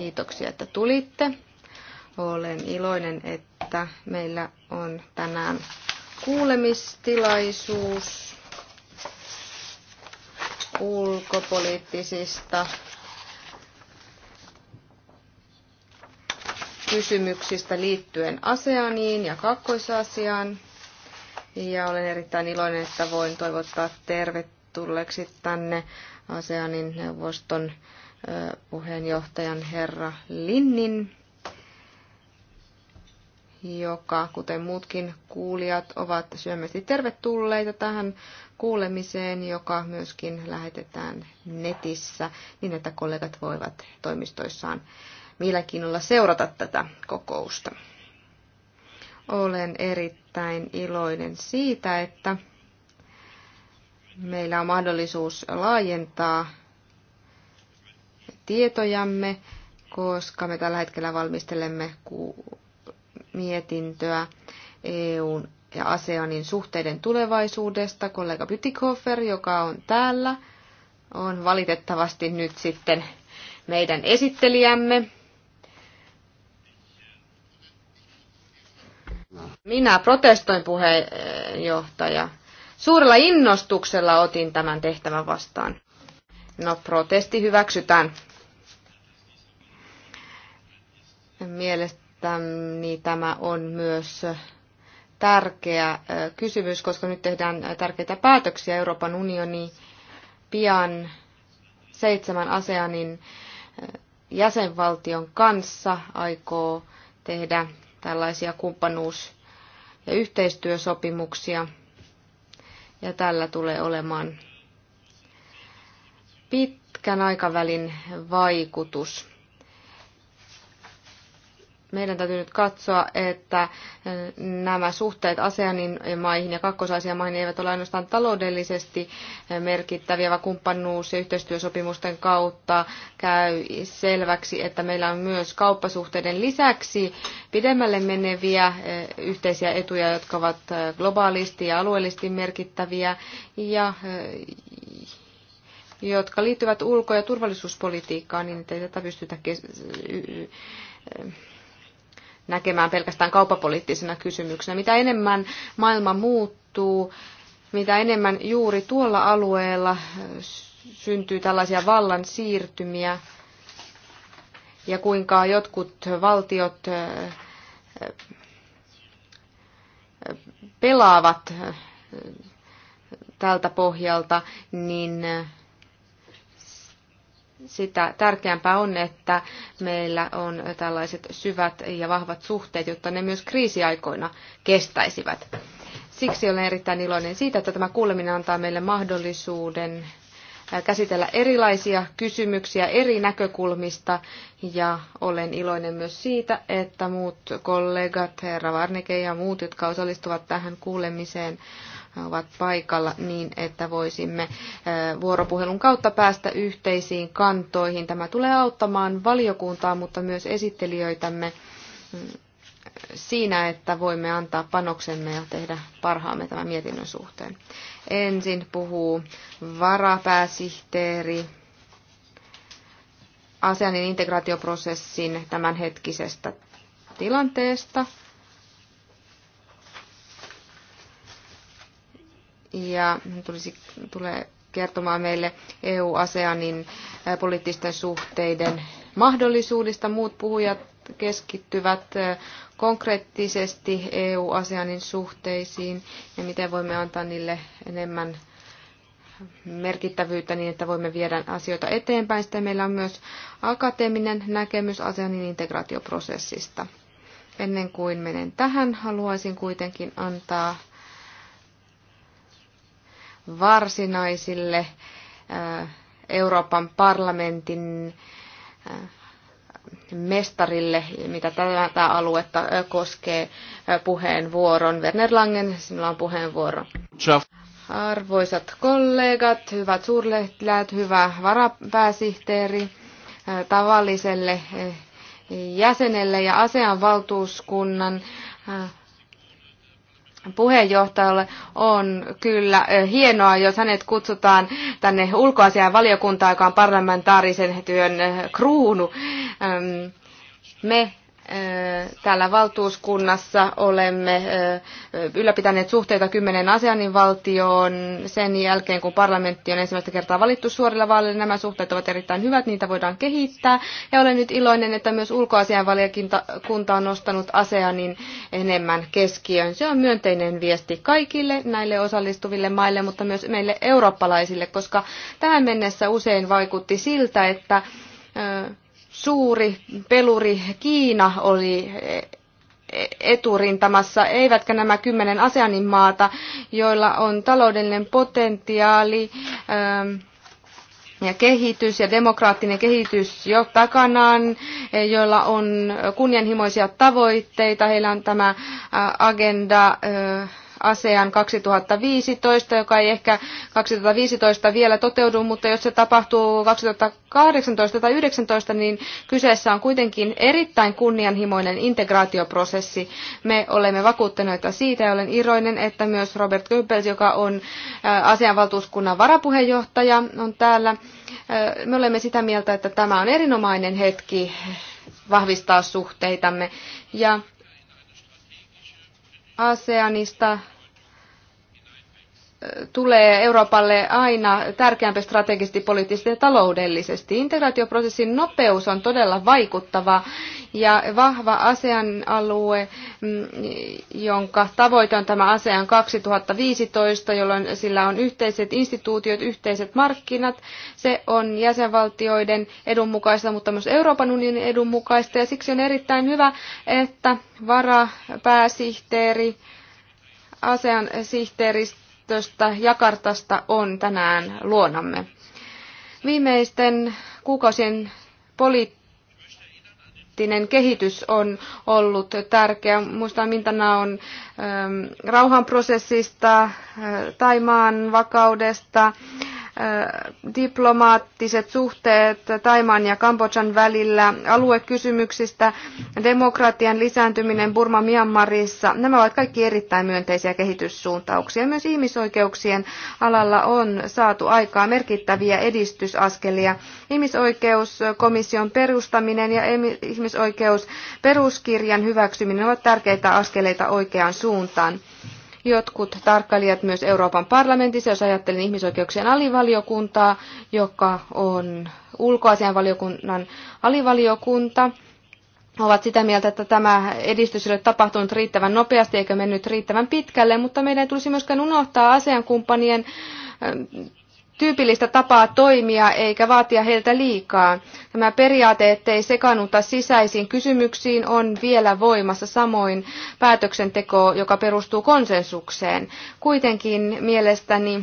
Kiitoksia, että tulitte. Olen iloinen, että meillä on tänään kuulemistilaisuus ulkopoliittisista kysymyksistä liittyen ASEANiin ja Kakkoisasiaan. Ja olen erittäin iloinen, että voin toivottaa tervetulleeksi tänne ASEANin neuvoston puheenjohtajan herra Linnin, joka, kuten muutkin kuulijat, ovat syömästi tervetulleita tähän kuulemiseen, joka myöskin lähetetään netissä, niin että kollegat voivat toimistoissaan mielenkiinnolla seurata tätä kokousta. Olen erittäin iloinen siitä, että meillä on mahdollisuus laajentaa tietojamme, koska me tällä hetkellä valmistelemme mietintöä EUn ja ASEANin suhteiden tulevaisuudesta. Kollega Bytikhofer, joka on täällä, on valitettavasti nyt sitten meidän esittelijämme. Minä protestoin puheenjohtaja. Suurella innostuksella otin tämän tehtävän vastaan. No, protesti hyväksytään. Mielestäni tämä on myös tärkeä kysymys, koska nyt tehdään tärkeitä päätöksiä Euroopan unioni pian seitsemän ASEANin jäsenvaltion kanssa aikoo tehdä tällaisia kumppanuus- ja yhteistyösopimuksia. Ja tällä tulee olemaan pitkän aikavälin vaikutus meidän täytyy nyt katsoa, että äh, nämä suhteet ASEANin maihin ja kakkosasian maihin eivät ole ainoastaan taloudellisesti äh, merkittäviä, vaan kumppanuus- ja yhteistyösopimusten kautta käy selväksi, että meillä on myös kauppasuhteiden lisäksi pidemmälle meneviä äh, yhteisiä etuja, jotka ovat globaalisti ja alueellisesti merkittäviä ja jotka liittyvät ulko- ja turvallisuuspolitiikkaan, niin että ei tätä pystytä kes- näkemään pelkästään kaupapoliittisena kysymyksenä. Mitä enemmän maailma muuttuu, mitä enemmän juuri tuolla alueella syntyy tällaisia vallan siirtymiä ja kuinka jotkut valtiot pelaavat tältä pohjalta, niin sitä tärkeämpää on, että meillä on tällaiset syvät ja vahvat suhteet, jotta ne myös kriisiaikoina kestäisivät. Siksi olen erittäin iloinen siitä, että tämä kuuleminen antaa meille mahdollisuuden äh, käsitellä erilaisia kysymyksiä eri näkökulmista ja olen iloinen myös siitä, että muut kollegat, herra Varnike ja muut, jotka osallistuvat tähän kuulemiseen, ovat paikalla niin, että voisimme vuoropuhelun kautta päästä yhteisiin kantoihin. Tämä tulee auttamaan valiokuntaa, mutta myös esittelijöitämme mm, siinä, että voimme antaa panoksemme ja tehdä parhaamme tämän mietinnön suhteen. Ensin puhuu varapääsihteeri ASEANin integraatioprosessin tämänhetkisestä tilanteesta – ja hän tulisi, tulee kertomaan meille EU-ASEANin poliittisten suhteiden mahdollisuudista. Muut puhujat keskittyvät konkreettisesti EU-ASEANin suhteisiin ja miten voimme antaa niille enemmän merkittävyyttä niin, että voimme viedä asioita eteenpäin. Sitten meillä on myös akateeminen näkemys ASEANin integraatioprosessista. Ennen kuin menen tähän, haluaisin kuitenkin antaa varsinaisille äh, Euroopan parlamentin äh, mestarille, mitä tätä aluetta äh, koskee puheenvuoron. Werner Langen, sinulla on puheenvuoro. Arvoisat kollegat, hyvät suurlehtilät, hyvä varapääsihteeri, tavalliselle jäsenelle ja asean valtuuskunnan puheenjohtajalle on kyllä eh, hienoa, jos hänet kutsutaan tänne ulkoasian valiokuntaan, joka on parlamentaarisen työn eh, kruunu. Me Täällä valtuuskunnassa olemme ylläpitäneet suhteita kymmenen ASEANin valtioon. Sen jälkeen, kun parlamentti on ensimmäistä kertaa valittu suorilla vaaleilla, nämä suhteet ovat erittäin hyvät, niitä voidaan kehittää. Ja olen nyt iloinen, että myös ulkoasianvaliokunta on nostanut ASEANin enemmän keskiöön. Se on myönteinen viesti kaikille näille osallistuville maille, mutta myös meille eurooppalaisille, koska tähän mennessä usein vaikutti siltä, että suuri peluri Kiina oli eturintamassa, eivätkä nämä kymmenen ASEANin maata, joilla on taloudellinen potentiaali ähm, ja kehitys ja demokraattinen kehitys jo takanaan, eh, joilla on kunnianhimoisia tavoitteita. Heillä on tämä äh, agenda äh, ASEAN 2015, joka ei ehkä 2015 vielä toteudu, mutta jos se tapahtuu 2018 tai 2019, niin kyseessä on kuitenkin erittäin kunnianhimoinen integraatioprosessi. Me olemme vakuuttuneita siitä ja olen iroinen, että myös Robert Goebbels, joka on äh, ASEAN valtuuskunnan varapuheenjohtaja, on täällä. Äh, me olemme sitä mieltä, että tämä on erinomainen hetki vahvistaa suhteitamme. Ja ASEANista tulee Euroopalle aina tärkeämpi strategisesti, poliittisesti ja taloudellisesti. Integraatioprosessin nopeus on todella vaikuttava ja vahva ASEAN-alue, mm, jonka tavoite on tämä ASEAN 2015, jolloin sillä on yhteiset instituutiot, yhteiset markkinat. Se on jäsenvaltioiden edun mukaista, mutta myös Euroopan unionin edun mukaista ja siksi on erittäin hyvä, että varapääsihteeri ASEAN sihteeristä päätöstä Jakartasta on tänään luonamme. Viimeisten kuukausien poliittinen kehitys on ollut tärkeä. Muistan Mintana on ähm, rauhanprosessista, äh, Taimaan vakaudesta, äh, diplomaattiset suhteet Taiman ja Kambodžan välillä, aluekysymyksistä, demokratian lisääntyminen Burma Myanmarissa. Nämä ovat kaikki erittäin myönteisiä kehityssuuntauksia. Myös ihmisoikeuksien alalla on saatu aikaa merkittäviä edistysaskelia. Ihmisoikeuskomission perustaminen ja ihmisoikeusperuskirjan hyväksyminen ovat tärkeitä askeleita oikeaan suuntaan jotkut tarkkailijat myös Euroopan parlamentissa, jos ajattelen ihmisoikeuksien alivaliokuntaa, joka on ulkoasianvaliokunnan alivaliokunta, ovat sitä mieltä, että tämä edistys ei ole tapahtunut riittävän nopeasti eikä mennyt riittävän pitkälle, mutta meidän ei tulisi myöskään unohtaa asiankumppanien tyypillistä tapaa toimia eikä vaatia heiltä liikaa. Tämä periaate, ettei sekaannuta sisäisiin kysymyksiin, on vielä voimassa samoin päätöksenteko, joka perustuu konsensukseen. Kuitenkin mielestäni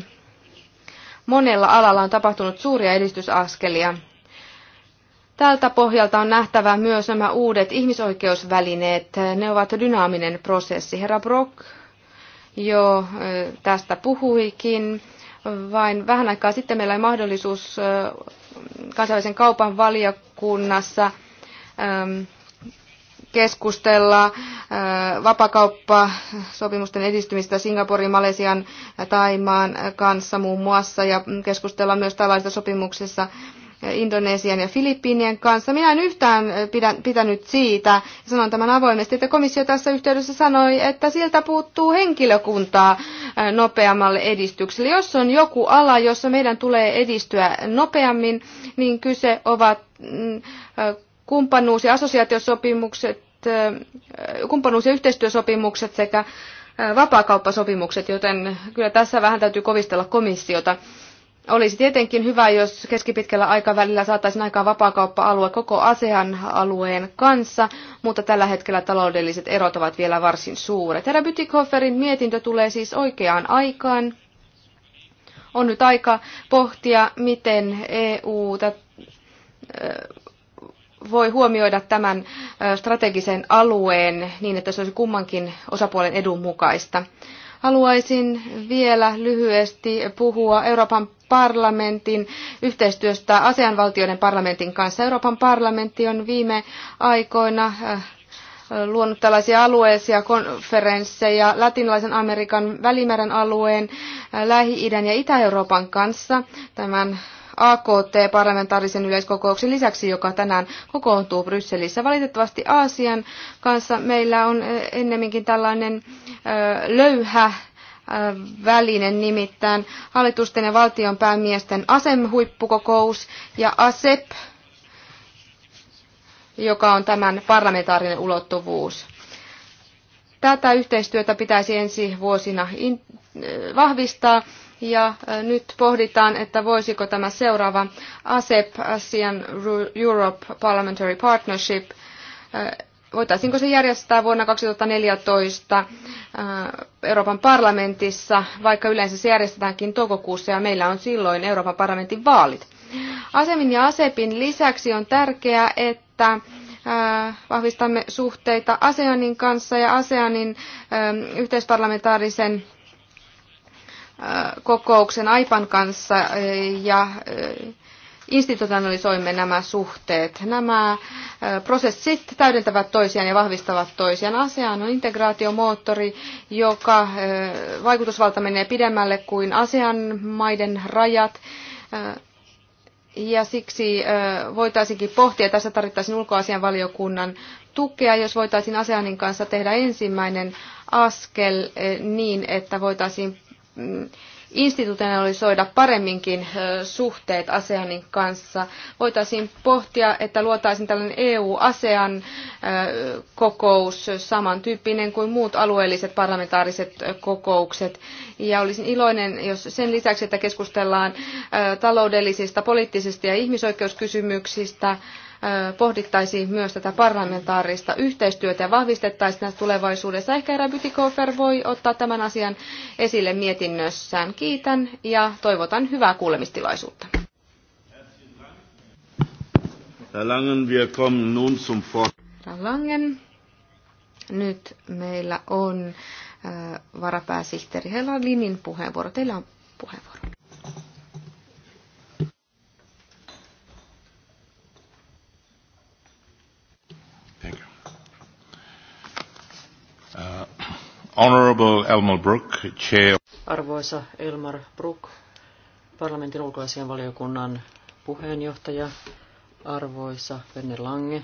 monella alalla on tapahtunut suuria edistysaskelia. Tältä pohjalta on nähtävä myös nämä uudet ihmisoikeusvälineet. Ne ovat dynaaminen prosessi. Herra Brock jo tästä puhuikin. Vain vähän aikaa sitten meillä oli mahdollisuus kansainvälisen kaupan valiokunnassa keskustella vapakauppasopimusten edistymistä Singaporin, Malesian ja Taimaan kanssa muun muassa ja keskustella myös tällaisista sopimuksessa Indonesian ja Filippiinien kanssa. Minä en yhtään pidä, pitänyt siitä, sanon tämän avoimesti, että komissio tässä yhteydessä sanoi, että sieltä puuttuu henkilökuntaa nopeammalle edistykselle. Jos on joku ala, jossa meidän tulee edistyä nopeammin, niin kyse ovat mm, kumppanuus- ja assosiaatiosopimukset, kumppanuus- ja yhteistyösopimukset sekä vapaakauppasopimukset, joten kyllä tässä vähän täytyy kovistella komissiota. Olisi tietenkin hyvä, jos keskipitkällä aikavälillä saataisiin aikaan vapaakauppa-alue koko ASEAN alueen kanssa, mutta tällä hetkellä taloudelliset erot ovat vielä varsin suuret. Herra Bütikofferin mietintö tulee siis oikeaan aikaan. On nyt aika pohtia, miten EU voi huomioida tämän strategisen alueen niin, että se olisi kummankin osapuolen edun mukaista. Haluaisin vielä lyhyesti puhua Euroopan parlamentin yhteistyöstä asianvaltioiden parlamentin kanssa. Euroopan parlamentti on viime aikoina äh, luonut tällaisia alueellisia konferensseja latinalaisen Amerikan välimeren alueen, äh, Lähi-idän ja Itä-Euroopan kanssa tämän AKT-parlamentaarisen yleiskokouksen lisäksi, joka tänään kokoontuu Brysselissä. Valitettavasti Aasian kanssa meillä on äh, ennemminkin tällainen löyhä välinen, nimittäin hallitusten ja valtion päämiesten ASEM-huippukokous ja ASEP, joka on tämän parlamentaarinen ulottuvuus. Tätä yhteistyötä pitäisi ensi vuosina vahvistaa ja nyt pohditaan, että voisiko tämä seuraava e ASEP, ASEAN Europe Parliamentary Partnership, voitaisiinko se järjestää vuonna 2014 äh, Euroopan parlamentissa, vaikka yleensä se järjestetäänkin toukokuussa ja meillä on silloin Euroopan parlamentin vaalit. Asemin ja Asepin lisäksi on tärkeää, että äh, vahvistamme suhteita ASEANin kanssa ja ASEANin äh, yhteisparlamentaarisen kokouksen AIPAN kanssa ja institutionalisoimme nämä suhteet. Nämä äh, prosessit täydentävät toisiaan ja vahvistavat toisiaan. ASEAN on integraatiomoottori, joka äh, vaikutusvalta menee pidemmälle kuin ASEAN maiden rajat. Äh, ja siksi voitaisinkin pohtia, tässä tarvittaisiin ulkoasian valiokunnan tukea, jos voitaisiin ASEANin kanssa tehdä ensimmäinen askel niin, että voitaisiin mm, institutionalisoida paremminkin suhteet ASEANin kanssa. Voitaisiin pohtia, että luotaisiin tällainen EU-ASEAN kokous, samantyyppinen kuin muut alueelliset parlamentaariset kokoukset. Ja olisin iloinen, jos sen lisäksi, että keskustellaan taloudellisista, poliittisista ja ihmisoikeuskysymyksistä, pohdittaisiin myös tätä parlamentaarista yhteistyötä ja vahvistettaisiin näitä tulevaisuudessa. Ehkä Herra Bytikofer voi ottaa tämän asian esille mietinnössään. Kiitän ja toivotan hyvää kuulemistilaisuutta. Langen, wir kommen nun zum Langen. Nyt meillä on varapääsihteeri Hela Linin puheenvuoro. Teillä on puheenvuoro. Uh, honorable Brook, chair. Arvoisa Elmar Brook, parlamentin ulkoasian valiokunnan puheenjohtaja. Arvoisa Venne Lange,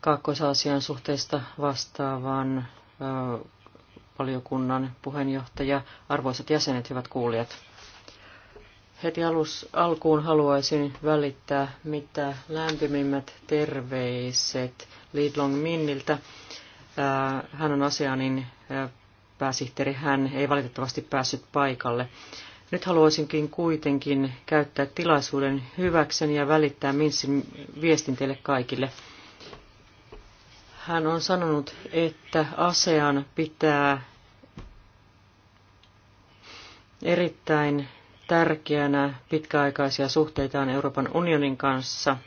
Kaakkois-Aasian suhteista vastaavan valiokunnan puheenjohtaja, arvoisat jäsenet, hyvät kuulijat. Heti alus, alkuun haluaisin välittää mitä lämpimimmät terveiset Lidlong Minniltä. Äh, hän on ASEANin äh, pääsihteeri. Hän ei valitettavasti päässyt paikalle. Nyt haluaisinkin kuitenkin käyttää tilaisuuden hyväkseni ja välittää Minssin viestin teille kaikille. Hän on sanonut, että ASEAN pitää erittäin tärkeänä pitkäaikaisia suhteitaan Euroopan unionin kanssa –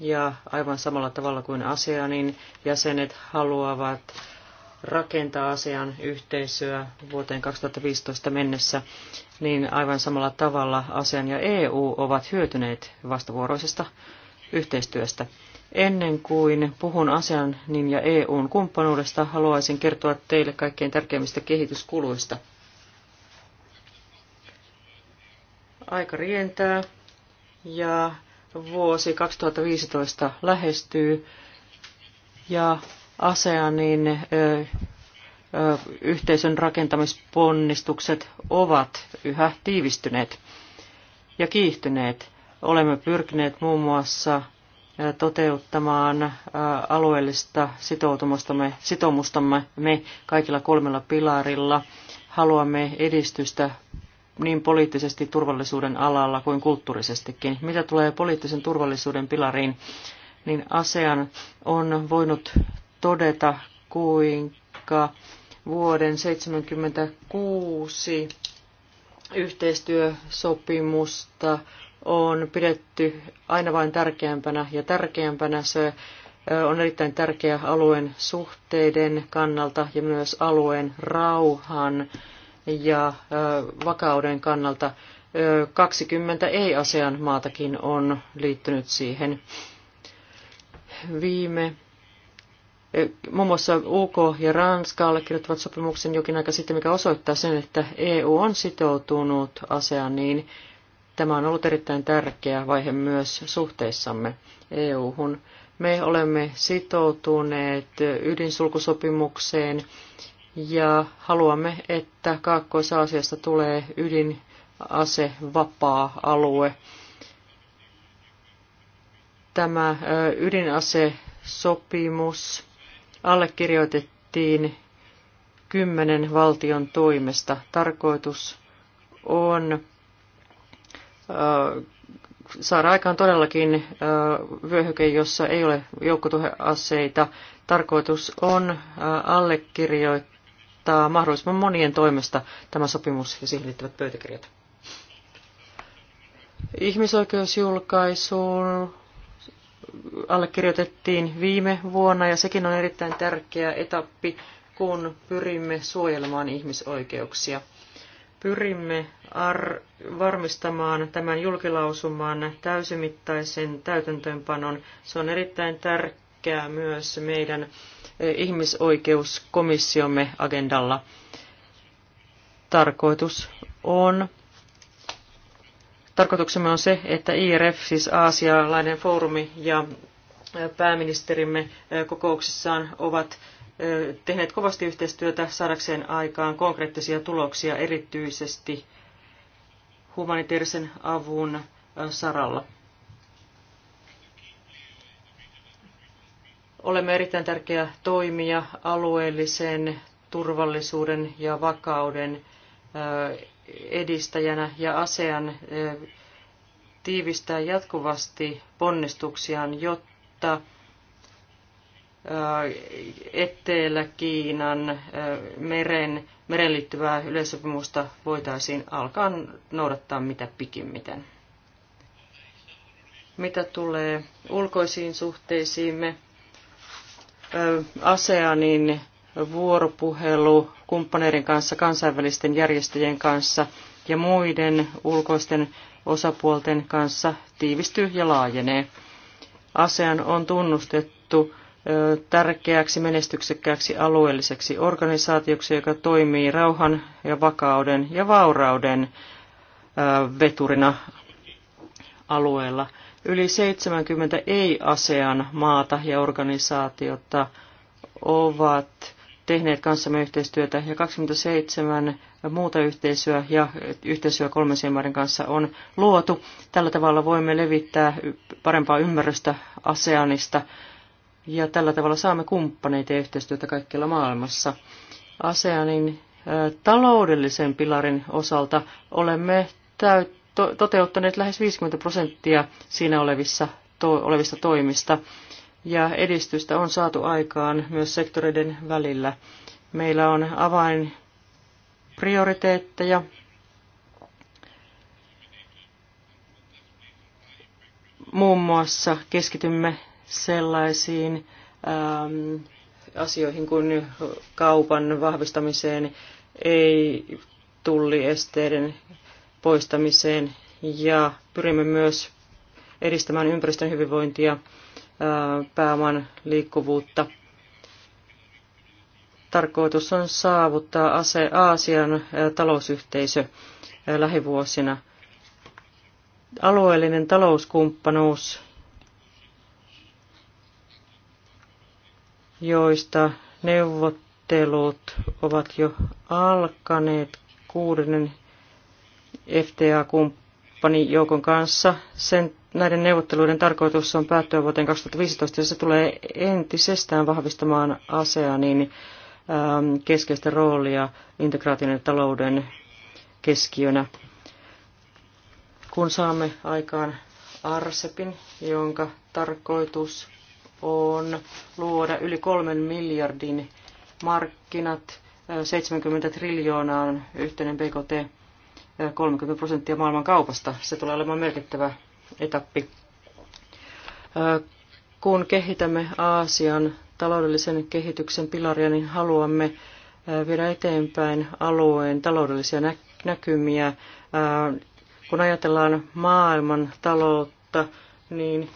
ja aivan samalla tavalla kuin ASEANin jäsenet haluavat rakentaa ASEAN yhteisöä vuoteen 2015 mennessä, niin aivan samalla tavalla ASEAN ja EU ovat hyötyneet vastavuoroisesta yhteistyöstä. Ennen kuin puhun ASEAN niin ja EUn kumppanuudesta, haluaisin kertoa teille kaikkein tärkeimmistä kehityskuluista. Aika rientää ja vuosi 2015 lähestyy ja ASEANin yhteisön rakentamisponnistukset ovat yhä tiivistyneet ja kiihtyneet. Olemme pyrkineet muun muassa toteuttamaan alueellista sitoutumustamme, sitoumustamme me kaikilla kolmella pilarilla. Haluamme edistystä niin poliittisesti turvallisuuden alalla kuin kulttuurisestikin. Mitä tulee poliittisen turvallisuuden pilariin, niin ASEAN on voinut todeta, kuinka vuoden 1976 yhteistyösopimusta on pidetty aina vain tärkeämpänä ja tärkeämpänä. Se on erittäin tärkeä alueen suhteiden kannalta ja myös alueen rauhan ja vakauden kannalta 20 ei-asean maatakin on liittynyt siihen. Viime Muun muassa UK ja Ranska allekirjoittivat sopimuksen jokin aika sitten, mikä osoittaa sen, että EU on sitoutunut aseaan, niin tämä on ollut erittäin tärkeä vaihe myös suhteissamme EU-hun. Me olemme sitoutuneet ydinsulkusopimukseen ja haluamme, että Kaakkois-Aasiasta tulee ydinasevapaa alue. Tämä ydinasesopimus allekirjoitettiin kymmenen valtion toimesta. Tarkoitus on saada aikaan todellakin vyöhyke, jossa ei ole joukkotuheaseita. Tarkoitus on allekirjoittaa saattaa mahdollisimman monien toimesta tämä sopimus ja siihen liittyvät pöytäkirjat. Ihmisoikeusjulkaisuun allekirjoitettiin viime vuonna ja sekin on erittäin tärkeä etappi, kun pyrimme suojelemaan ihmisoikeuksia. Pyrimme varmistamaan tämän julkilausuman täysimittaisen täytäntöönpanon. Se on erittäin tärkeä tärkeää myös meidän eh, ihmisoikeuskomissiomme agendalla. Tarkoitus on Tarkoituksemme on se, että IRF, siis aasialainen foorumi ja eh, pääministerimme eh, kokouksissaan ovat tehneet kovasti yhteistyötä saadakseen aikaan konkreettisia tuloksia erityisesti humanitaarisen avun saralla. Olemme erittäin tärkeä toimija alueellisen turvallisuuden ja vakauden edistäjänä ja ASEAN tiivistää jatkuvasti ponnistuksiaan, jotta Etelä-Kiinan meren, meren liittyvää yleissopimusta voitaisiin alkaa noudattaa mitä pikimmiten. Mitä tulee ulkoisiin suhteisiimme, ASEANin vuoropuhelu kumppaneiden kanssa, kansainvälisten järjestöjen kanssa ja muiden ulkoisten osapuolten kanssa tiivistyy ja laajenee. ASEAN on tunnustettu tärkeäksi menestyksekkääksi alueelliseksi organisaatioksi, joka toimii rauhan ja vakauden ja vaurauden veturina alueella – Yli 70 ei-ASEAN maata ja organisaatiota ovat tehneet kanssamme yhteistyötä ja 27 muuta yhteisöä ja yhteisöä kolmansien maiden kanssa on luotu. Tällä tavalla voimme levittää parempaa ymmärrystä ASEANista ja tällä tavalla saamme kumppaneita ja yhteistyötä kaikkialla maailmassa. ASEANin taloudellisen pilarin osalta olemme täyttäneet to, toteuttaneet lähes 50 prosenttia siinä olevissa, to, olevista toimista. Ja edistystä on saatu aikaan myös sektoreiden välillä. Meillä on avain prioriteetteja. Muun muassa keskitymme sellaisiin ähm, asioihin kuin kaupan vahvistamiseen, ei tulliesteiden poistamiseen ja pyrimme myös edistämään ympäristön hyvinvointia, pääoman liikkuvuutta. Tarkoitus on saavuttaa Aasian talousyhteisö lähivuosina. Alueellinen talouskumppanuus, joista neuvottelut ovat jo alkaneet kuudennen FTA-kumppanijoukon kanssa. Sen, näiden neuvotteluiden tarkoitus on päättyä vuoteen 2015 ja se tulee entisestään vahvistamaan ASEANin ähm, keskeistä roolia integraation talouden keskiönä. Kun saamme aikaan ARSEPin, jonka tarkoitus on luoda yli kolmen miljardin markkinat, 70 äh, triljoonaan yhteinen BKT, 30 prosenttia maailman kaupasta. Se tulee olemaan merkittävä etappi. Kun kehitämme Aasian taloudellisen kehityksen pilaria, niin haluamme viedä eteenpäin alueen taloudellisia näkymiä. Kun ajatellaan maailman taloutta, niin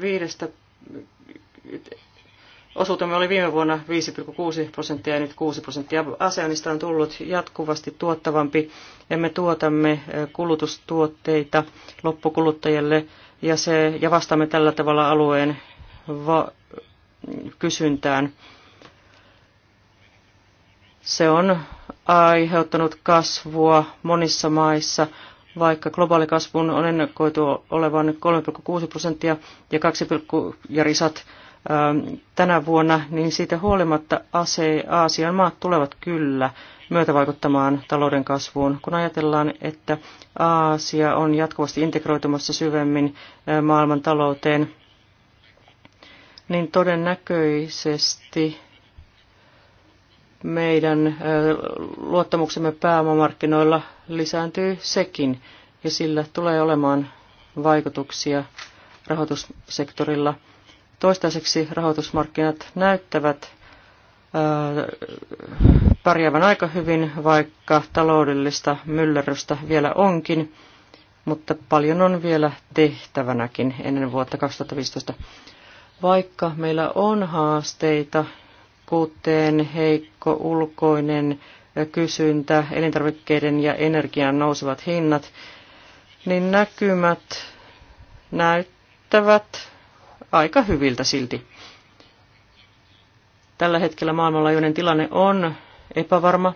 viidestä Osuutemme oli viime vuonna 5,6 prosenttia ja nyt 6 prosenttia. ASEANista on tullut jatkuvasti tuottavampi ja me tuotamme kulutustuotteita loppukuluttajille ja, se, ja vastaamme tällä tavalla alueen va- kysyntään. Se on aiheuttanut kasvua monissa maissa, vaikka globaalikasvun on ennakoitu olevan 3,6 prosenttia ja, 2, ja risat Ähm, tänä vuonna, niin siitä huolimatta ase- Aasian maat tulevat kyllä myötävaikuttamaan talouden kasvuun. Kun ajatellaan, että Aasia on jatkuvasti integroitumassa syvemmin äh, maailman talouteen, niin todennäköisesti meidän äh, luottamuksemme pääomamarkkinoilla lisääntyy sekin, ja sillä tulee olemaan vaikutuksia rahoitussektorilla – Toistaiseksi rahoitusmarkkinat näyttävät pärjäävän aika hyvin, vaikka taloudellista myllerrystä vielä onkin, mutta paljon on vielä tehtävänäkin ennen vuotta 2015. Vaikka meillä on haasteita, kuten heikko ulkoinen kysyntä, elintarvikkeiden ja energian nousevat hinnat, niin näkymät näyttävät aika hyviltä silti. Tällä hetkellä maailmanlaajuinen tilanne on epävarma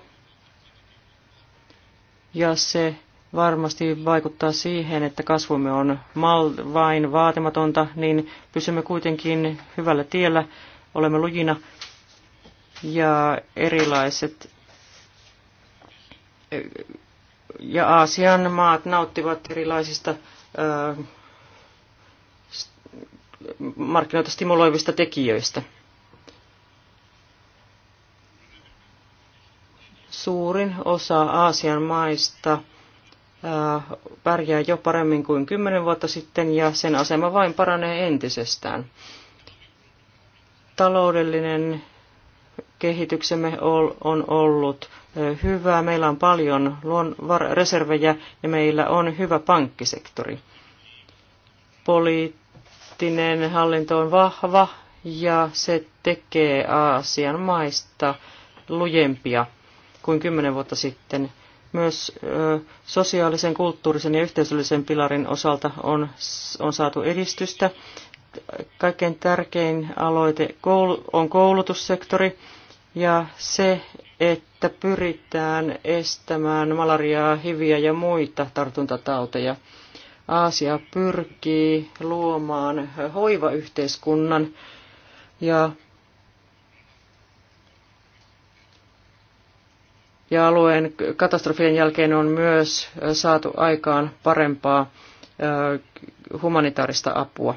ja se varmasti vaikuttaa siihen, että kasvumme on mal- vain vaatimatonta, niin pysymme kuitenkin hyvällä tiellä, olemme lujina ja erilaiset ja Aasian maat nauttivat erilaisista markkinoita stimuloivista tekijöistä. Suurin osa Aasian maista pärjää jo paremmin kuin kymmenen vuotta sitten ja sen asema vain paranee entisestään. Taloudellinen kehityksemme on ollut hyvä, Meillä on paljon reservejä ja meillä on hyvä pankkisektori. Poliittinen poliittinen hallinto on vahva ja se tekee Aasian maista lujempia kuin kymmenen vuotta sitten. Myös ö, sosiaalisen, kulttuurisen ja yhteisöllisen pilarin osalta on, on saatu edistystä. Kaikkein tärkein aloite koulu, on koulutussektori ja se, että pyritään estämään malariaa, hiviä ja muita tartuntatauteja. Aasia pyrkii luomaan hoivayhteiskunnan ja, ja alueen katastrofien jälkeen on myös saatu aikaan parempaa humanitaarista apua.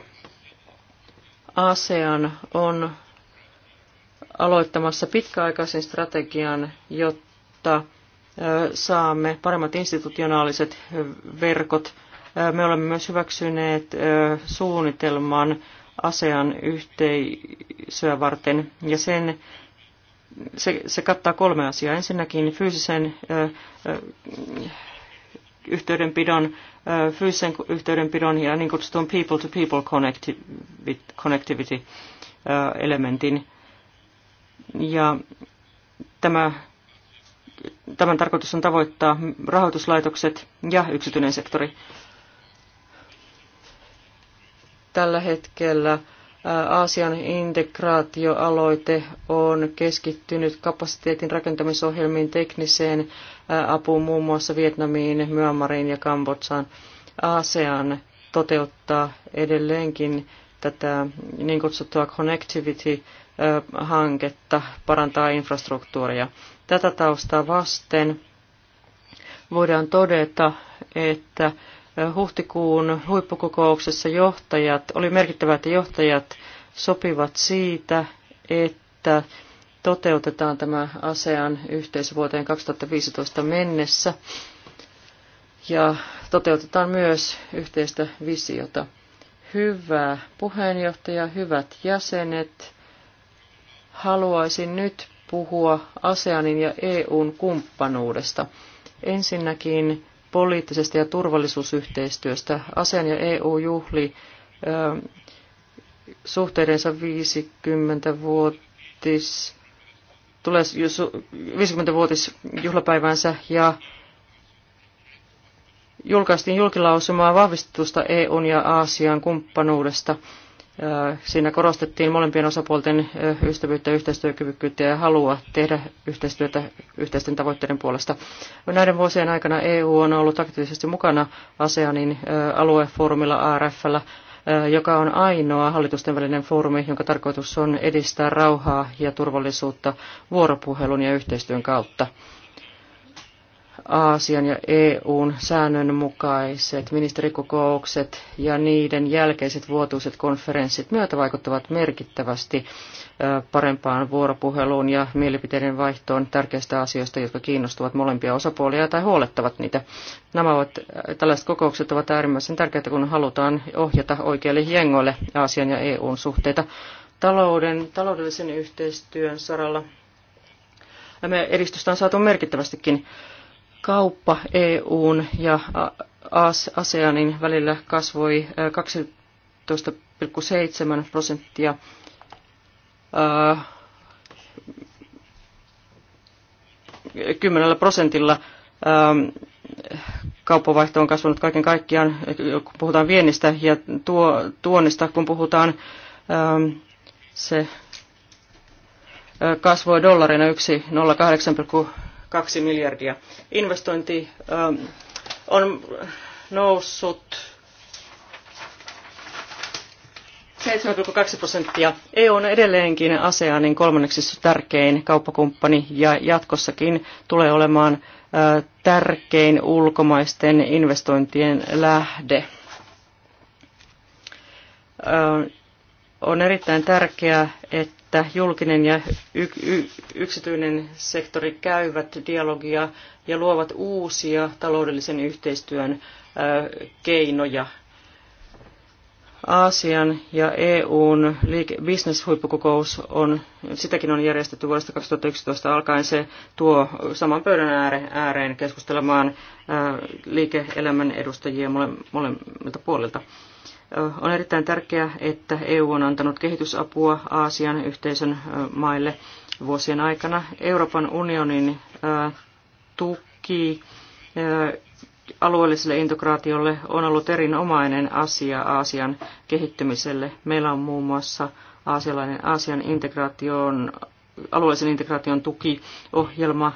ASEAN on aloittamassa pitkäaikaisen strategian, jotta saamme paremmat institutionaaliset verkot me olemme myös hyväksyneet suunnitelman ASEAN yhteisöä varten ja sen se, se kattaa kolme asiaa. Ensinnäkin fyysisen ö, ö, yhteydenpidon, ö, fyysisen yhteydenpidon ja niin kutsutun people-to-people connectivity-elementin. Ja tämä, tämän tarkoitus on tavoittaa rahoituslaitokset ja yksityinen sektori. Tällä hetkellä Aasian integraatioaloite on keskittynyt kapasiteetin rakentamisohjelmiin tekniseen apuun muun muassa Vietnamiin, Myanmariin ja Kambodsaan. ASEAN toteuttaa edelleenkin tätä niin kutsuttua connectivity-hanketta, parantaa infrastruktuuria. Tätä taustaa vasten voidaan todeta, että huhtikuun huippukokouksessa johtajat, oli merkittävää, että johtajat sopivat siitä, että toteutetaan tämä ASEAN yhteisö vuoteen 2015 mennessä ja toteutetaan myös yhteistä visiota. Hyvä puheenjohtaja, hyvät jäsenet, haluaisin nyt puhua ASEANin ja EUn kumppanuudesta. Ensinnäkin poliittisesta ja turvallisuusyhteistyöstä. ASEAN ja EU juhli suhteidensa 50-vuotis, tulee 50-vuotis juhlapäivänsä ja julkaistiin julkilausumaa vahvistusta EUn ja Aasian kumppanuudesta. Siinä korostettiin molempien osapuolten ystävyyttä, yhteistyökyvykkyyttä ja halua tehdä yhteistyötä yhteisten tavoitteiden puolesta. Näiden vuosien aikana EU on ollut aktiivisesti mukana ASEANin aluefoorumilla ARF, joka on ainoa hallitusten välinen foorumi, jonka tarkoitus on edistää rauhaa ja turvallisuutta vuoropuhelun ja yhteistyön kautta. Aasian ja EUn säännönmukaiset ministerikokoukset ja niiden jälkeiset vuotuiset konferenssit myötävaikuttavat merkittävästi parempaan vuoropuheluun ja mielipiteiden vaihtoon tärkeistä asioista, jotka kiinnostavat molempia osapuolia tai huolettavat niitä. Nämä ovat, tällaiset kokoukset ovat äärimmäisen tärkeitä, kun halutaan ohjata oikeille jengoille Aasian ja EUn suhteita talouden, taloudellisen yhteistyön saralla. Me edistystä on saatu merkittävästikin Kauppa EUn ja ASEANin välillä kasvoi 12,7 prosenttia. Kymmenellä prosentilla kauppavaihto on kasvanut kaiken kaikkiaan, kun puhutaan viennistä ja tuo, tuonnista, kun puhutaan, se kasvoi dollarina 1,08,8 2 miljardia. Investointi ähm, on noussut 7,2 prosenttia. EU on edelleenkin ASEANin kolmanneksi tärkein kauppakumppani ja jatkossakin tulee olemaan äh, tärkein ulkomaisten investointien lähde. Äh, on erittäin tärkeää, että että julkinen ja yksityinen sektori käyvät dialogia ja luovat uusia taloudellisen yhteistyön keinoja. Aasian ja EUn liike- bisneshuippukokous on, sitäkin on järjestetty vuodesta 2011 alkaen. Se tuo saman pöydän ääreen keskustelemaan liike-elämän edustajia mole, molemmilta puolilta. On erittäin tärkeää, että EU on antanut kehitysapua Aasian yhteisön maille vuosien aikana. Euroopan unionin tuki alueelliselle integraatiolle on ollut erinomainen asia Aasian kehittymiselle. Meillä on muun muassa Aasian integraation, alueellisen integraation tukiohjelma,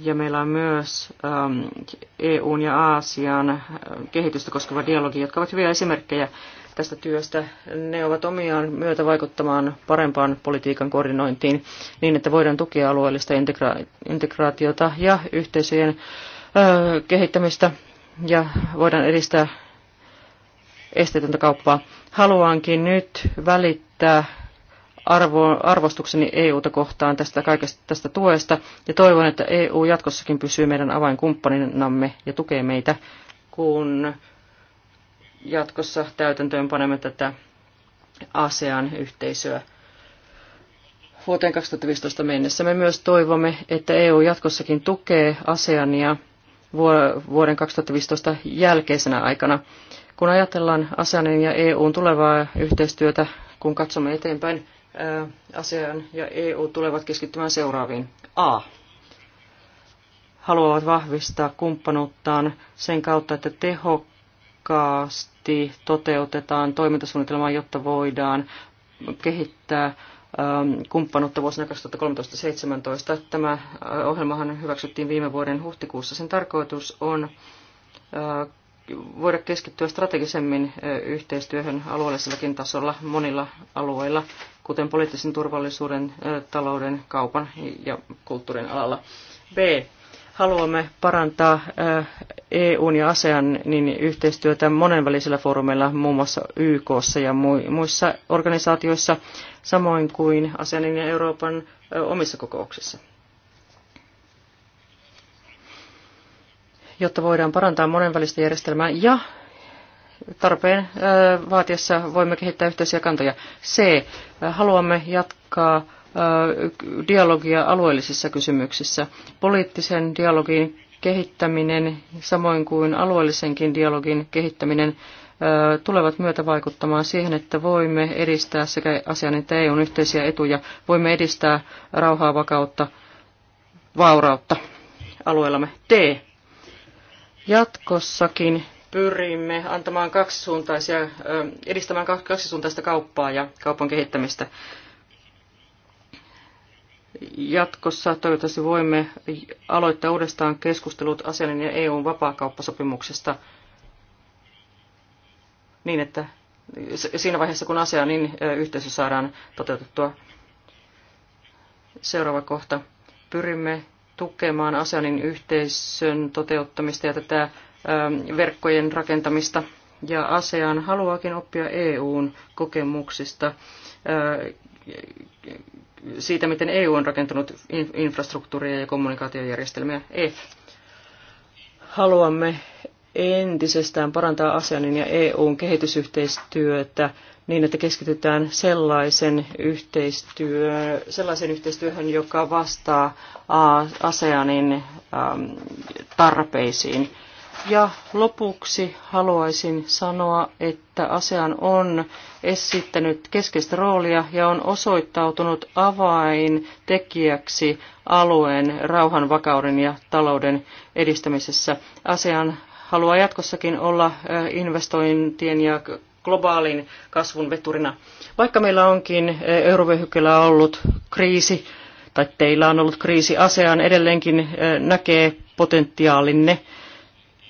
ja meillä on myös ähm, EUn ja Aasian äh, kehitystä koskeva dialogi, jotka ovat hyviä esimerkkejä tästä työstä. Ne ovat omiaan myötä vaikuttamaan parempaan politiikan koordinointiin niin, että voidaan tukea alueellista integra- integraatiota ja yhteisöjen ö, äh, kehittämistä ja voidaan edistää esteetöntä kauppaa. Haluankin nyt välittää arvo, arvostukseni EUta kohtaan tästä kaikesta tästä tuesta ja toivon, että EU jatkossakin pysyy meidän avainkumppaninamme ja tukee meitä, kun jatkossa täytäntöön panemme tätä ASEAN-yhteisöä vuoteen 2015 mennessä. Me myös toivomme, että EU jatkossakin tukee ASEANia vuoden 2015 jälkeisenä aikana. Kun ajatellaan ASEANin ja EUn tulevaa yhteistyötä, kun katsomme eteenpäin, asiaan ja EU tulevat keskittymään seuraaviin. A. Haluavat vahvistaa kumppanuuttaan sen kautta, että tehokkaasti toteutetaan toimintasuunnitelmaa, jotta voidaan kehittää kumppanuutta vuosina 2013-2017. Tämä ohjelmahan hyväksyttiin viime vuoden huhtikuussa. Sen tarkoitus on voida keskittyä strategisemmin yhteistyöhön alueellisellakin tasolla monilla alueilla kuten poliittisen turvallisuuden, talouden, kaupan ja kulttuurin alalla. B. Haluamme parantaa EUn ja ASEAN niin yhteistyötä monenvälisillä foorumeilla, muun muassa YKssa ja muissa organisaatioissa, samoin kuin ASEANin ja Euroopan omissa kokouksissa. jotta voidaan parantaa monenvälistä järjestelmää ja tarpeen vaatiessa voimme kehittää yhteisiä kantoja. C. Haluamme jatkaa dialogia alueellisissa kysymyksissä. Poliittisen dialogin kehittäminen, samoin kuin alueellisenkin dialogin kehittäminen, tulevat myötä vaikuttamaan siihen, että voimme edistää sekä asian että EUn yhteisiä etuja, voimme edistää rauhaa, vakautta, vaurautta alueellamme. D. Jatkossakin pyrimme antamaan kaksisuuntaisia, edistämään kaksisuuntaista kauppaa ja kaupan kehittämistä. Jatkossa toivottavasti voimme aloittaa uudestaan keskustelut ASEANin ja EUn vapaakauppasopimuksesta niin, että siinä vaiheessa kun ASEANin niin, yhteisö saadaan toteutettua. Seuraava kohta. Pyrimme tukemaan ASEANin yhteisön toteuttamista ja tätä Ähm, verkkojen rakentamista. Ja ASEAN haluaakin oppia EUn kokemuksista äh, siitä, miten EU on rakentanut infrastruktuuria ja kommunikaatiojärjestelmiä. F. E. Haluamme entisestään parantaa ASEANin ja EUn kehitysyhteistyötä niin, että keskitytään sellaisen yhteistyöhön, sellaisen yhteistyöhön, joka vastaa ASEANin ähm, tarpeisiin. Ja lopuksi haluaisin sanoa, että ASEAN on esittänyt keskeistä roolia ja on osoittautunut avaintekijäksi alueen rauhan, vakauden ja talouden edistämisessä. ASEAN haluaa jatkossakin olla eh, investointien ja globaalin kasvun veturina. Vaikka meillä onkin eh, Eurovehykellä ollut kriisi, tai teillä on ollut kriisi, ASEAN edelleenkin eh, näkee potentiaalinne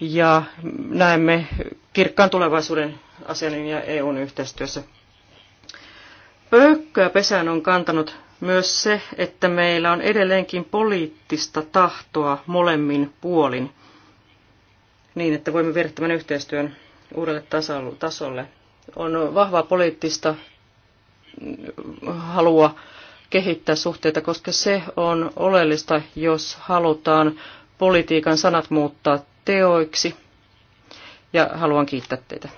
ja näemme kirkkaan tulevaisuuden ASEANin ja EUn yhteistyössä. Pöykköä pesään on kantanut myös se, että meillä on edelleenkin poliittista tahtoa molemmin puolin niin, että voimme viedä tämän yhteistyön uudelle tasolle. On vahvaa poliittista mm, halua kehittää suhteita, koska se on oleellista, jos halutaan politiikan sanat muuttaa teoiksi. Ja haluan kiittää teitä.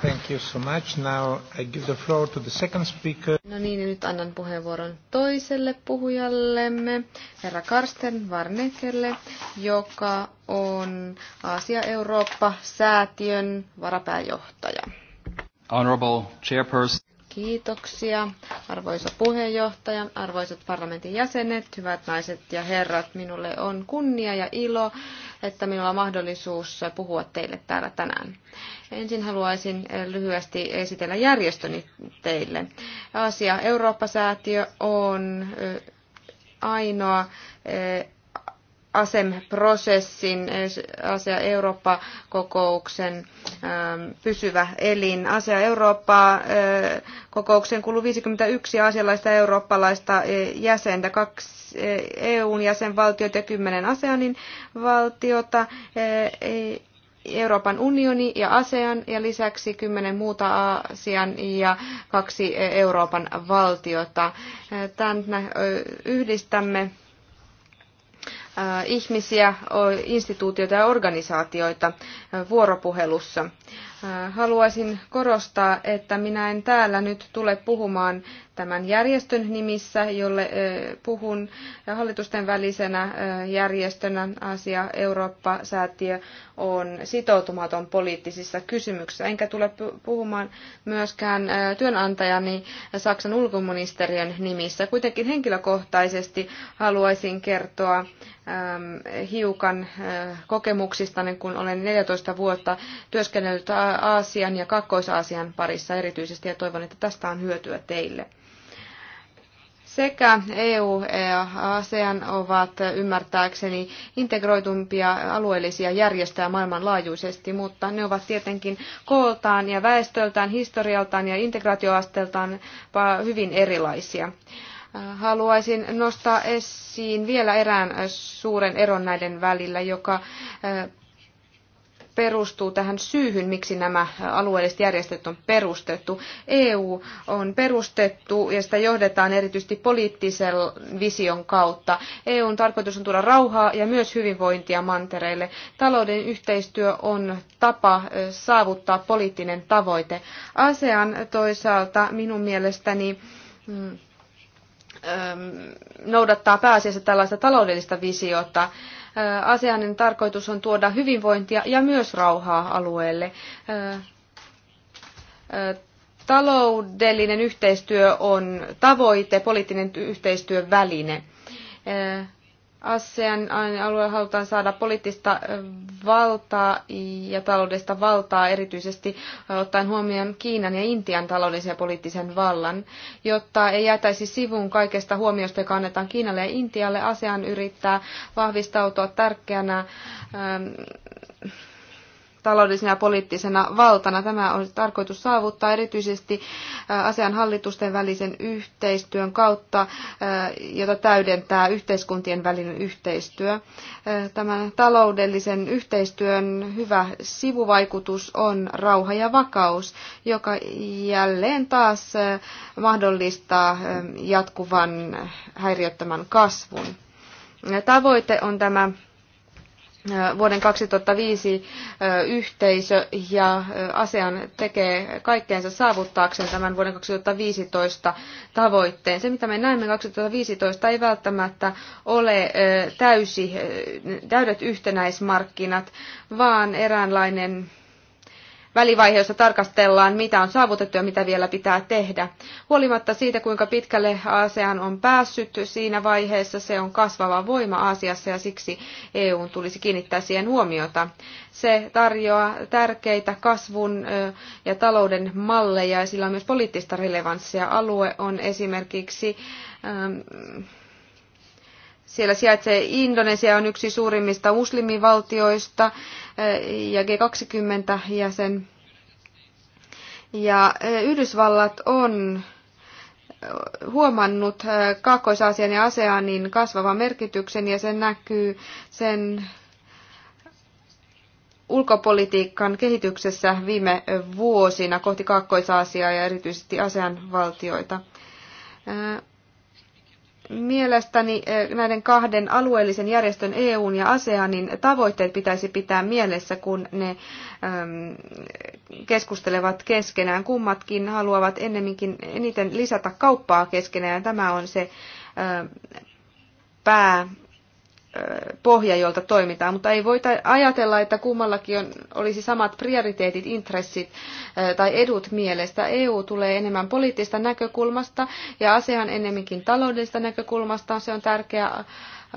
Thank you so much. Now I give the floor to the second speaker. No niin, ja nyt annan puheenvuoron toiselle puhujallemme, herra Karsten Varnekelle, joka on Aasia-Eurooppa-säätiön varapääjohtaja. Honorable Chairperson. Kiitoksia, arvoisa puheenjohtaja, arvoisat parlamentin jäsenet, hyvät naiset ja herrat. Minulle on kunnia ja ilo, että minulla on mahdollisuus puhua teille täällä tänään. Ensin haluaisin lyhyesti esitellä järjestöni teille. Asia Eurooppa-säätiö on ainoa ASEM-prosessin, Asia Eurooppa-kokouksen ähm, pysyvä elin. Asia Eurooppa-kokoukseen kuuluu 51 asialaista eurooppalaista e, jäsentä, kaksi EUn e jäsenvaltiota ja kymmenen ASEANin valtiota. E, Euroopan unioni ja ASEAN ja lisäksi kymmenen muuta Aasian ja kaksi Euroopan valtiota. Tämän yhdistämme Äh, ihmisiä, instituutioita ja organisaatioita äh, vuoropuhelussa. Äh, haluaisin korostaa, että minä en täällä nyt tule puhumaan tämän järjestön nimissä, jolle äh, puhun hallitusten välisenä äh, järjestönä Asia Eurooppa-säätiö on sitoutumaton poliittisissa kysymyksissä. Enkä tule puhumaan myöskään työnantajani Saksan ulkoministeriön nimissä. Kuitenkin henkilökohtaisesti haluaisin kertoa ähm, hiukan kokemuksistani, kun olen 14 vuotta työskennellyt Aasian ja Kakkois-Aasian parissa erityisesti ja toivon, että tästä on hyötyä teille. Sekä EU ja ASEAN ovat ymmärtääkseni integroitumpia alueellisia järjestöjä maailmanlaajuisesti, mutta ne ovat tietenkin kooltaan ja väestöltään, historialtaan ja integraatioasteeltaan hyvin erilaisia. Haluaisin nostaa esiin vielä erään suuren eron näiden välillä, joka perustuu tähän syyhyn, miksi nämä alueelliset järjestöt on perustettu. EU on perustettu ja sitä johdetaan erityisesti poliittisen vision kautta. EUn tarkoitus on tuoda rauhaa ja myös hyvinvointia mantereille. Talouden yhteistyö on tapa saavuttaa poliittinen tavoite. ASEAN toisaalta minun mielestäni mm, Ähm, noudattaa pääasiassa tällaista taloudellista visiota. Äh, Asiainen tarkoitus on tuoda hyvinvointia ja myös rauhaa alueelle. Äh, äh, taloudellinen yhteistyö on tavoite, poliittinen yhteistyön väline ASEAN alue halutaan saada poliittista valtaa ja taloudellista valtaa, erityisesti ottaen huomioon Kiinan ja Intian taloudellisen ja poliittisen vallan. Jotta ei jäätäisi sivuun kaikesta huomiosta, joka annetaan Kiinalle ja Intialle, ASEAN yrittää vahvistautua tärkeänä taloudellisena ja poliittisena valtana. Tämä on tarkoitus saavuttaa erityisesti asian hallitusten välisen yhteistyön kautta, jota täydentää yhteiskuntien välinen yhteistyö. Tämän taloudellisen yhteistyön hyvä sivuvaikutus on rauha ja vakaus, joka jälleen taas mahdollistaa jatkuvan häiriöttömän kasvun. Tavoite on tämä vuoden 2005 yhteisö ja ASEAN tekee kaikkeensa saavuttaakseen tämän vuoden 2015 tavoitteen. Se, mitä me näemme 2015, ei välttämättä ole täysi, täydet yhtenäismarkkinat, vaan eräänlainen välivaiheessa tarkastellaan, mitä on saavutettu ja mitä vielä pitää tehdä. Huolimatta siitä, kuinka pitkälle ASEAN on päässyt siinä vaiheessa, se on kasvava voima Aasiassa ja siksi EU tulisi kiinnittää siihen huomiota. Se tarjoaa tärkeitä kasvun ja talouden malleja ja sillä on myös poliittista relevanssia. Alue on esimerkiksi ähm, siellä sijaitsee Indonesia on yksi suurimmista muslimivaltioista eh, ja G20-jäsen. Ja eh, Yhdysvallat on eh, huomannut Kaakkois-Aasian ja ASEANin kasvavan merkityksen ja sen näkyy sen ulkopolitiikan kehityksessä viime vuosina kohti Kaakkois-Aasiaa ja erityisesti ASEAN-valtioita. Mielestäni eh, näiden kahden alueellisen järjestön EUn ja ASEANin tavoitteet pitäisi pitää mielessä, kun ne ehm, keskustelevat keskenään. Kummatkin haluavat ennemminkin eniten lisätä kauppaa keskenään. Tämä on se ehm, pää pohja, jolta toimitaan, mutta ei voita ajatella, että kummallakin on, olisi samat prioriteetit, intressit tai edut mielestä. EU tulee enemmän poliittista näkökulmasta ja asehan enemmänkin taloudellista näkökulmasta. Se on tärkeä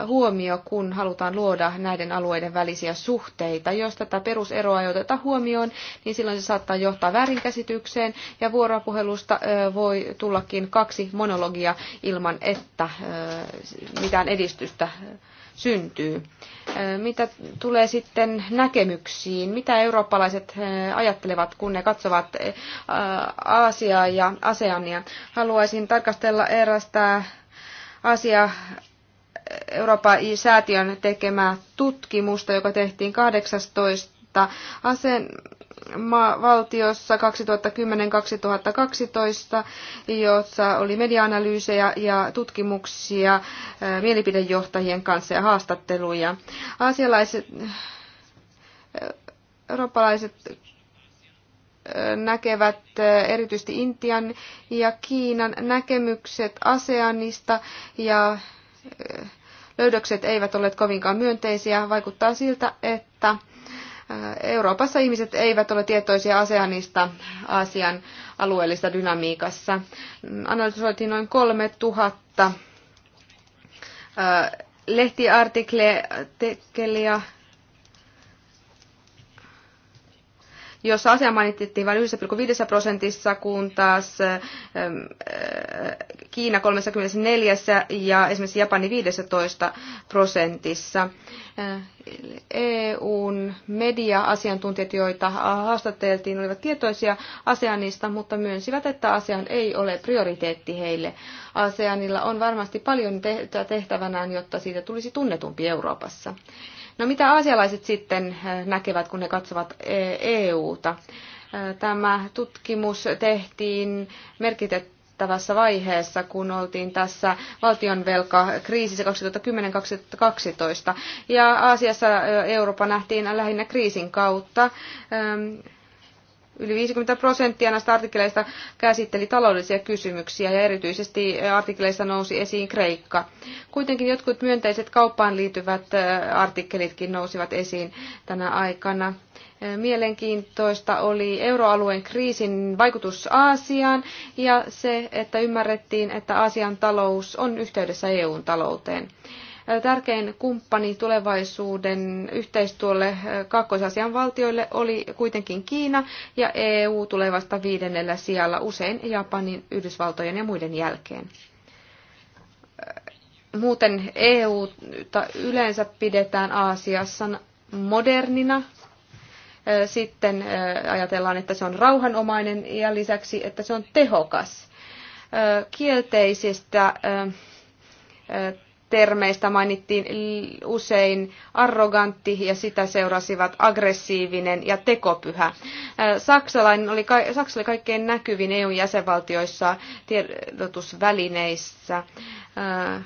huomio, kun halutaan luoda näiden alueiden välisiä suhteita. Jos tätä peruseroa ei oteta huomioon, niin silloin se saattaa johtaa väärinkäsitykseen ja vuoropuhelusta voi tullakin kaksi monologia ilman, että mitään edistystä syntyy. Mitä tulee sitten näkemyksiin? Mitä eurooppalaiset ajattelevat, kun ne katsovat Aasiaa ja ASEANia? Haluaisin tarkastella erästä asiaa Euroopan säätiön tekemää tutkimusta, joka tehtiin 18 asen valtiossa 2010-2012, jossa oli mediaanalyysejä ja tutkimuksia äh, mielipidejohtajien kanssa ja haastatteluja. Aasialaiset, äh, eurooppalaiset äh, näkevät erityisesti Intian ja Kiinan näkemykset ASEANista ja löydökset eivät olleet kovinkaan myönteisiä. Vaikuttaa siltä, että Euroopassa ihmiset eivät ole tietoisia ASEANista Aasian alueellista dynamiikassa. Analysoitiin noin 3000 lehtiartikkelia jossa asia mainittiin vain 1,5 prosentissa, kun taas Kiina 34 ja esimerkiksi Japani 15 prosentissa. EUn media-asiantuntijat, joita haastateltiin, olivat tietoisia ASEANista, mutta myönsivät, että ASEAN ei ole prioriteetti heille. ASEANilla on varmasti paljon tehtävänään, jotta siitä tulisi tunnetumpi Euroopassa. No mitä aasialaiset sitten eh, näkevät, kun he katsovat EUta? Eh, e eh, tämä tutkimus tehtiin merkitetty merkittävässä vaiheessa, kun oltiin tässä valtionvelkakriisissä 2010-2012. Ja Aasiassa Eurooppa nähtiin lähinnä kriisin kautta. Yli 50 prosenttia näistä artikkeleista käsitteli taloudellisia kysymyksiä ja erityisesti artikkeleissa nousi esiin Kreikka. Kuitenkin jotkut myönteiset kauppaan liittyvät artikkelitkin nousivat esiin tänä aikana. Mielenkiintoista oli euroalueen kriisin vaikutus Aasiaan ja se, että ymmärrettiin, että Aasian talous on yhteydessä EUn talouteen. Tärkein kumppani tulevaisuuden yhteistyölle Kaakkois-Asian valtioille oli kuitenkin Kiina ja EU tulee vasta viidennellä sijalla usein Japanin, Yhdysvaltojen ja muiden jälkeen. Muuten EU yleensä pidetään Aasiassa modernina sitten ajatellaan, että se on rauhanomainen ja lisäksi, että se on tehokas. Kielteisistä termeistä mainittiin usein arrogantti ja sitä seurasivat aggressiivinen ja tekopyhä. Äh, Saksalainen oli, Saksa oli kaikkein näkyvin EU-jäsenvaltioissa tiedotusvälineissä. Äh,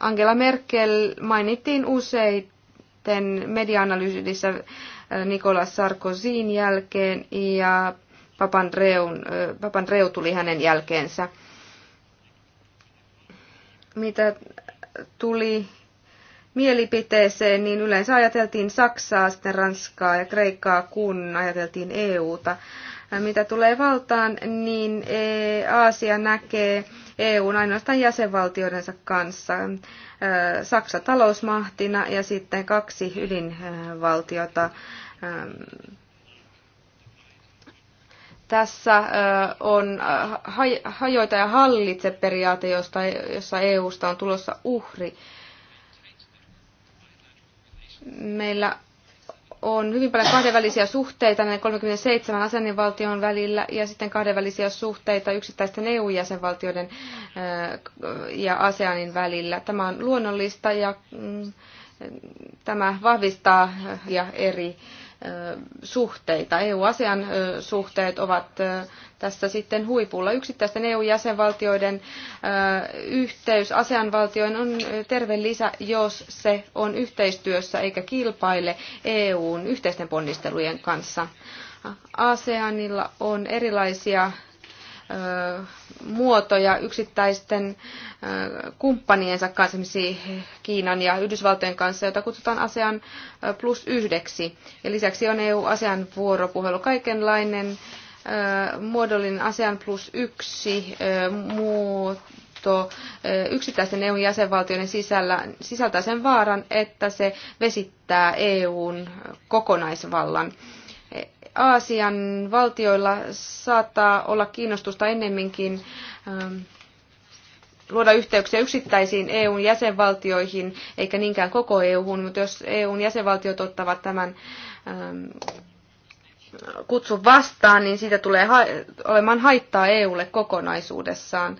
Angela Merkel mainittiin useiten media-analyysissä äh, Nicolas Sarkozyn jälkeen ja Papandreun, Papandreu tuli hänen jälkeensä. Mitä tuli mielipiteeseen, niin yleensä ajateltiin Saksaa, sitten Ranskaa ja Kreikkaa, kun ajateltiin EUta. Mitä tulee valtaan, niin e, Aasia näkee EUn ainoastaan jäsenvaltioidensa kanssa. Saksa talousmahtina ja sitten kaksi ydinvaltiota tässä on hajoita ja hallitse periaate, josta, jossa EUsta on tulossa uhri. Meillä on hyvin paljon kahdenvälisiä suhteita näiden 37 asennevaltion välillä ja sitten kahdenvälisiä suhteita yksittäisten EU-jäsenvaltioiden ja ASEANin välillä. Tämä on luonnollista ja mm, tämä vahvistaa ja eri suhteita. EU-asian suhteet ovat tässä sitten huipulla. Yksittäisten EU-jäsenvaltioiden yhteys asianvaltioin on terve lisä, jos se on yhteistyössä eikä kilpaile EUn yhteisten ponnistelujen kanssa. ASEANilla on erilaisia muotoja yksittäisten kumppaniensa kanssa, esimerkiksi Kiinan ja Yhdysvaltojen kanssa, jota kutsutaan ASEAN plus yhdeksi. Ja lisäksi on EU-ASEAN vuoropuhelu kaikenlainen muodollinen ASEAN plus yksi muoto yksittäisten EUn jäsenvaltioiden sisällä sisältää sen vaaran, että se vesittää EUn kokonaisvallan. Aasian valtioilla saattaa olla kiinnostusta ennemminkin ähm, luoda yhteyksiä yksittäisiin EUn jäsenvaltioihin, eikä niinkään koko EUhun, mutta jos EUn jäsenvaltiot ottavat tämän ähm, kutsun vastaan, niin siitä tulee olemaan haittaa EUlle kokonaisuudessaan.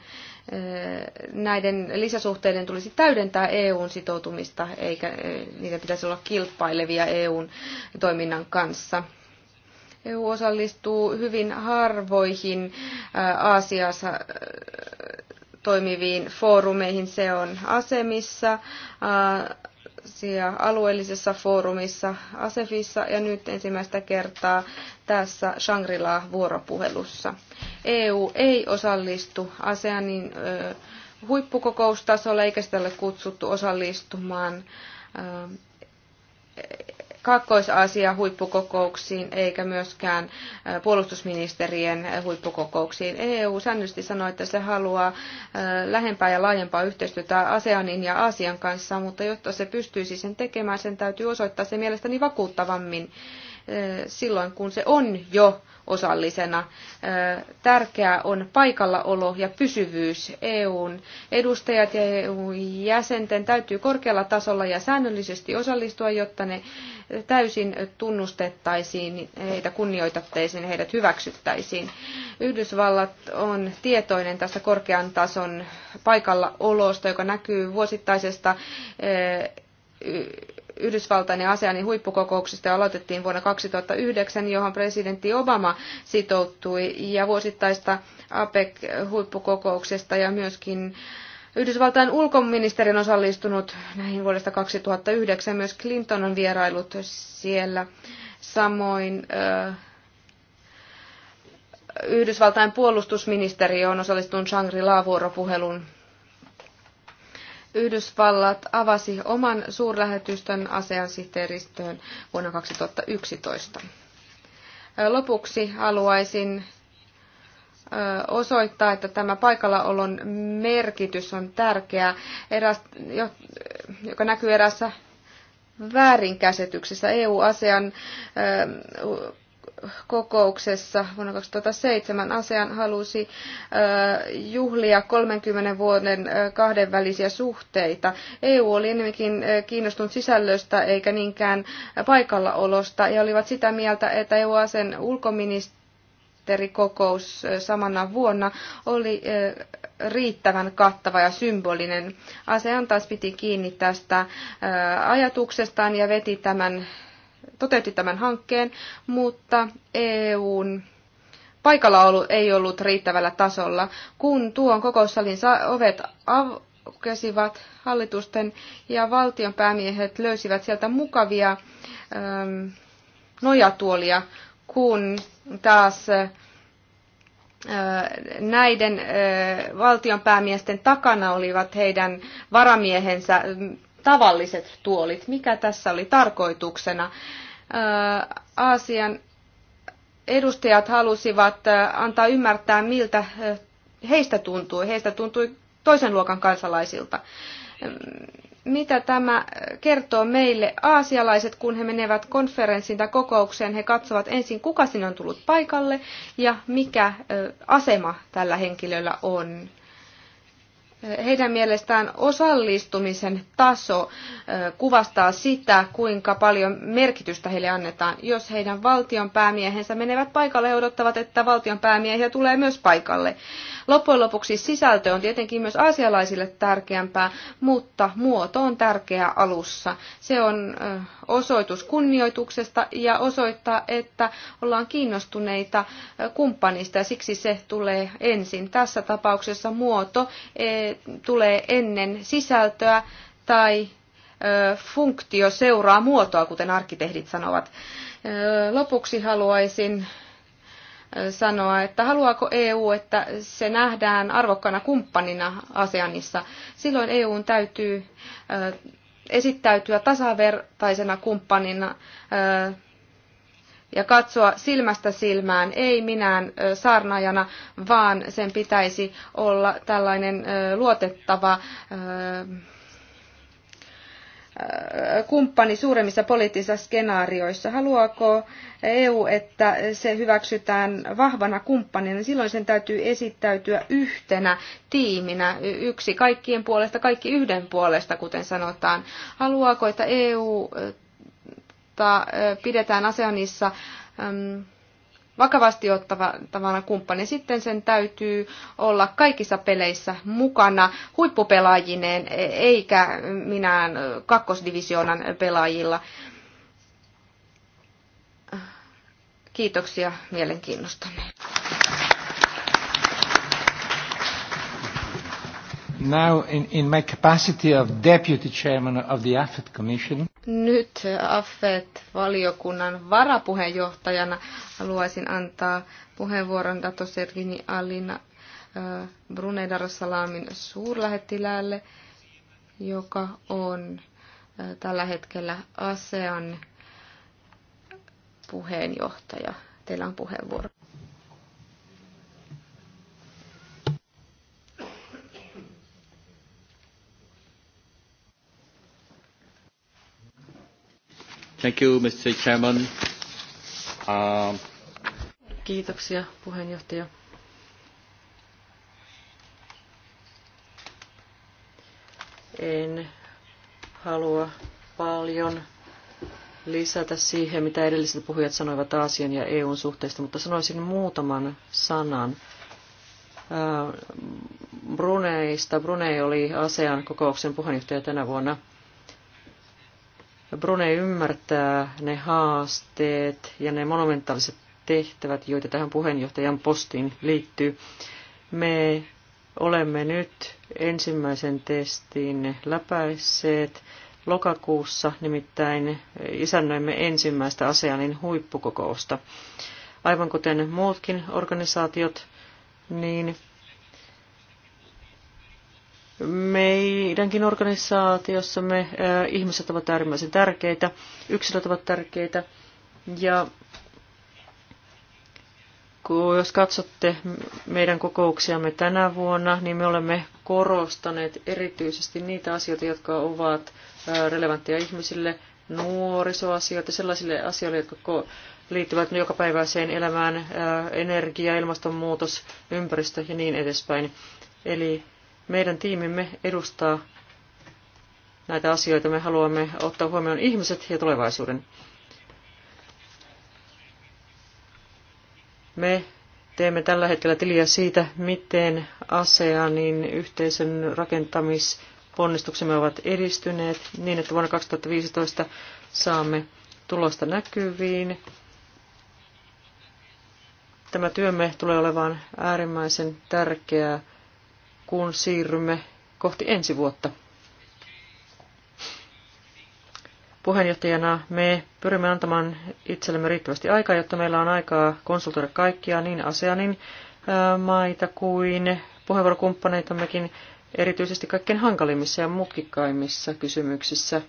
Äh, näiden lisäsuhteiden tulisi täydentää EUn sitoutumista, eikä äh, niiden pitäisi olla kilpailevia EUn toiminnan kanssa. EU osallistuu hyvin harvoihin Aasiassa toimiviin foorumeihin. Se on asemissa, alueellisessa foorumissa, ASEFissa ja nyt ensimmäistä kertaa tässä Shangri-La-vuoropuhelussa. EU ei osallistu ASEANin huippukokoustasolle eikä sitä ole kutsuttu osallistumaan Kaakkois-Aasia huippukokouksiin eikä myöskään äh, puolustusministerien äh, huippukokouksiin. EU säännöllisesti sanoi, että se haluaa äh, lähempää ja laajempaa yhteistyötä ASEANin ja Aasian kanssa, mutta jotta se pystyisi sen tekemään, sen täytyy osoittaa se mielestäni vakuuttavammin silloin, kun se on jo osallisena. Tärkeää on paikallaolo ja pysyvyys. EUn edustajat ja EUn jäsenten täytyy korkealla tasolla ja säännöllisesti osallistua, jotta ne täysin tunnustettaisiin, heitä kunnioitettaisiin, heidät hyväksyttäisiin. Yhdysvallat on tietoinen tästä korkean tason paikallaolosta, joka näkyy vuosittaisesta Yhdysvaltain ja ASEANin huippukokouksesta aloitettiin vuonna 2009, johon presidentti Obama sitoutui, ja vuosittaista APEC-huippukokouksesta ja myöskin Yhdysvaltain ulkoministeri on osallistunut näihin vuodesta 2009. Myös Clinton on vierailut siellä. Samoin äh, Yhdysvaltain puolustusministeri on osallistunut Shangri-La-vuoropuheluun Yhdysvallat avasi oman suurlähetystön asean sihteeristöön vuonna 2011. Lopuksi haluaisin osoittaa, että tämä paikallaolon merkitys on tärkeä, eräs, joka näkyy erässä väärinkäsityksessä. EU-asian kokouksessa vuonna 2007 ASEAN halusi juhlia 30 vuoden kahdenvälisiä suhteita. EU oli enemmänkin kiinnostunut sisällöstä eikä niinkään paikallaolosta ja olivat sitä mieltä, että eu asean ulkoministerikokous samana vuonna oli riittävän kattava ja symbolinen. ASEAN taas piti kiinni tästä ajatuksestaan ja veti tämän toteutti tämän hankkeen, mutta EUn paikallaolo ei ollut riittävällä tasolla. Kun tuon kokoussalin ovet aukesivat, hallitusten ja valtion päämiehet löysivät sieltä mukavia ähm, nojatuolia, kun taas äh, näiden äh, valtionpäämiesten takana olivat heidän varamiehensä tavalliset tuolit. Mikä tässä oli tarkoituksena? Aasian edustajat halusivat antaa ymmärtää, miltä heistä tuntui. Heistä tuntui toisen luokan kansalaisilta. Mitä tämä kertoo meille aasialaiset, kun he menevät konferenssiin tai kokoukseen, he katsovat ensin, kuka sinne on tullut paikalle ja mikä asema tällä henkilöllä on heidän mielestään osallistumisen taso kuvastaa sitä, kuinka paljon merkitystä heille annetaan. Jos heidän valtion päämiehensä menevät paikalle, ja odottavat, että valtion päämiehiä tulee myös paikalle. Loppujen lopuksi sisältö on tietenkin myös asialaisille tärkeämpää, mutta muoto on tärkeä alussa. Se on osoitus kunnioituksesta ja osoittaa, että ollaan kiinnostuneita kumppanista ja siksi se tulee ensin. Tässä tapauksessa muoto e, tulee ennen sisältöä tai funktio seuraa muotoa, kuten arkkitehdit sanovat. Lopuksi haluaisin sanoa, että haluaako EU, että se nähdään arvokkana kumppanina ASEANissa. Silloin EUn täytyy esittäytyä tasavertaisena kumppanina ja katsoa silmästä silmään, ei minään saarnaajana, vaan sen pitäisi olla tällainen luotettava kumppani suuremmissa poliittisissa skenaarioissa. Haluaako EU, että se hyväksytään vahvana kumppanina, niin silloin sen täytyy esittäytyä yhtenä tiiminä, yksi kaikkien puolesta, kaikki yhden puolesta, kuten sanotaan. Haluaako, että EU mutta pidetään ASEANissa vakavasti ottavana kumppani. Sitten sen täytyy olla kaikissa peleissä mukana huippupelaajineen, e, eikä minään kakkosdivisioonan pelaajilla. Kiitoksia mielenkiinnostanne. Now in, in my capacity of deputy chairman of the AFET commission. Nyt AFET-valiokunnan varapuheenjohtajana haluaisin antaa puheenvuoron Dato Servini Alina Brunei Salamin suurlähettiläälle, joka on tällä hetkellä ASEAN puheenjohtaja. Teillä on puheenvuoro. Um, Kiitoksia, puheenjohtaja. En halua paljon lisätä siihen, mitä edelliset puhujat sanoivat Aasian ja EUn suhteista, mutta sanoisin muutaman sanan. Bruneista. Brunei oli ASEAN kokouksen puheenjohtaja tänä vuonna. Brune ymmärtää ne haasteet ja ne monumentaaliset tehtävät, joita tähän puheenjohtajan postiin liittyy. Me olemme nyt ensimmäisen testin läpäisseet. Lokakuussa nimittäin isännöimme ensimmäistä ASEANin huippukokousta. Aivan kuten muutkin organisaatiot, niin Meidänkin organisaatiossamme ihmiset ovat äärimmäisen tärkeitä, yksilöt ovat tärkeitä ja kun jos katsotte meidän kokouksiamme tänä vuonna, niin me olemme korostaneet erityisesti niitä asioita, jotka ovat relevantteja ihmisille, nuorisoasioita, sellaisille asioille, jotka liittyvät jokapäiväiseen elämään, energia, ilmastonmuutos, ympäristö ja niin edespäin. Eli meidän tiimimme edustaa näitä asioita. Me haluamme ottaa huomioon ihmiset ja tulevaisuuden. Me teemme tällä hetkellä tiliä siitä, miten ASEANin niin yhteisen rakentamisponnistuksemme ovat edistyneet niin, että vuonna 2015 saamme tulosta näkyviin. Tämä työmme tulee olemaan äärimmäisen tärkeää kun siirrymme kohti ensi vuotta. Puheenjohtajana me pyrimme antamaan itsellemme riittävästi aikaa, jotta meillä on aikaa konsultoida kaikkia niin ASEANin maita kuin puheenvuorokumppaneitammekin erityisesti kaikkein hankalimmissa ja mutkikkaimmissa kysymyksissä.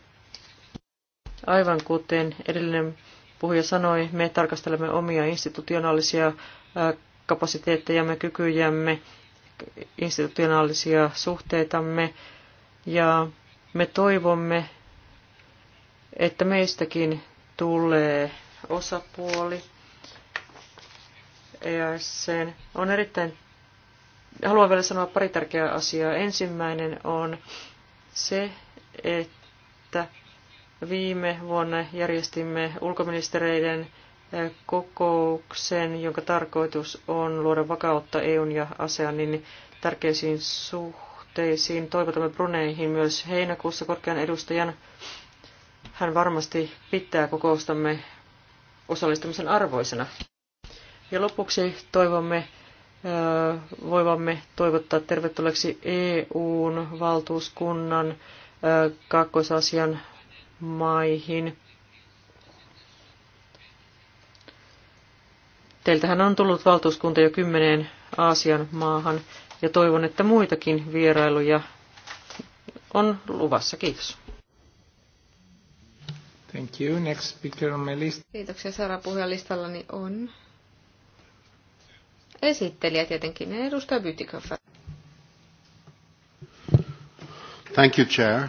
Aivan kuten edellinen puhuja sanoi, me tarkastelemme omia institutionaalisia kapasiteettejamme, kykyjämme institutionaalisia suhteitamme ja me toivomme, että meistäkin tulee osapuoli EASen. On erittäin, haluan vielä sanoa pari tärkeää asiaa. Ensimmäinen on se, että viime vuonna järjestimme ulkoministereiden kokouksen, jonka tarkoitus on luoda vakautta EUn ja ASEANin tärkeisiin suhteisiin. Toivotamme Bruneihin myös heinäkuussa korkean edustajan. Hän varmasti pitää kokoustamme osallistumisen arvoisena. Ja lopuksi toivomme voivamme toivottaa tervetulleeksi EUn valtuuskunnan kaakkois maihin. Teiltähän on tullut valtuuskunta jo kymmeneen Aasian maahan ja toivon, että muitakin vierailuja on luvassa. Kiitos. Thank you. Next speaker on my list. Kiitoksia. Sara puheenlistallani on esittelijä tietenkin, edustaja Bytikoffer. Thank you, Chair.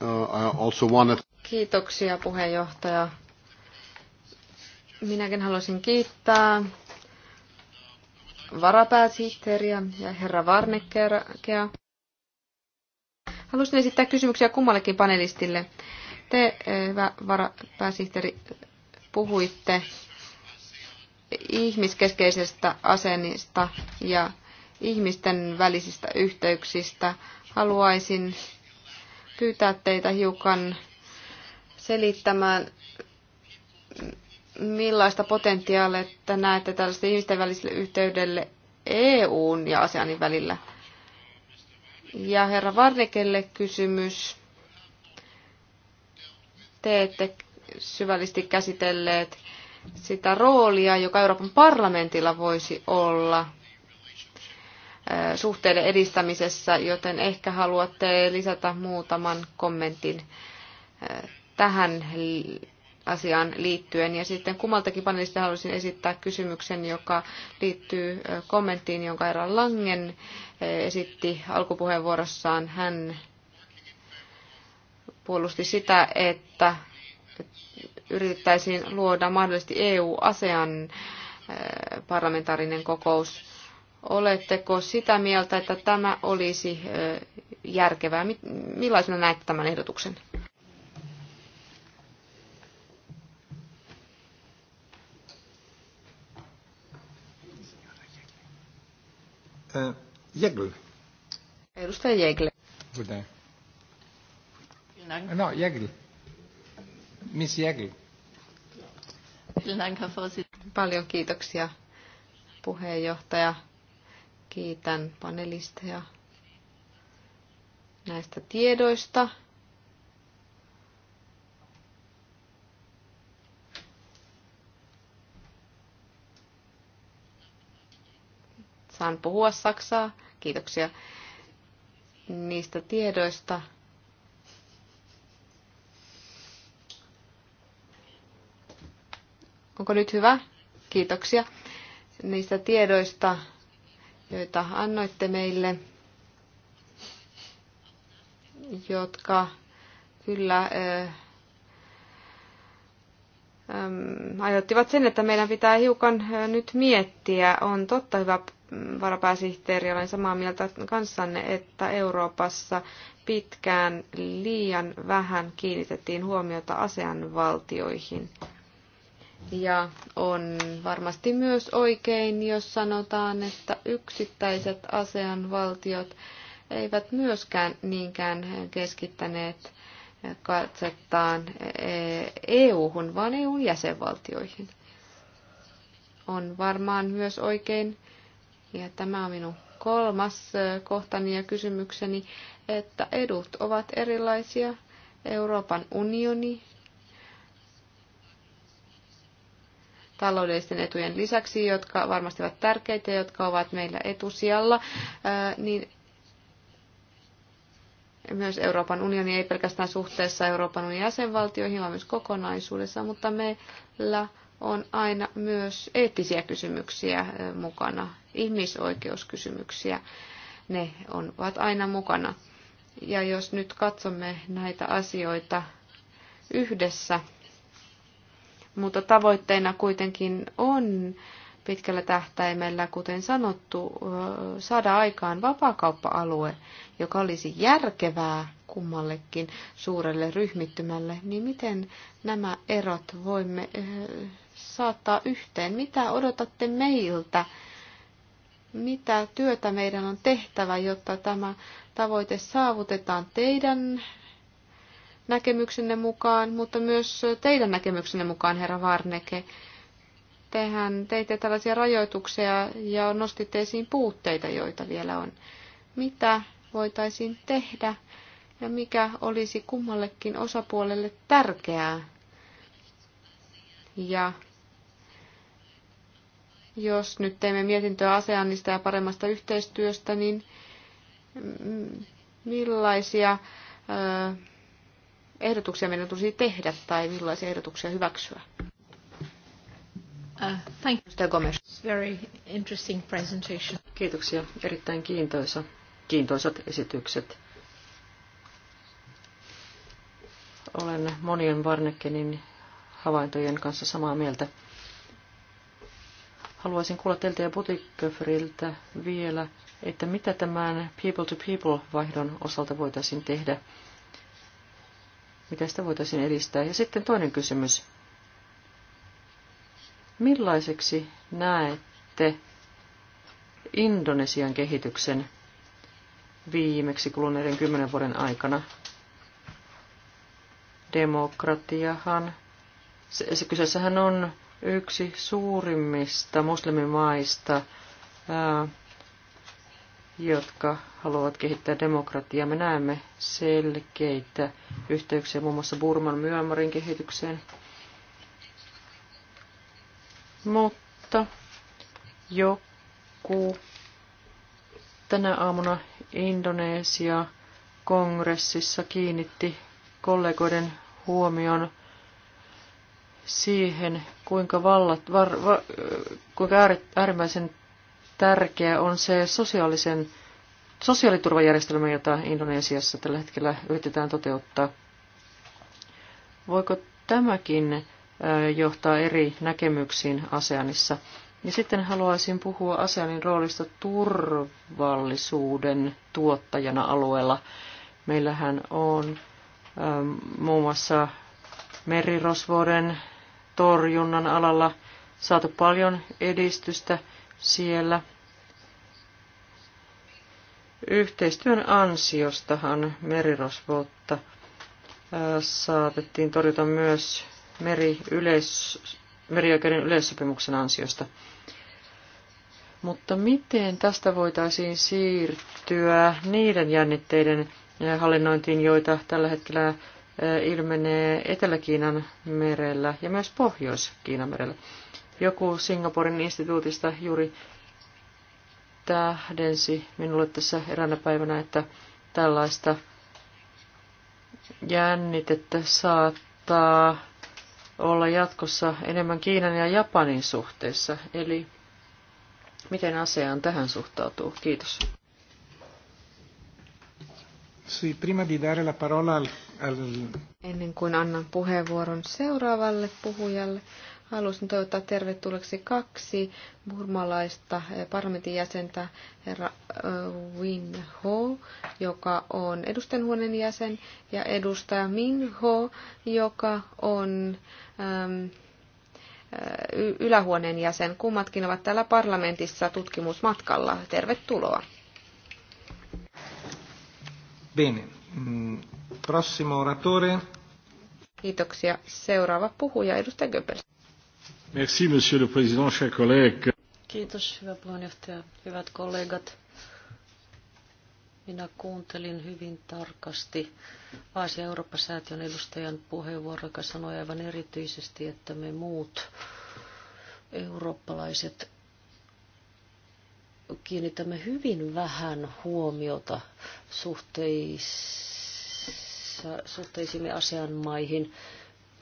Uh, I also wanted... Kiitoksia puheenjohtaja. Minäkin haluaisin kiittää varapääsihteeriä ja herra Varnekea. Haluaisin esittää kysymyksiä kummallekin panelistille. Te, eh, hyvä varapääsihteeri, puhuitte ihmiskeskeisestä asennista ja ihmisten välisistä yhteyksistä. Haluaisin pyytää teitä hiukan selittämään, millaista potentiaalia että näette tällaisten ihmisten väliselle yhteydelle EUn ja ASEANin välillä? Ja herra Varnikelle kysymys. Te ette syvällisesti käsitelleet sitä roolia, joka Euroopan parlamentilla voisi olla suhteiden edistämisessä, joten ehkä haluatte lisätä muutaman kommentin tähän asiaan liittyen. Ja sitten kummaltakin panelista haluaisin esittää kysymyksen, joka liittyy kommenttiin, jonka Eera Langen esitti alkupuheenvuorossaan. Hän puolusti sitä, että yritettäisiin luoda mahdollisesti EU-asean parlamentaarinen kokous. Oletteko sitä mieltä, että tämä olisi järkevää? Millaisena näette tämän ehdotuksen? E, Jägl. Edustaja Jägl. Kuten. No, Jägl. Miss Jägl. Paljon kiitoksia puheenjohtaja. Kiitän panelisteja näistä tiedoista. Saan puhua Saksaa. Kiitoksia niistä tiedoista. Onko nyt hyvä? Kiitoksia niistä tiedoista, joita annoitte meille, jotka kyllä äh, äm, aiheuttivat sen, että meidän pitää hiukan nyt miettiä. On totta, hyvä varapääsihteeri, olen samaa mieltä kanssanne, että Euroopassa pitkään liian vähän kiinnitettiin huomiota aseanvaltioihin. Ja on varmasti myös oikein, jos sanotaan, että yksittäiset aseanvaltiot eivät myöskään niinkään keskittäneet katsotaan EU-hun, vaan EUn jäsenvaltioihin. On varmaan myös oikein, ja tämä on minun kolmas kohtani ja kysymykseni, että edut ovat erilaisia. Euroopan unioni taloudellisten etujen lisäksi, jotka varmasti ovat tärkeitä jotka ovat meillä etusijalla, niin myös Euroopan unioni, ei pelkästään suhteessa Euroopan unionin jäsenvaltioihin, vaan myös kokonaisuudessa, mutta meillä on aina myös eettisiä kysymyksiä eh, mukana, ihmisoikeuskysymyksiä, ne ovat aina mukana. Ja jos nyt katsomme näitä asioita yhdessä, mutta tavoitteena kuitenkin on pitkällä tähtäimellä, kuten sanottu, saada aikaan vapaakauppa-alue, joka olisi järkevää kummallekin suurelle ryhmittymälle, niin miten nämä erot voimme saattaa yhteen? Mitä odotatte meiltä? Mitä työtä meidän on tehtävä, jotta tämä tavoite saavutetaan teidän näkemyksenne mukaan, mutta myös teidän näkemyksenne mukaan, herra Varneke? tehän teitte tällaisia rajoituksia ja nostitte esiin puutteita, joita vielä on. Mitä voitaisiin tehdä ja mikä olisi kummallekin osapuolelle tärkeää? Ja jos nyt teemme mietintöä aseannista ja paremmasta yhteistyöstä, niin millaisia ehdotuksia meidän tulisi tehdä tai millaisia ehdotuksia hyväksyä? Uh, thank you. Gomes. Very interesting presentation. Kiitoksia. Erittäin kiintoisa, kiintoisat esitykset. Olen monien Varnekenin havaintojen kanssa samaa mieltä. Haluaisin kuulla teiltä ja Butikköferiltä vielä, että mitä tämän people-to-people-vaihdon osalta voitaisiin tehdä, mitä sitä voitaisiin edistää. Ja sitten toinen kysymys. Millaiseksi näette Indonesian kehityksen viimeksi kuluneiden kymmenen vuoden aikana? Demokratiahan, se, se kyseessähän on yksi suurimmista muslimimaista, ää, jotka haluavat kehittää demokratiaa. Me näemme selkeitä yhteyksiä muun muassa Burman Myanmarin kehitykseen mutta joku tänä aamuna Indonesia kongressissa kiinnitti kollegoiden huomion siihen, kuinka, vallat, var, va, kuinka äärimmäisen tärkeä on se sosiaalisen, sosiaaliturvajärjestelmä, jota Indonesiassa tällä hetkellä yritetään toteuttaa. Voiko tämäkin johtaa eri näkemyksiin ASEANissa. Ja sitten haluaisin puhua ASEANin roolista turvallisuuden tuottajana alueella. Meillähän on äm, muun muassa merirosvuuden torjunnan alalla saatu paljon edistystä siellä. Yhteistyön ansiostahan merirosvuutta saatettiin torjuta myös meri yleis, merioikeuden yleissopimuksen ansiosta. Mutta miten tästä voitaisiin siirtyä niiden jännitteiden eh, hallinnointiin, joita tällä hetkellä eh, ilmenee Etelä-Kiinan merellä ja myös Pohjois-Kiinan merellä? Joku Singaporen instituutista juuri tähdensi minulle tässä eräänä päivänä, että tällaista jännitettä saattaa olla jatkossa enemmän Kiinan ja Japanin suhteessa. Eli miten ASEAN tähän suhtautuu? Kiitos. Ennen kuin annan puheenvuoron seuraavalle puhujalle, Haluaisin toivottaa tervetulleeksi kaksi burmalaista eh, parlamentin jäsentä, herra eh, Win Ho, joka on edustajanhuoneen jäsen, ja edustaja Min Ho, joka on äm, ehm, eh, ylähuoneen jäsen. Kummatkin ovat täällä parlamentissa tutkimusmatkalla. Tervetuloa. Bene. Mm, prossimo oratore. Kiitoksia. Seuraava puhuja, edustaja Göbels monsieur le président, chers collègues. Kiitos, hyvä puheenjohtaja, hyvät kollegat. Minä kuuntelin hyvin tarkasti Aasia-Eurooppa-säätiön edustajan puheenvuoro, joka sanoi aivan erityisesti, että me muut eurooppalaiset kiinnitämme hyvin vähän huomiota suhteisiin asianmaihin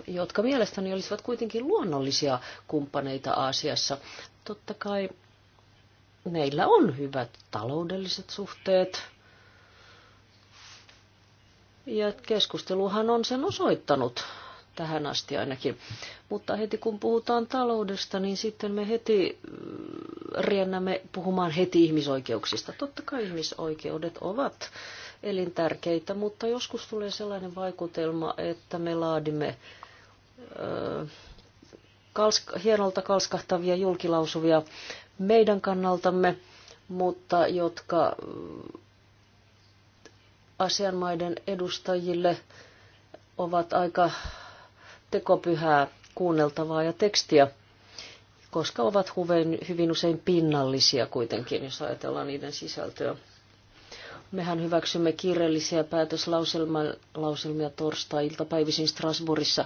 jotka mielestäni olisivat kuitenkin luonnollisia kumppaneita Aasiassa. Totta kai meillä on hyvät taloudelliset suhteet. Ja keskusteluhan on sen osoittanut tähän asti ainakin. Mutta heti kun puhutaan taloudesta, niin sitten me heti äh, riennämme puhumaan heti ihmisoikeuksista. Totta kai ihmisoikeudet ovat elintärkeitä, mutta joskus tulee sellainen vaikutelma, että me laadimme hienolta kalskahtavia julkilausuvia meidän kannaltamme, mutta jotka asianmaiden edustajille ovat aika tekopyhää kuunneltavaa ja tekstiä, koska ovat hyvin usein pinnallisia kuitenkin, jos ajatellaan niiden sisältöä. Mehän hyväksymme kirjallisia päätöslauselmia torstai-iltapäivisin Strasbourgissa,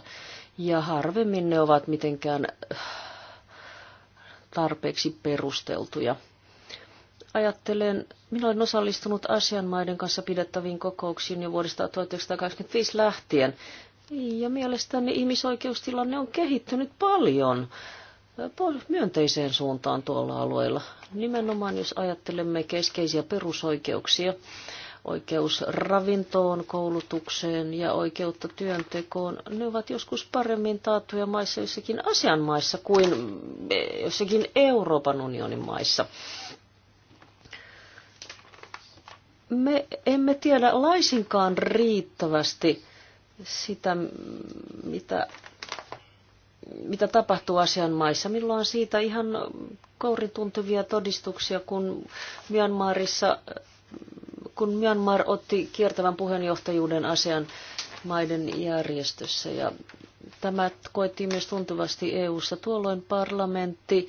ja harvemmin ne ovat mitenkään äh, tarpeeksi perusteltuja. Ajattelen, minä olen osallistunut asianmaiden kanssa pidettäviin kokouksiin jo vuodesta 1985 lähtien, ja mielestäni ihmisoikeustilanne on kehittynyt paljon myönteiseen suuntaan tuolla alueella. Nimenomaan jos ajattelemme keskeisiä perusoikeuksia, oikeus ravintoon, koulutukseen ja oikeutta työntekoon, ne ovat joskus paremmin taattuja maissa jossakin asian maissa kuin jossakin Euroopan unionin maissa. Me emme tiedä laisinkaan riittävästi sitä, mitä mitä tapahtuu asian maissa. Minulla on siitä ihan kourituntuvia todistuksia, kun Myanmarissa, kun Myanmar otti kiertävän puheenjohtajuuden asian maiden järjestössä. Ja tämä koettiin myös tuntuvasti EU-ssa. Tuolloin parlamentti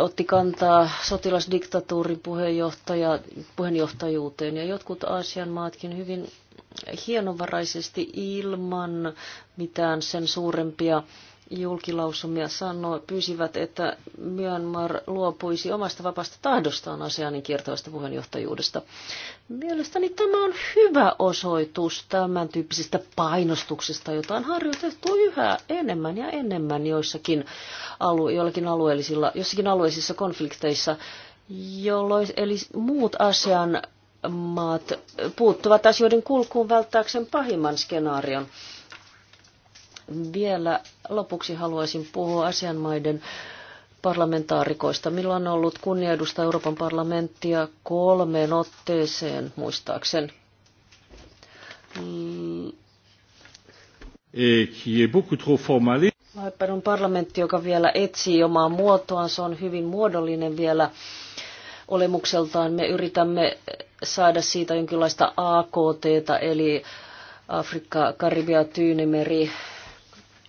otti kantaa sotilasdiktatuurin puheenjohtaja, puheenjohtajuuteen ja jotkut Aasian maatkin hyvin hienovaraisesti ilman mitään sen suurempia julkilausumia sanoi, pyysivät, että Myanmar luopuisi omasta vapaasta tahdostaan asianin kiertävästä puheenjohtajuudesta. Mielestäni tämä on hyvä osoitus tämän tyyppisestä painostuksesta, jota on harjoitettu yhä enemmän ja enemmän joissakin alue- joillakin alueellisilla, jossakin alueellisissa konflikteissa, jolloin eli muut asian maat puuttuvat asioiden kulkuun välttääkseen pahimman skenaarion. Vielä lopuksi haluaisin puhua asianmaiden parlamentaarikoista. Milloin on ollut kunnia edustaa Euroopan parlamenttia kolmeen otteeseen, muistaakseni? on parlamentti, joka vielä etsii omaa muotoaan, se on hyvin muodollinen vielä olemukseltaan. Me yritämme saada siitä jonkinlaista AKT, eli Afrikka, Karibia, Tyynimeri,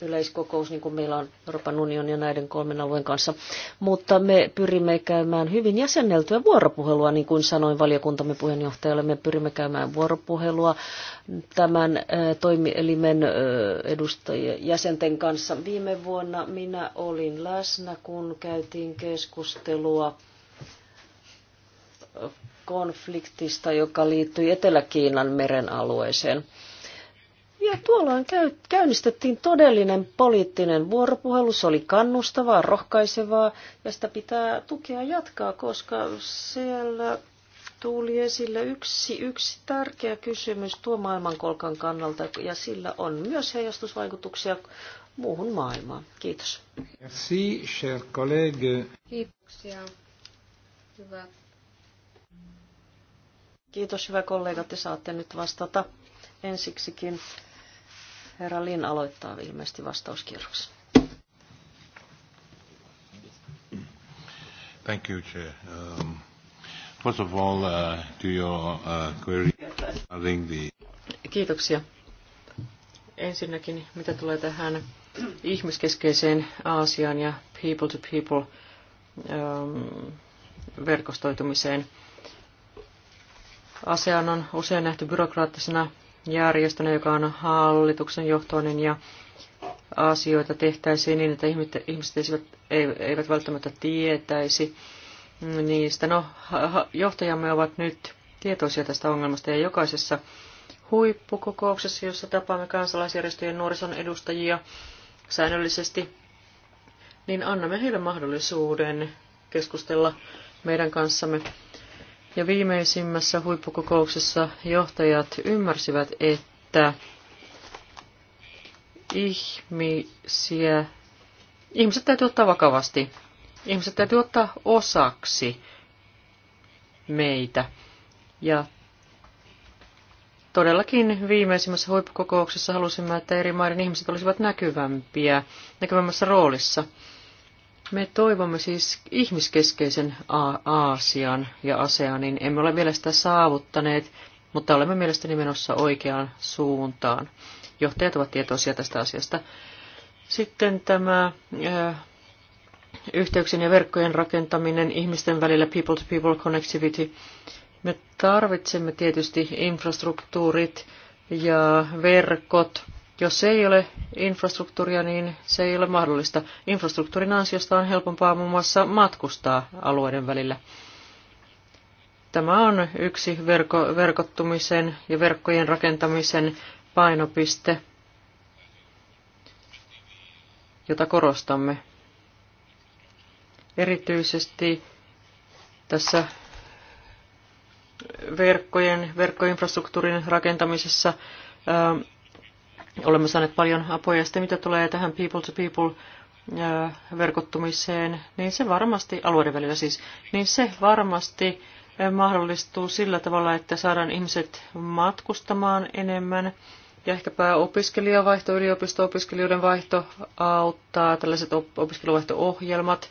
yleiskokous, niin kuin meillä on Euroopan unionin ja näiden kolmen alueen kanssa. Mutta me pyrimme käymään hyvin jäsenneltyä vuoropuhelua, niin kuin sanoin valiokuntamme puheenjohtajalle. Me pyrimme käymään vuoropuhelua tämän äh, toimielimen äh, edustajien jäsenten kanssa. Viime vuonna minä olin läsnä, kun käytiin keskustelua konfliktista, joka liittyi Etelä-Kiinan meren alueeseen. Ja tuolloin käy, käynnistettiin todellinen poliittinen vuoropuhelu, se oli kannustavaa, rohkaisevaa ja sitä pitää tukea jatkaa, koska siellä tuli esille yksi, yksi tärkeä kysymys tuo maailmankolkan kannalta ja sillä on myös heijastusvaikutuksia muuhun maailmaan. Kiitos. Merci, cher collègue. Kiitoksia. Hyvä. Kiitos hyvä kollega, te saatte nyt vastata ensiksikin Herra Lin aloittaa ilmeisesti vastauskierros. Thank you, Chair. Um, first of all, uh, to your uh, query regarding the... Kiitoksia. Ensinnäkin, mitä tulee tähän ihmiskeskeiseen Aasiaan ja people-to-people um, verkostoitumiseen. ASEAN on usein nähty byrokraattisena järjestönä, joka on hallituksen johtoinen ja asioita tehtäisiin niin, että ihmiset eivät välttämättä tietäisi niistä. No, johtajamme ovat nyt tietoisia tästä ongelmasta ja jokaisessa huippukokouksessa, jossa tapaamme kansalaisjärjestöjen nuorison edustajia säännöllisesti, niin annamme heille mahdollisuuden keskustella meidän kanssamme ja viimeisimmässä huippukokouksessa johtajat ymmärsivät, että ihmisiä, ihmiset täytyy ottaa vakavasti. Ihmiset täytyy ottaa osaksi meitä. Ja todellakin viimeisimmässä huippukokouksessa halusimme, että eri maiden ihmiset olisivat näkyvämpiä, näkyvämmässä roolissa – me toivomme siis ihmiskeskeisen Aasian ja ASEANin. Emme ole vielä sitä saavuttaneet, mutta olemme mielestäni menossa oikeaan suuntaan. Johtajat ovat tietoisia tästä asiasta. Sitten tämä äh, yhteyksien ja verkkojen rakentaminen ihmisten välillä, people-to-people -people connectivity. Me tarvitsemme tietysti infrastruktuurit ja verkot jos ei ole infrastruktuuria, niin se ei ole mahdollista. Infrastruktuurin ansiosta on helpompaa muun muassa matkustaa alueiden välillä. Tämä on yksi verko, verkottumisen ja verkkojen rakentamisen painopiste, jota korostamme. Erityisesti tässä verkkojen, verkkoinfrastruktuurin rakentamisessa ää, Olemme saaneet paljon apua ja sitten mitä tulee tähän people-to-people verkottumiseen, niin se varmasti, alueiden välillä siis, niin se varmasti mahdollistuu sillä tavalla, että saadaan ihmiset matkustamaan enemmän. Ja ehkäpä opiskelijavaihto, yliopisto-opiskelijoiden vaihto auttaa, tällaiset op- opiskeluvaihto-ohjelmat.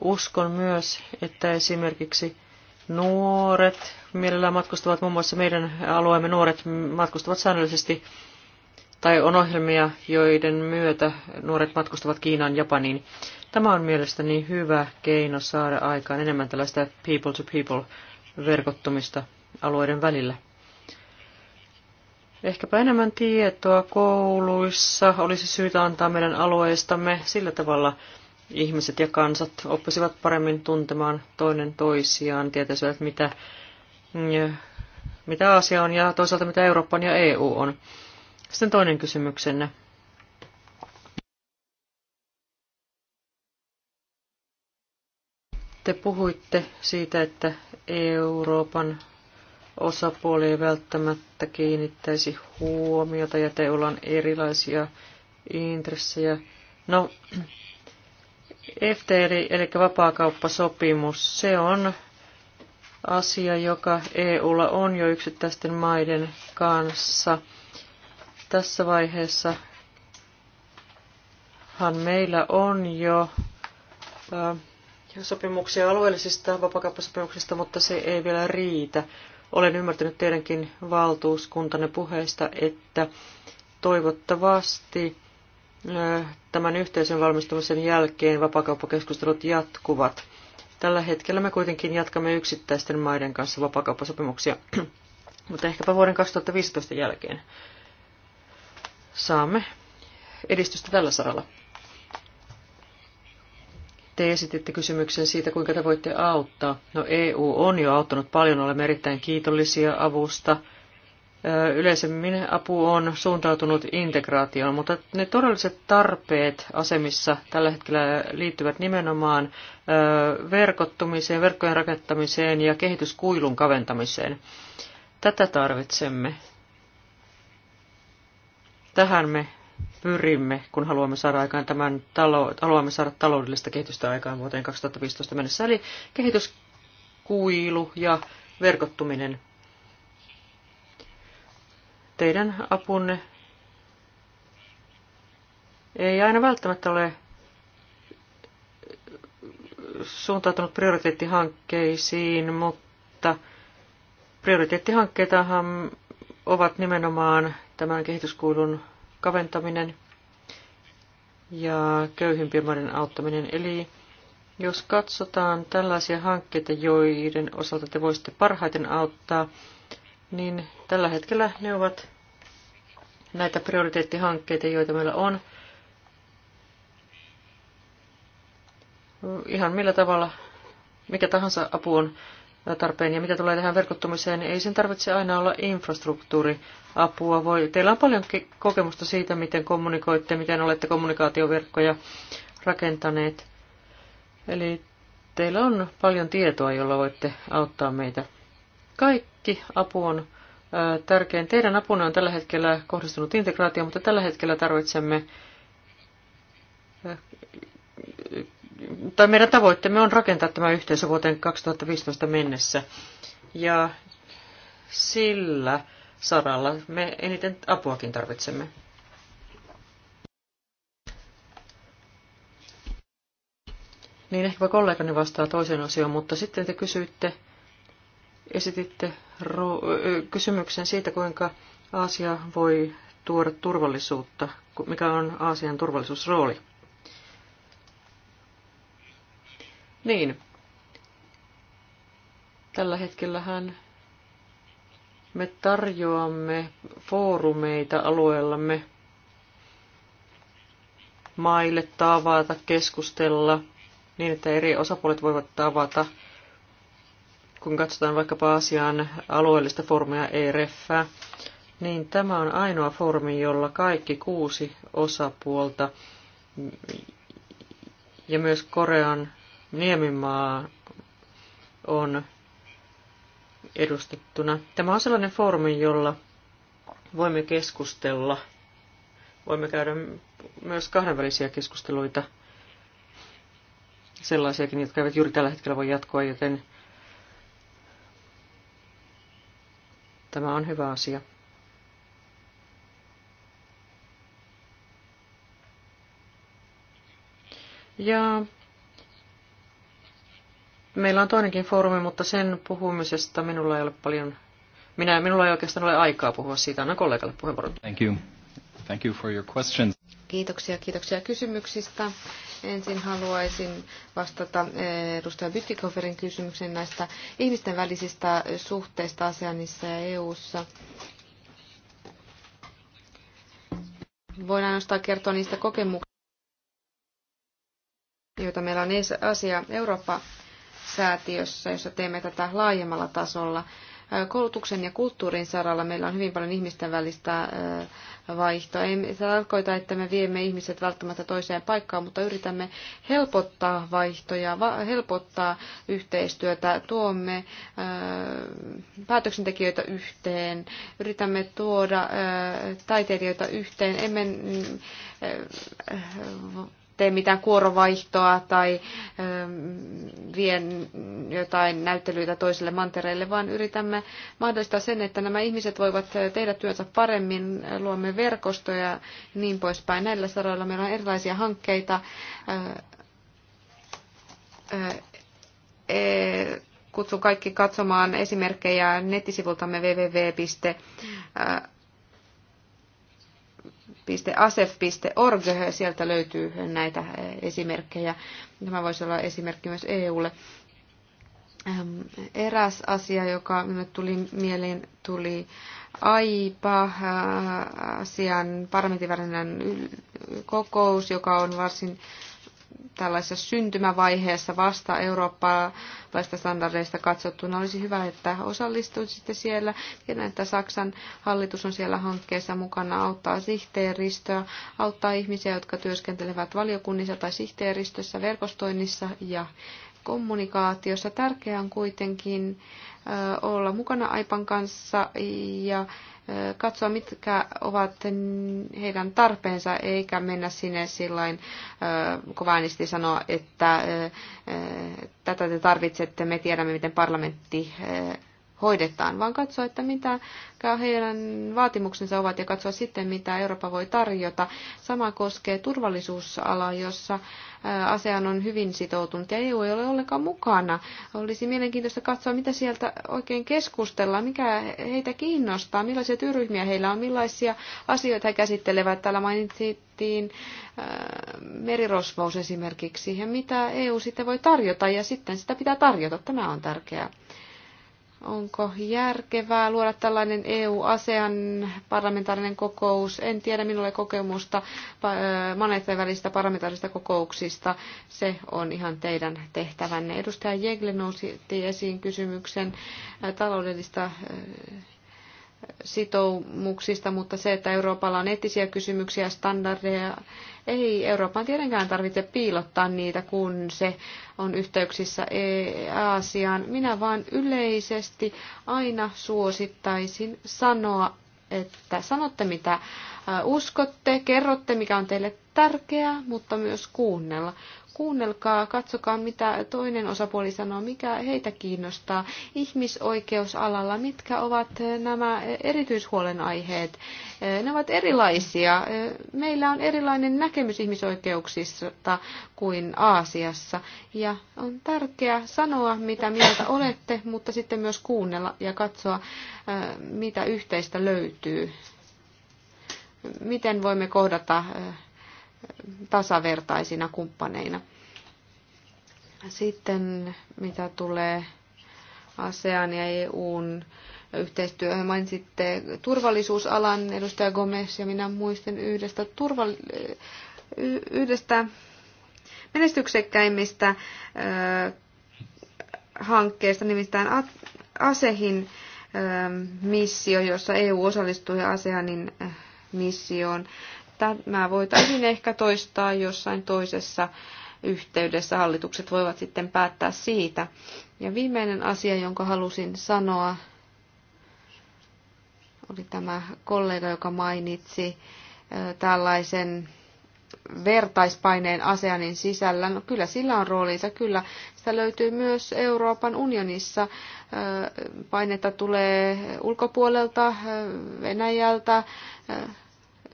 Uskon myös, että esimerkiksi nuoret mielellään matkustavat, muun muassa meidän alueemme nuoret matkustavat säännöllisesti tai on ohjelmia, joiden myötä nuoret matkustavat Kiinaan, Japaniin. Tämä on mielestäni hyvä keino saada aikaan enemmän tällaista people-to-people-verkottumista alueiden välillä. Ehkäpä enemmän tietoa kouluissa olisi syytä antaa meidän alueestamme. Sillä tavalla ihmiset ja kansat oppisivat paremmin tuntemaan toinen toisiaan, tietäisivät mitä, mm, mitä asia on ja toisaalta mitä Euroopan ja EU on. Sitten toinen kysymyksenne. Te puhuitte siitä, että Euroopan osapuoli ei välttämättä kiinnittäisi huomiota ja teillä on erilaisia intressejä. No, eli, eli vapaakauppasopimus, se on asia, joka EUlla on jo yksittäisten maiden kanssa – tässä vaiheessa hän meillä on jo äh, sopimuksia alueellisista vapakauppasopimuksista, mutta se ei vielä riitä. Olen ymmärtänyt teidänkin valtuuskuntanne puheista, että toivottavasti äh, tämän yhteisön valmistumisen jälkeen vapakauppakeskustelut jatkuvat. Tällä hetkellä me kuitenkin jatkamme yksittäisten maiden kanssa vapakauppasopimuksia, mutta ehkäpä vuoden 2015 jälkeen saamme edistystä tällä saralla. Te esititte kysymyksen siitä, kuinka te voitte auttaa. No EU on jo auttanut paljon, olemme erittäin kiitollisia avusta. Yleisemmin apu on suuntautunut integraatioon, mutta ne todelliset tarpeet asemissa tällä hetkellä liittyvät nimenomaan verkottumiseen, verkkojen rakentamiseen ja kehityskuilun kaventamiseen. Tätä tarvitsemme Tähän me pyrimme, kun haluamme saada aikaan tämän talo, haluamme saada taloudellista kehitystä aikaan vuoteen 2015 mennessä, eli kehityskuilu ja verkottuminen. Teidän apunne ei aina välttämättä ole suuntautunut prioriteettihankkeisiin, mutta prioriteettihankkeitahan ovat nimenomaan tämän kehityskuilun kaventaminen ja köyhimpien maiden auttaminen. Eli jos katsotaan tällaisia hankkeita, joiden osalta te voisitte parhaiten auttaa, niin tällä hetkellä ne ovat näitä prioriteettihankkeita, joita meillä on. Ihan millä tavalla, mikä tahansa apu on tarpeen. Ja mitä tulee tähän verkottumiseen, ei sen tarvitse aina olla infrastruktuuriapua. Voi, teillä on paljon kokemusta siitä, miten kommunikoitte, miten olette kommunikaatioverkkoja rakentaneet. Eli teillä on paljon tietoa, jolla voitte auttaa meitä. Kaikki apu on tärkein. Teidän apunne on tällä hetkellä kohdistunut integraatio, mutta tällä hetkellä tarvitsemme tai meidän tavoitteemme on rakentaa tämä yhteisö vuoteen 2015 mennessä. Ja sillä saralla me eniten apuakin tarvitsemme. Niin ehkä kollegani vastaa toisen osioon, mutta sitten te kysyitte, esititte kysymyksen siitä, kuinka Aasia voi tuoda turvallisuutta, mikä on Aasian turvallisuusrooli. Niin. Tällä hetkellähän me tarjoamme foorumeita alueellamme maille tavata, keskustella, niin että eri osapuolet voivat tavata. Kun katsotaan vaikkapa asian alueellista foorumia ERF, niin tämä on ainoa foorumi, jolla kaikki kuusi osapuolta ja myös Korean Niemimaa on edustettuna. Tämä on sellainen foorumi, jolla voimme keskustella. Voimme käydä myös kahdenvälisiä keskusteluita, sellaisiakin, jotka eivät juuri tällä hetkellä voi jatkoa, joten tämä on hyvä asia. Ja Meillä on toinenkin foorumi, mutta sen puhumisesta minulla ei ole paljon... Minä, minulla ei oikeastaan ole aikaa puhua siitä. Annan kollegalle puheenvuoron. Thank you. Thank you for your questions. Kiitoksia, kiitoksia kysymyksistä. Ensin haluaisin vastata eh, edustaja Bytikoferin kysymykseen näistä ihmisten välisistä suhteista ASEANissa ja EUssa. Voin ainoastaan kertoa niistä kokemuksista, joita meillä on asia Eurooppa säätiössä, jossa teemme tätä laajemmalla tasolla. Koulutuksen ja kulttuurin saralla meillä on hyvin paljon ihmisten välistä vaihtoa. Ei se tarkoita, että me viemme ihmiset välttämättä toiseen paikkaan, mutta yritämme helpottaa vaihtoja, helpottaa yhteistyötä, tuomme päätöksentekijöitä yhteen, yritämme tuoda taiteilijoita yhteen, emme mm, tee mitään kuorovaihtoa tai ähm, vien jotain näyttelyitä toiselle mantereelle, vaan yritämme mahdollistaa sen, että nämä ihmiset voivat tehdä työnsä paremmin, luomme verkostoja ja niin poispäin. Näillä saroilla meillä on erilaisia hankkeita äh, äh, e, kutsun kaikki katsomaan esimerkkejä nettisivultamme www. Äh, www.asef.org. Sieltä löytyy näitä esimerkkejä. Tämä voisi olla esimerkki myös EUlle. Eräs asia, joka minulle tuli mieleen, tuli AIPA-asian parlamentin kokous, joka on varsin tällaisessa syntymävaiheessa vasta eurooppalaista standardeista katsottuna. Olisi hyvä, että osallistuisitte siellä. Tiedän, että Saksan hallitus on siellä hankkeessa mukana, auttaa sihteeristöä, auttaa ihmisiä, jotka työskentelevät valiokunnissa tai sihteeristössä, verkostoinnissa ja kommunikaatiossa. Tärkeää on kuitenkin olla mukana AIPAN kanssa ja katsoa, mitkä ovat heidän tarpeensa, eikä mennä sinne sillain, kun vainisti sanoa, että tätä te tarvitsette, me tiedämme, miten parlamentti hoidetaan, vaan katsoa, että mitä heidän vaatimuksensa ovat ja katsoa sitten, mitä Eurooppa voi tarjota. Sama koskee turvallisuusalaa, jossa ASEAN on hyvin sitoutunut ja EU ei ole ollenkaan mukana. Olisi mielenkiintoista katsoa, mitä sieltä oikein keskustellaan, mikä heitä kiinnostaa, millaisia työryhmiä heillä on, millaisia asioita he käsittelevät. Täällä mainittiin merirosvous esimerkiksi ja mitä EU sitten voi tarjota ja sitten sitä pitää tarjota. Tämä on tärkeää. Onko järkevää luoda tällainen EU-ASEAN parlamentaarinen kokous? En tiedä, minulle kokemusta maneiden välistä parlamentaarisista kokouksista. Se on ihan teidän tehtävänne. Edustaja Jegle nousi esiin kysymyksen taloudellista sitoumuksista, mutta se, että Euroopalla on eettisiä kysymyksiä, standardeja, ei Euroopan tietenkään tarvitse piilottaa niitä, kun se on yhteyksissä e- Aasiaan. Minä vain yleisesti aina suosittaisin sanoa, että sanotte mitä uskotte, kerrotte mikä on teille tärkeää, mutta myös kuunnella kuunnelkaa, katsokaa mitä toinen osapuoli sanoo, mikä heitä kiinnostaa. Ihmisoikeusalalla, mitkä ovat nämä erityishuolenaiheet? Ne ovat erilaisia. Meillä on erilainen näkemys ihmisoikeuksista kuin Aasiassa. Ja on tärkeää sanoa, mitä mieltä olette, mutta sitten myös kuunnella ja katsoa, mitä yhteistä löytyy. Miten voimme kohdata tasavertaisina kumppaneina. Sitten mitä tulee ASEAN ja EUn yhteistyöhön. Mainitsitte turvallisuusalan edustaja Gomes ja minä muistin yhdestä, turval, yhdestä menestyksekkäimmistä hankkeista, nimittäin ASEHin missio, jossa EU osallistui ASEANin missioon tämä voitaisiin ehkä toistaa jossain toisessa yhteydessä. Hallitukset voivat sitten päättää siitä. Ja viimeinen asia, jonka halusin sanoa, oli tämä kollega, joka mainitsi tällaisen vertaispaineen ASEANin sisällä. No kyllä sillä on roolinsa, kyllä. Sitä löytyy myös Euroopan unionissa. Painetta tulee ulkopuolelta, Venäjältä,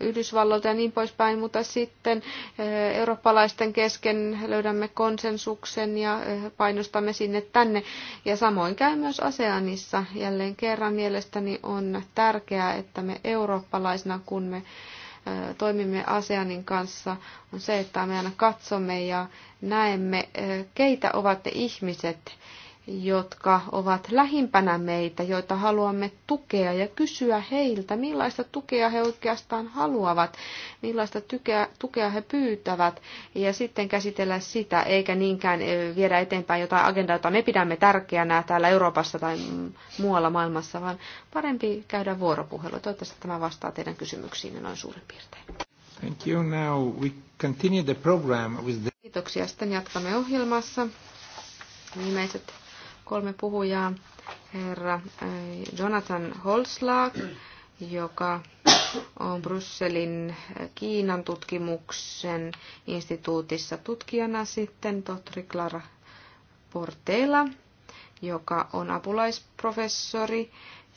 Yhdysvalloilta ja niin poispäin, mutta sitten eh, eurooppalaisten kesken löydämme konsensuksen ja eh, painostamme sinne tänne. Ja samoin käy myös ASEANissa. Jälleen kerran mielestäni on tärkeää, että me eurooppalaisina, kun me eh, toimimme ASEANin kanssa, on se, että me aina katsomme ja näemme, keitä ovat ne ihmiset, jotka ovat lähimpänä meitä, joita haluamme tukea ja kysyä heiltä, millaista tukea he oikeastaan haluavat, millaista tukea, tukea he pyytävät ja sitten käsitellä sitä, eikä niinkään eh, viedä eteenpäin jotain agendaa, jota me pidämme tärkeänä täällä Euroopassa tai mm, muualla maailmassa, vaan parempi käydä vuoropuhelua. Toivottavasti tämä vastaa teidän kysymyksiinne noin suurin piirtein. Thank you. Now we continue the program with the... Kiitoksia. Sitten jatkamme ohjelmassa. Viimeiset kolme puhujaa. Herra eh, Jonathan Holslag, joka on Brysselin eh, Kiinan tutkimuksen instituutissa tutkijana sitten tohtori Clara Portela, joka on apulaisprofessori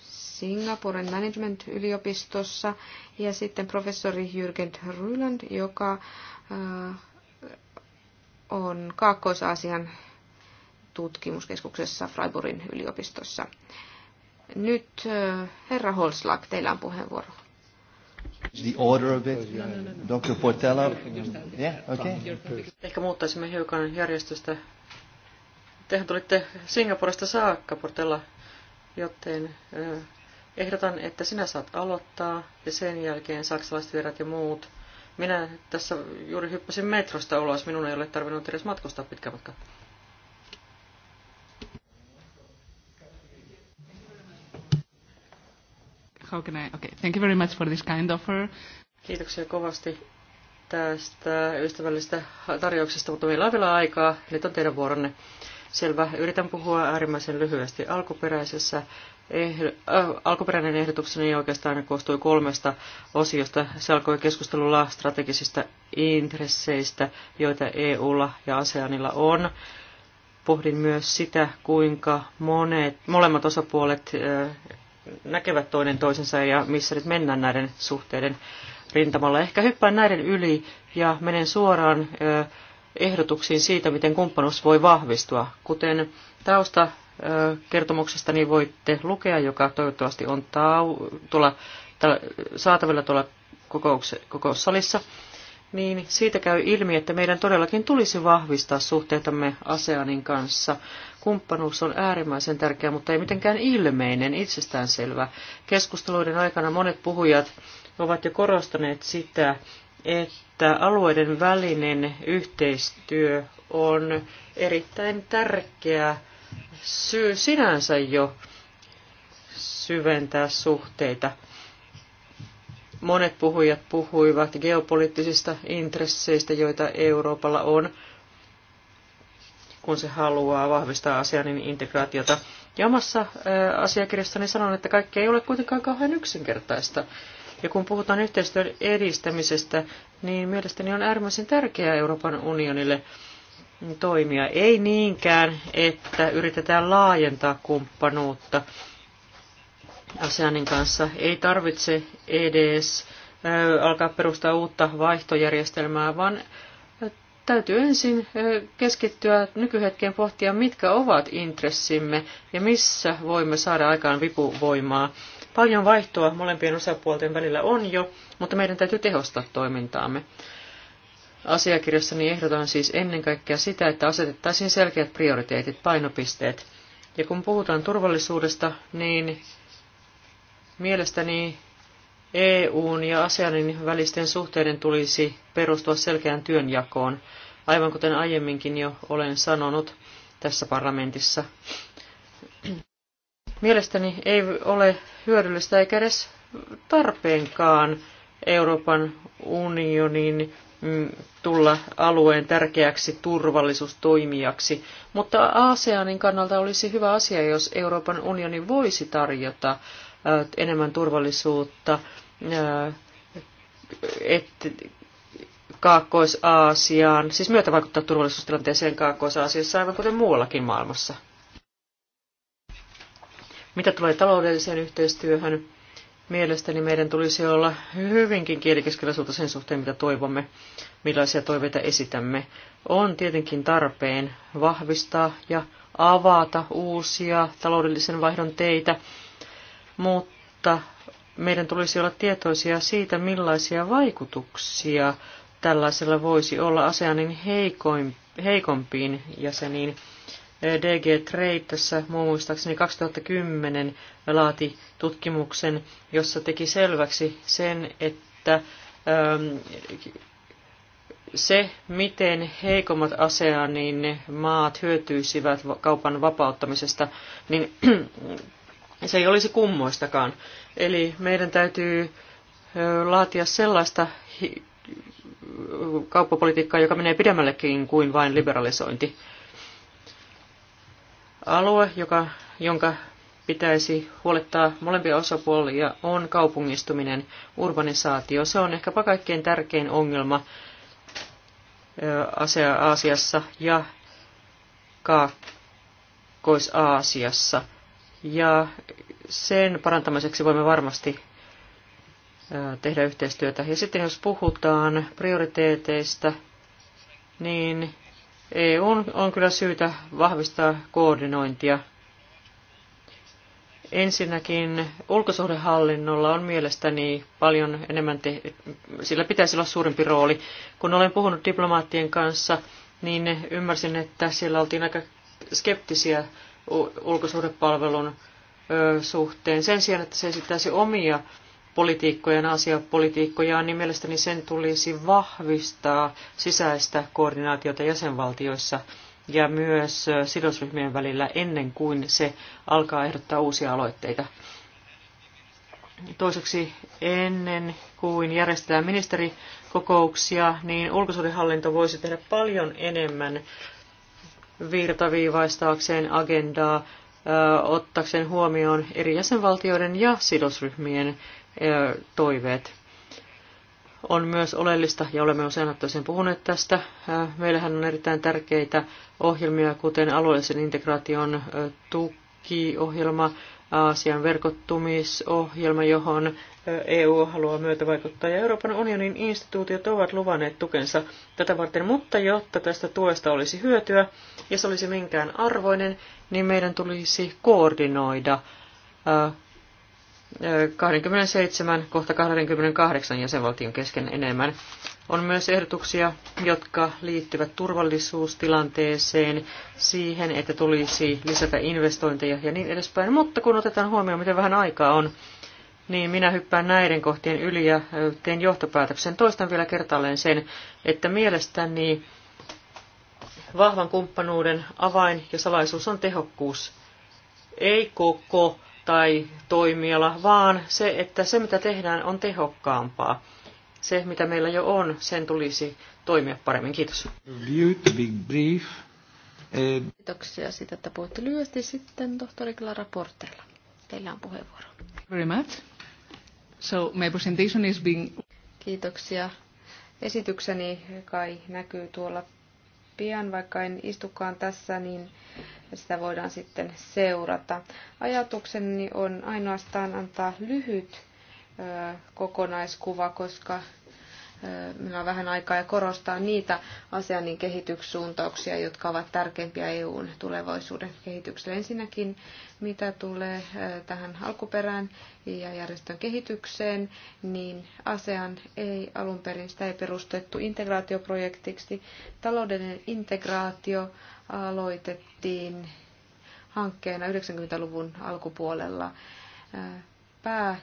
Singaporen Management-yliopistossa, ja sitten professori Jürgen Ryland, joka eh, on Kaakkois-Aasian tutkimuskeskuksessa Freiburgin yliopistossa. Nyt herra Holslag, teillä on puheenvuoro. The order of it. Dr. Portella. Yeah, okay. Ehkä muuttaisimme hiukan järjestystä. Tehän tulitte Singaporesta saakka, Portella, joten ehdotan, että sinä saat aloittaa ja sen jälkeen saksalaiset vierat ja muut. Minä tässä juuri hyppäsin metrosta ulos, minun ei ole tarvinnut edes matkustaa pitkä matka. How can I? Okay. Thank you very much for this kind offer. Kiitoksia kovasti tästä ystävällisestä tarjouksesta, mutta meillä on vielä aikaa. Nyt on teidän vuoronne. Selvä. Yritän puhua äärimmäisen lyhyesti. Alkuperäisessä ehdo, äh, alkuperäinen ehdotukseni oikeastaan koostui kolmesta osiosta. Se alkoi keskustelulla strategisista intresseistä, joita EUlla ja ASEANilla on. Pohdin myös sitä, kuinka monet, molemmat osapuolet äh, näkevät toinen toisensa ja missä nyt mennään näiden suhteiden rintamalla. Ehkä hyppään näiden yli ja menen suoraan ehdotuksiin siitä, miten kumppanuus voi vahvistua. Kuten tausta niin voitte lukea, joka toivottavasti on tau, tuolla, saatavilla tuolla kokoussalissa niin siitä käy ilmi, että meidän todellakin tulisi vahvistaa suhteitamme ASEANin kanssa. Kumppanuus on äärimmäisen tärkeä, mutta ei mitenkään ilmeinen, itsestäänselvä. Keskusteluiden aikana monet puhujat ovat jo korostaneet sitä, että alueiden välinen yhteistyö on erittäin tärkeä syy sinänsä jo syventää suhteita – Monet puhujat puhuivat geopoliittisista intresseistä, joita Euroopalla on, kun se haluaa vahvistaa niin integraatiota. Ja omassa asiakirjassani sanon, että kaikki ei ole kuitenkaan kauhean yksinkertaista. Ja kun puhutaan yhteistyön edistämisestä, niin mielestäni on äärimmäisen tärkeää Euroopan unionille toimia. Ei niinkään, että yritetään laajentaa kumppanuutta, ASEANin kanssa. Ei tarvitse edes alkaa perustaa uutta vaihtojärjestelmää, vaan täytyy ensin keskittyä nykyhetkeen pohtia, mitkä ovat intressimme ja missä voimme saada aikaan vipuvoimaa. Paljon vaihtoa molempien osapuolten välillä on jo, mutta meidän täytyy tehostaa toimintaamme. Asiakirjassani ehdotan siis ennen kaikkea sitä, että asetettaisiin selkeät prioriteetit, painopisteet. Ja kun puhutaan turvallisuudesta, niin Mielestäni EUn ja ASEANin välisten suhteiden tulisi perustua selkeään työnjakoon, aivan kuten aiemminkin jo olen sanonut tässä parlamentissa. Mielestäni ei ole hyödyllistä eikä edes tarpeenkaan Euroopan unionin mm, tulla alueen tärkeäksi turvallisuustoimijaksi, mutta ASEANin kannalta olisi hyvä asia, jos Euroopan unioni voisi tarjota Äh, enemmän turvallisuutta, äh, että Kaakkois-Aasiaan, siis myötä vaikuttaa turvallisuustilanteeseen Kaakkois-Aasiassa aivan kuten muuallakin maailmassa. Mitä tulee taloudelliseen yhteistyöhön, mielestäni meidän tulisi olla hyvinkin kielikeskeläisuutta sen suhteen, mitä toivomme, millaisia toiveita esitämme. On tietenkin tarpeen vahvistaa ja avata uusia taloudellisen vaihdon teitä, mutta meidän tulisi olla tietoisia siitä, millaisia vaikutuksia tällaisella voisi olla ASEANin heikoin, heikompiin jäseniin. DG Trade tässä muistaakseni 2010 laati tutkimuksen, jossa teki selväksi sen, että ähm, se, miten heikommat ASEANin maat hyötyisivät kaupan vapauttamisesta, niin se ei olisi kummoistakaan. Eli meidän täytyy laatia sellaista kauppapolitiikkaa, joka menee pidemmällekin kuin vain liberalisointi. Alue, joka, jonka pitäisi huolettaa molempia osapuolia, on kaupungistuminen, urbanisaatio. Se on ehkäpä kaikkein tärkein ongelma Aasiassa ja Kaakkois-Aasiassa – ja sen parantamiseksi voimme varmasti tehdä yhteistyötä. Ja sitten jos puhutaan prioriteeteista, niin EU on, kyllä syytä vahvistaa koordinointia. Ensinnäkin ulkosuhdehallinnolla on mielestäni paljon enemmän, te- sillä pitäisi olla suurempi rooli. Kun olen puhunut diplomaattien kanssa, niin ymmärsin, että siellä oltiin aika skeptisiä ulkosuhdepalvelun suhteen. Sen sijaan, että se esittäisi omia politiikkojen asiapolitiikkojaan, niin mielestäni sen tulisi vahvistaa sisäistä koordinaatiota jäsenvaltioissa ja myös sidosryhmien välillä ennen kuin se alkaa ehdottaa uusia aloitteita. Toiseksi ennen kuin järjestetään ministerikokouksia, niin ulkosuhdehallinto voisi tehdä paljon enemmän virtaviivaistaakseen agendaa, ottaakseen huomioon eri jäsenvaltioiden ja sidosryhmien toiveet. On myös oleellista, ja olemme usein sen puhuneet tästä, meillähän on erittäin tärkeitä ohjelmia, kuten alueellisen integraation tukiohjelma, Aasian verkottumisohjelma, johon EU haluaa vaikuttaa. ja Euroopan unionin instituutiot ovat luvanneet tukensa tätä varten, mutta jotta tästä tuesta olisi hyötyä ja se olisi minkään arvoinen, niin meidän tulisi koordinoida 27 kohta 28 jäsenvaltion kesken enemmän. On myös ehdotuksia, jotka liittyvät turvallisuustilanteeseen, siihen, että tulisi lisätä investointeja ja niin edespäin. Mutta kun otetaan huomioon, miten vähän aikaa on, niin minä hyppään näiden kohtien yli ja teen johtopäätöksen. Toistan vielä kertaalleen sen, että mielestäni vahvan kumppanuuden avain ja salaisuus on tehokkuus. Ei koko tai toimiala, vaan se, että se mitä tehdään on tehokkaampaa. Se, mitä meillä jo on, sen tulisi toimia paremmin. Kiitos. Eh, Kiitoksia siitä, että puhutte lyhyesti sitten tohtori Clara Portella. Teillä on puheenvuoro. Very much. So my presentation is being... Kiitoksia. Esitykseni kai näkyy tuolla pian, vaikka en istukaan tässä, niin ja sitä voidaan sitten seurata. Ajatukseni on ainoastaan antaa lyhyt kokonaiskuva, koska Minulla on vähän aikaa ja korostaa niitä ASEANin kehityssuuntauksia, jotka ovat tärkeimpiä EUn tulevaisuuden kehitykselle. Ensinnäkin, mitä tulee tähän alkuperään ja järjestön kehitykseen, niin ASEAN ei alun perin sitä ei perustettu integraatioprojektiksi. Taloudellinen integraatio aloitettiin hankkeena 90-luvun alkupuolella. Pää,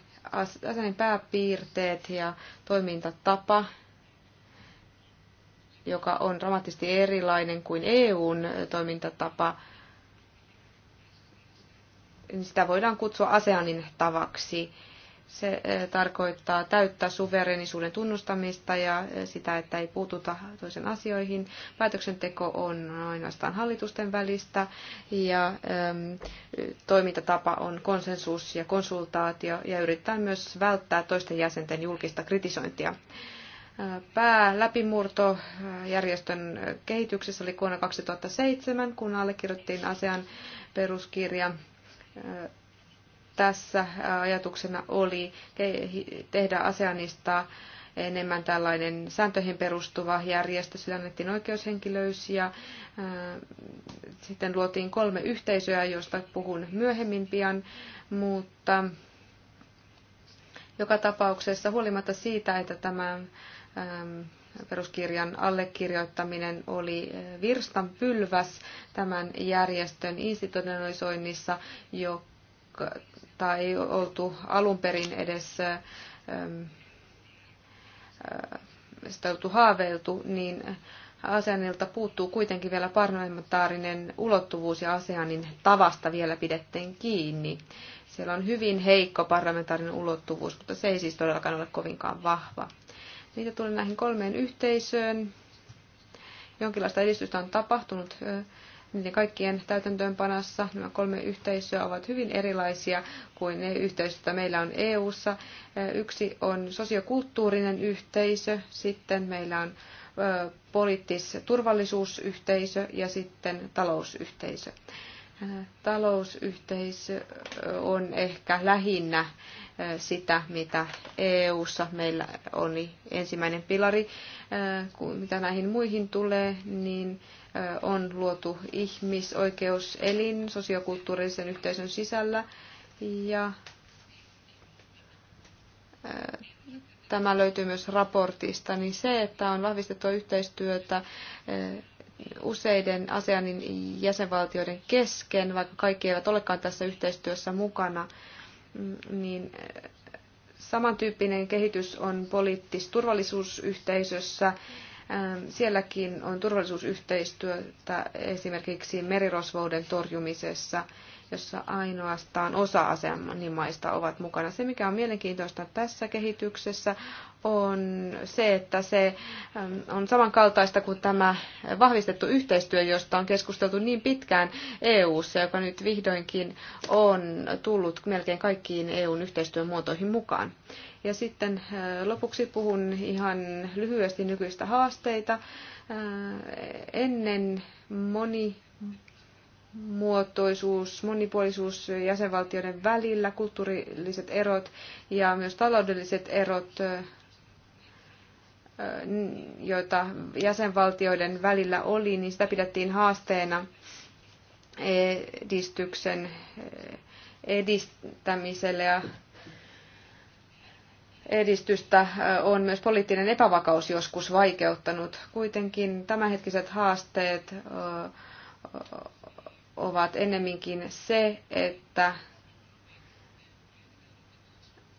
asenin pääpiirteet ja toimintatapa, joka on dramaattisesti erilainen kuin EUn toimintatapa, niin sitä voidaan kutsua ASEANin tavaksi. Se eh, tarkoittaa täyttää suverenisuuden tunnustamista ja eh, sitä, että ei puututa toisen asioihin. Päätöksenteko on ainoastaan hallitusten välistä ja ehm, toimintatapa on konsensus ja konsultaatio ja yritetään myös välttää toisten jäsenten julkista kritisointia eh, pääläpimurto järjestön kehityksessä oli vuonna 2007, kun allekirjoittiin ASEAN peruskirja tässä ajatuksena oli tehdä ASEANista enemmän tällainen sääntöihin perustuva järjestö, sillä annettiin oikeushenkilöys ja äh, sitten luotiin kolme yhteisöä, joista puhun myöhemmin pian, mutta joka tapauksessa huolimatta siitä, että tämä ähm, peruskirjan allekirjoittaminen oli äh, virstan pylväs tämän järjestön institutionalisoinnissa, joka tai ei oltu alun perin edes ähm, äh, sitä oltu haaveiltu, niin ASEANilta puuttuu kuitenkin vielä parlamentaarinen ulottuvuus ja ASEANin tavasta vielä pidettiin kiinni. Siellä on hyvin heikko parlamentaarinen ulottuvuus, mutta se ei siis todellakaan ole kovinkaan vahva. Niitä tulee näihin kolmeen yhteisöön. Jonkinlaista edistystä on tapahtunut äh, niiden kaikkien täytäntöönpanassa. Nämä kolme yhteisöä ovat hyvin erilaisia kuin ne yhteisöt, joita meillä on EU:ssa. Yksi on sosiokulttuurinen yhteisö, sitten meillä on poliittis-turvallisuusyhteisö ja sitten talousyhteisö. Talousyhteisö on ehkä lähinnä sitä, mitä EU:ssa meillä oli ensimmäinen pilari. Mitä näihin muihin tulee, niin on luotu ihmisoikeuselin sosiokulttuurisen yhteisön sisällä ja tämä löytyy myös raportista, niin se, että on vahvistettu yhteistyötä useiden ASEANin jäsenvaltioiden kesken, vaikka kaikki eivät olekaan tässä yhteistyössä mukana, mm, niin samantyyppinen kehitys on poliittis turvallisuusyhteisössä Ähm, sielläkin on turvallisuusyhteistyötä esimerkiksi merirosvouden torjumisessa jossa ainoastaan osa asemanimaista ovat mukana. Se, mikä on mielenkiintoista tässä kehityksessä, on se, että se on samankaltaista kuin tämä vahvistettu yhteistyö, josta on keskusteltu niin pitkään EU-ssa, joka nyt vihdoinkin on tullut melkein kaikkiin EUn yhteistyön muotoihin mukaan. Ja sitten äh, lopuksi puhun ihan lyhyesti nykyistä haasteita. Äh, ennen moni monimuotoisuus, monipuolisuus jäsenvaltioiden välillä, kulttuurilliset erot ja myös taloudelliset erot, joita jäsenvaltioiden välillä oli, niin sitä pidettiin haasteena edistyksen edistämiselle ja edistystä on myös poliittinen epävakaus joskus vaikeuttanut. Kuitenkin tämänhetkiset haasteet ovat ennemminkin se, että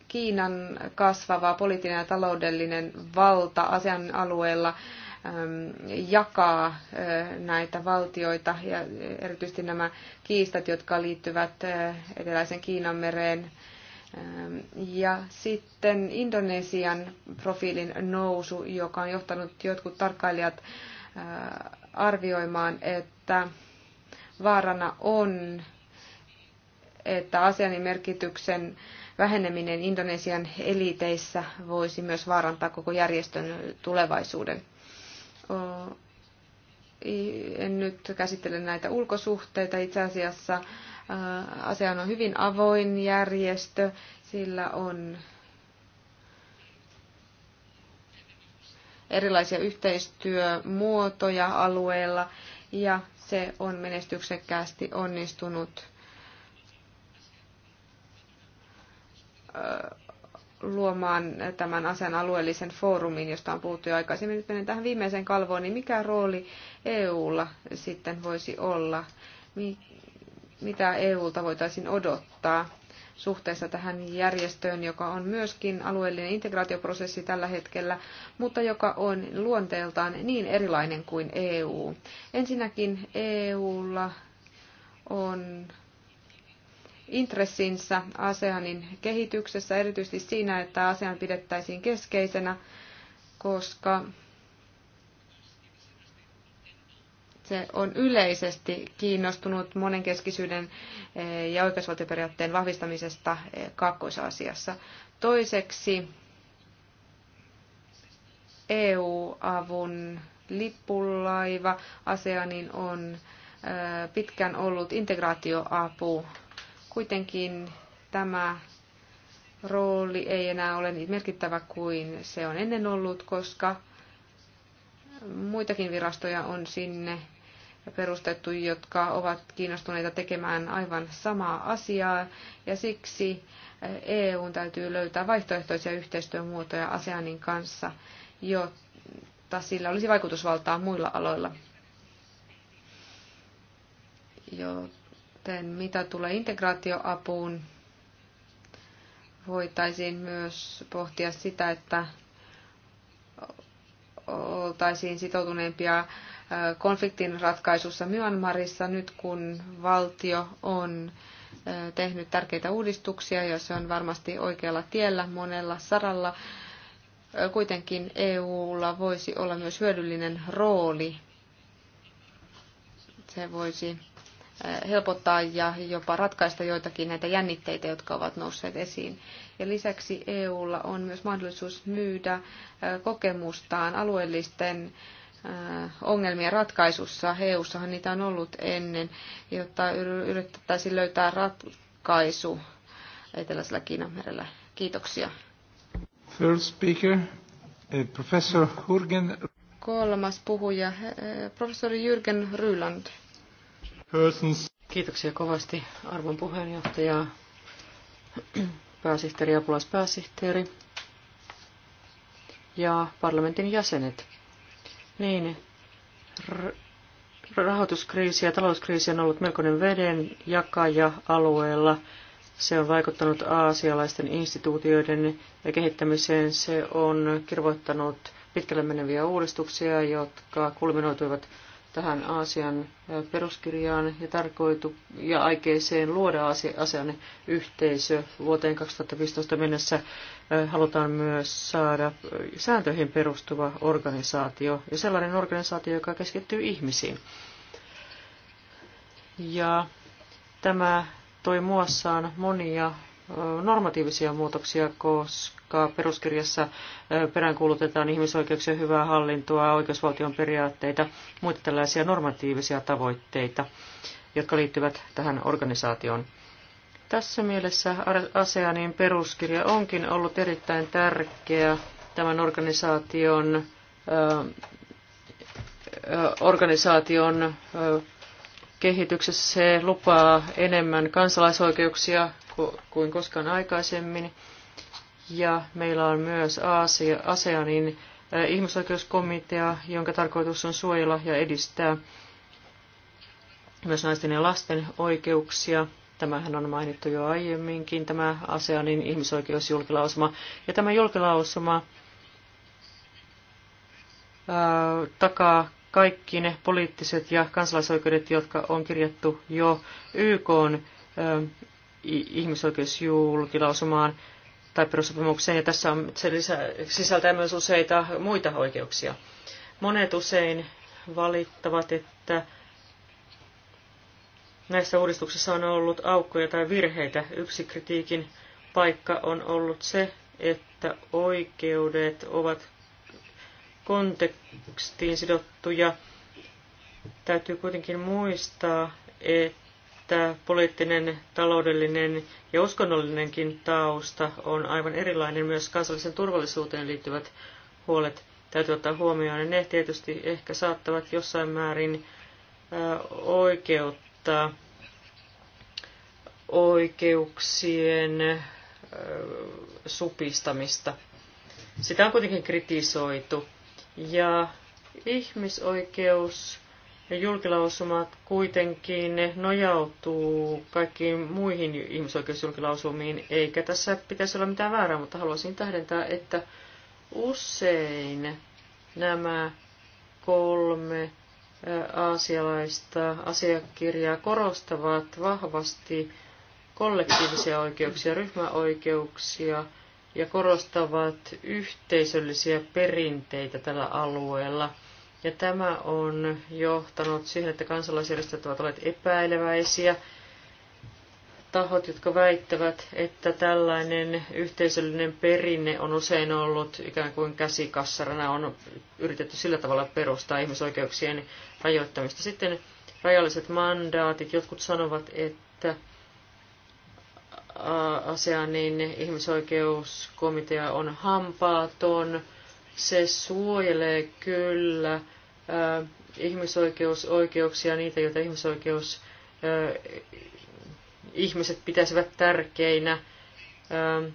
Kiinan kasvava poliittinen ja taloudellinen valta asian alueella jakaa näitä valtioita ja erityisesti nämä kiistat, jotka liittyvät eteläisen Kiinan mereen. Ja sitten Indonesian profiilin nousu, joka on johtanut jotkut tarkkailijat arvioimaan, että vaarana on, että asianin merkityksen väheneminen Indonesian eliteissä voisi myös vaarantaa koko järjestön tulevaisuuden. En nyt käsittele näitä ulkosuhteita. Itse asiassa asia on hyvin avoin järjestö. Sillä on erilaisia yhteistyömuotoja alueella ja se on menestyksekkäästi onnistunut luomaan tämän asian alueellisen foorumin, josta on puhuttu jo aikaisemmin. Nyt menen tähän viimeiseen kalvoon, niin mikä rooli EUlla sitten voisi olla? Mitä EUlta voitaisiin odottaa? suhteessa tähän järjestöön, joka on myöskin alueellinen integraatioprosessi tällä hetkellä, mutta joka on luonteeltaan niin erilainen kuin EU. Ensinnäkin EUlla on intressinsä ASEANin kehityksessä, erityisesti siinä, että ASEAN pidettäisiin keskeisenä, koska se on yleisesti kiinnostunut monenkeskisyyden eh, ja oikeusvaltioperiaatteen vahvistamisesta eh, kaakkois Toiseksi EU-avun lippulaiva ASEANin on eh, pitkään ollut integraatioapu. Kuitenkin tämä rooli ei enää ole niin merkittävä kuin se on ennen ollut, koska muitakin virastoja on sinne perustettu, jotka ovat kiinnostuneita tekemään aivan samaa asiaa, ja siksi eh, EUn täytyy löytää vaihtoehtoisia yhteistyömuotoja ASEANin kanssa, jotta sillä olisi vaikutusvaltaa muilla aloilla. Joten mitä tulee integraatioapuun, voitaisiin myös pohtia sitä, että oltaisiin sitoutuneempia konfliktin ratkaisussa Myanmarissa nyt, kun valtio on tehnyt tärkeitä uudistuksia ja se on varmasti oikealla tiellä monella saralla. Kuitenkin EUlla voisi olla myös hyödyllinen rooli. Se voisi helpottaa ja jopa ratkaista joitakin näitä jännitteitä, jotka ovat nousseet esiin. Ja lisäksi EUlla on myös mahdollisuus myydä kokemustaan alueellisten ongelmien ratkaisussa. eu ssahan niitä on ollut ennen, jotta yritettäisiin löytää ratkaisu eteläisellä Kiinanmerellä. Kiitoksia. Third speaker, eh, professor Jürgen. Kolmas puhuja, eh, professori Jürgen Ryland. Persons. Kiitoksia kovasti arvon puheenjohtaja, pääsihteeri ja apulaispääsihteeri ja parlamentin jäsenet. Niin, rahoituskriisi ja talouskriisi on ollut melkoinen veden jakaja alueella. Se on vaikuttanut aasialaisten instituutioiden kehittämiseen. Se on kirvoittanut pitkälle meneviä uudistuksia, jotka kulminoituivat tähän Aasian peruskirjaan ja, tarkoitu, ja aikeeseen luoda Aasian yhteisö vuoteen 2015 mennessä. Halutaan myös saada sääntöihin perustuva organisaatio ja sellainen organisaatio, joka keskittyy ihmisiin. Ja tämä toi muassaan monia normatiivisia muutoksia, koska peruskirjassa peräänkuulutetaan ihmisoikeuksia, hyvää hallintoa, oikeusvaltion periaatteita, muita tällaisia normatiivisia tavoitteita, jotka liittyvät tähän organisaatioon. Tässä mielessä ASEANin peruskirja onkin ollut erittäin tärkeä tämän organisaation, organisaation kehityksessä. Se lupaa enemmän kansalaisoikeuksia, kuin koskaan aikaisemmin. Ja meillä on myös Aasia, ASEANin ihmisoikeuskomitea, jonka tarkoitus on suojella ja edistää myös naisten ja lasten oikeuksia. Tämähän on mainittu jo aiemminkin, tämä ASEANin ihmisoikeusjulkilausuma. Ja tämä julkilausuma ää, takaa kaikki ne poliittiset ja kansalaisoikeudet, jotka on kirjattu jo YK ihmisoikeusjulkilausumaan tai perussopimukseen, ja tässä on, se lisä, sisältää myös useita muita oikeuksia. Monet usein valittavat, että näissä uudistuksissa on ollut aukkoja tai virheitä. Yksi kritiikin paikka on ollut se, että oikeudet ovat kontekstiin sidottuja. Täytyy kuitenkin muistaa, että että poliittinen, taloudellinen ja uskonnollinenkin tausta on aivan erilainen. Myös kansallisen turvallisuuteen liittyvät huolet täytyy ottaa huomioon. Ja ne tietysti ehkä saattavat jossain määrin oikeuttaa oikeuksien supistamista. Sitä on kuitenkin kritisoitu. Ja ihmisoikeus julkilausumat kuitenkin nojautuu kaikkiin muihin ihmisoikeusjulkilausumiin, eikä tässä pitäisi olla mitään väärää, mutta haluaisin tähdentää, että usein nämä kolme aasialaista asiakirjaa korostavat vahvasti kollektiivisia oikeuksia, ryhmäoikeuksia ja korostavat yhteisöllisiä perinteitä tällä alueella – ja tämä on johtanut siihen, että kansalaisjärjestöt ovat olleet epäileväisiä. Tahot, jotka väittävät, että tällainen yhteisöllinen perinne on usein ollut ikään kuin käsikassarana, on yritetty sillä tavalla perustaa ihmisoikeuksien rajoittamista. Sitten rajalliset mandaatit. Jotkut sanovat, että asia niin ihmisoikeuskomitea on hampaaton se suojelee kyllä äh, ihmisoikeusoikeuksia, niitä, joita ihmisoikeus äh, ihmiset pitäisivät tärkeinä, äh,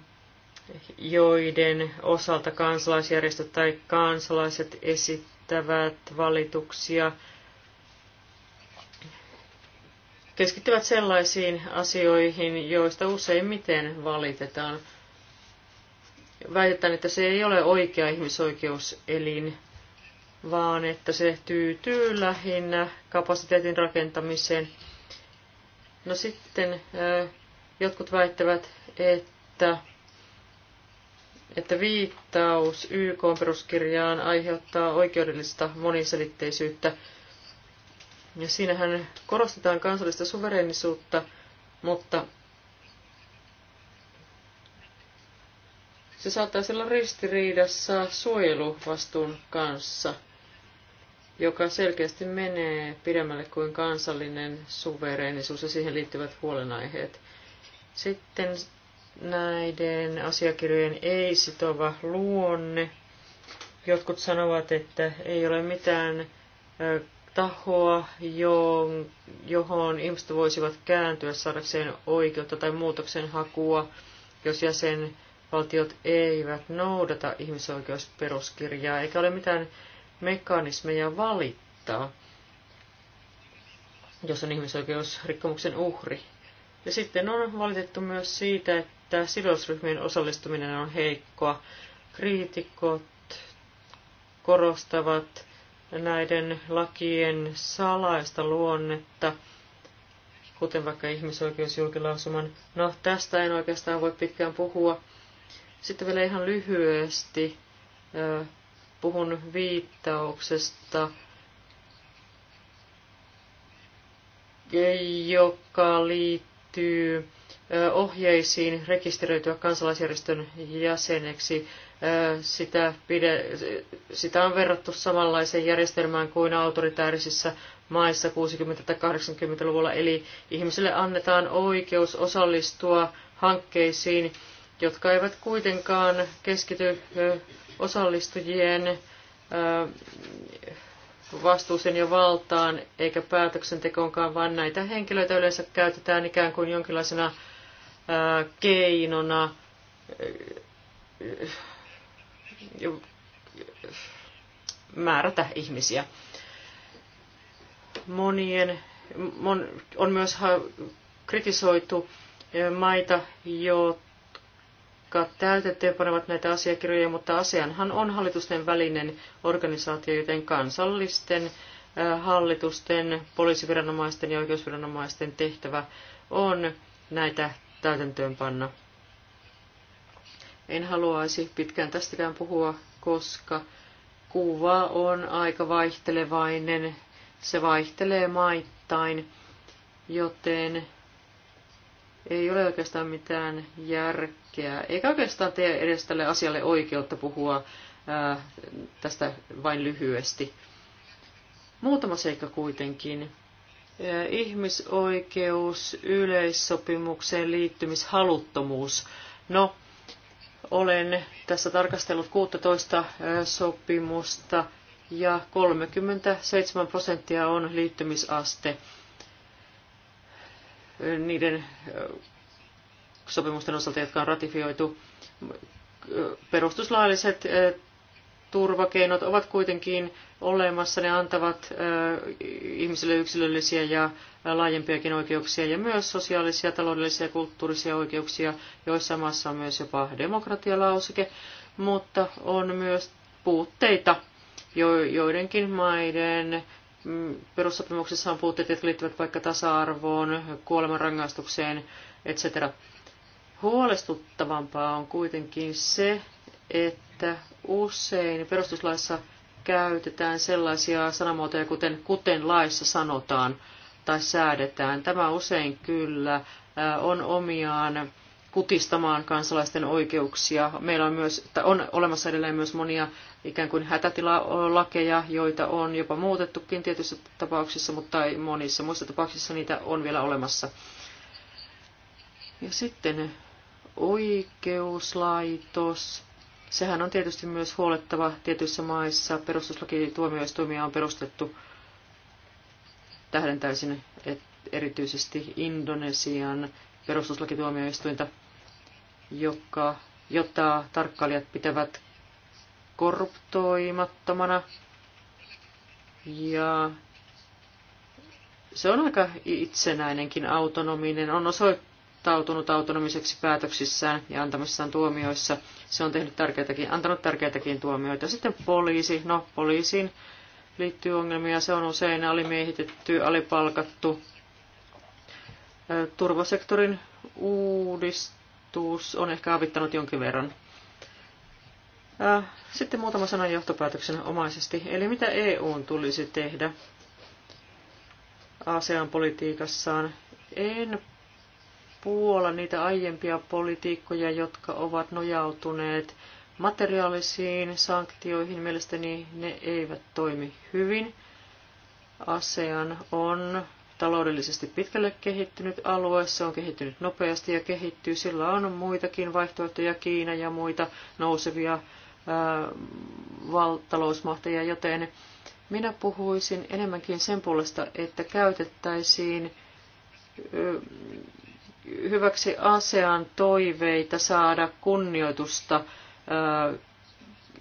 joiden osalta kansalaisjärjestöt tai kansalaiset esittävät valituksia, keskittyvät sellaisiin asioihin, joista useimmiten valitetaan – väitetään, että se ei ole oikea ihmisoikeuselin, vaan että se tyytyy lähinnä kapasiteetin rakentamiseen. No sitten jotkut väittävät, että, että viittaus YK peruskirjaan aiheuttaa oikeudellista moniselitteisyyttä. Ja siinähän korostetaan kansallista suverenisuutta, mutta Se saattaisi olla ristiriidassa suojeluvastuun kanssa, joka selkeästi menee pidemmälle kuin kansallinen suvereenisuus ja siihen liittyvät huolenaiheet. Sitten näiden asiakirjojen ei-sitova luonne. Jotkut sanovat, että ei ole mitään tahoa, johon ihmiset voisivat kääntyä saadakseen oikeutta tai muutoksen hakua, jos jäsen valtiot eivät noudata ihmisoikeusperuskirjaa, eikä ole mitään mekanismeja valittaa, jos on ihmisoikeusrikkomuksen uhri. Ja sitten on valitettu myös siitä, että sidosryhmien osallistuminen on heikkoa. Kriitikot korostavat näiden lakien salaista luonnetta, kuten vaikka ihmisoikeusjulkilausuman. No, tästä en oikeastaan voi pitkään puhua sitten vielä ihan lyhyesti puhun viittauksesta, joka liittyy ohjeisiin rekisteröityä kansalaisjärjestön jäseneksi. Sitä, pide, sitä on verrattu samanlaiseen järjestelmään kuin autoritäärisissä maissa 60- tai 80-luvulla, eli ihmisille annetaan oikeus osallistua hankkeisiin, jotka eivät kuitenkaan keskity osallistujien vastuuseen ja valtaan eikä päätöksentekoonkaan, vaan näitä henkilöitä yleensä käytetään ikään kuin jonkinlaisena keinona määrätä ihmisiä. Monien on myös kritisoitu maita, jotka jotka täytäntöönpanevat näitä asiakirjoja, mutta ASEANhan on hallitusten välinen organisaatio, joten kansallisten hallitusten, poliisiviranomaisten ja oikeusviranomaisten tehtävä on näitä täytäntöönpanna. En haluaisi pitkään tästäkään puhua, koska kuva on aika vaihtelevainen. Se vaihtelee maittain, joten ei ole oikeastaan mitään järkeä, eikä oikeastaan tee edes tälle asialle oikeutta puhua ää, tästä vain lyhyesti. Muutama seikka kuitenkin. Ihmisoikeus, yleissopimukseen liittymishaluttomuus. No, olen tässä tarkastellut 16 sopimusta ja 37 prosenttia on liittymisaste niiden sopimusten osalta, jotka on ratifioitu. Perustuslailliset turvakeinot ovat kuitenkin olemassa, ne antavat ihmisille yksilöllisiä ja laajempiakin oikeuksia ja myös sosiaalisia, taloudellisia ja kulttuurisia oikeuksia, joissa maassa on myös jopa demokratialauseke, mutta on myös puutteita joidenkin maiden perussopimuksessa on puutteet, jotka liittyvät vaikka tasa-arvoon, kuolemanrangaistukseen, etc. Huolestuttavampaa on kuitenkin se, että usein perustuslaissa käytetään sellaisia sanamuotoja, kuten kuten laissa sanotaan tai säädetään. Tämä usein kyllä on omiaan kutistamaan kansalaisten oikeuksia. Meillä on, myös, on olemassa edelleen myös monia ikään kuin hätätilalakeja, joita on jopa muutettukin tietyissä tapauksissa, mutta ei monissa. Muissa tapauksissa niitä on vielä olemassa. Ja sitten oikeuslaitos. Sehän on tietysti myös huolettava tietyissä maissa. Perustuslakituomioistuimia on perustettu, tähdentäisin, että erityisesti Indonesian perustuslakituomioistuinta joka, jota tarkkailijat pitävät korruptoimattomana. Ja se on aika itsenäinenkin autonominen, on osoittautunut autonomiseksi päätöksissään ja antamissaan tuomioissa. Se on tehnyt tärkeitäkin, antanut tärkeitäkin tuomioita. Sitten poliisi, no poliisiin liittyy ongelmia, se on usein alimiehitetty, alipalkattu. Turvasektorin uudistus tuttuus on ehkä avittanut jonkin verran. Sitten muutama sana johtopäätöksen omaisesti. Eli mitä EUn tulisi tehdä ASEAN politiikassaan? En puola niitä aiempia politiikkoja, jotka ovat nojautuneet materiaalisiin sanktioihin. Mielestäni ne eivät toimi hyvin. ASEAN on taloudellisesti pitkälle kehittynyt alue, se on kehittynyt nopeasti ja kehittyy. Sillä on muitakin vaihtoehtoja, Kiina ja muita nousevia talousmahteja, joten minä puhuisin enemmänkin sen puolesta, että käytettäisiin hyväksi ASEAN toiveita saada kunnioitusta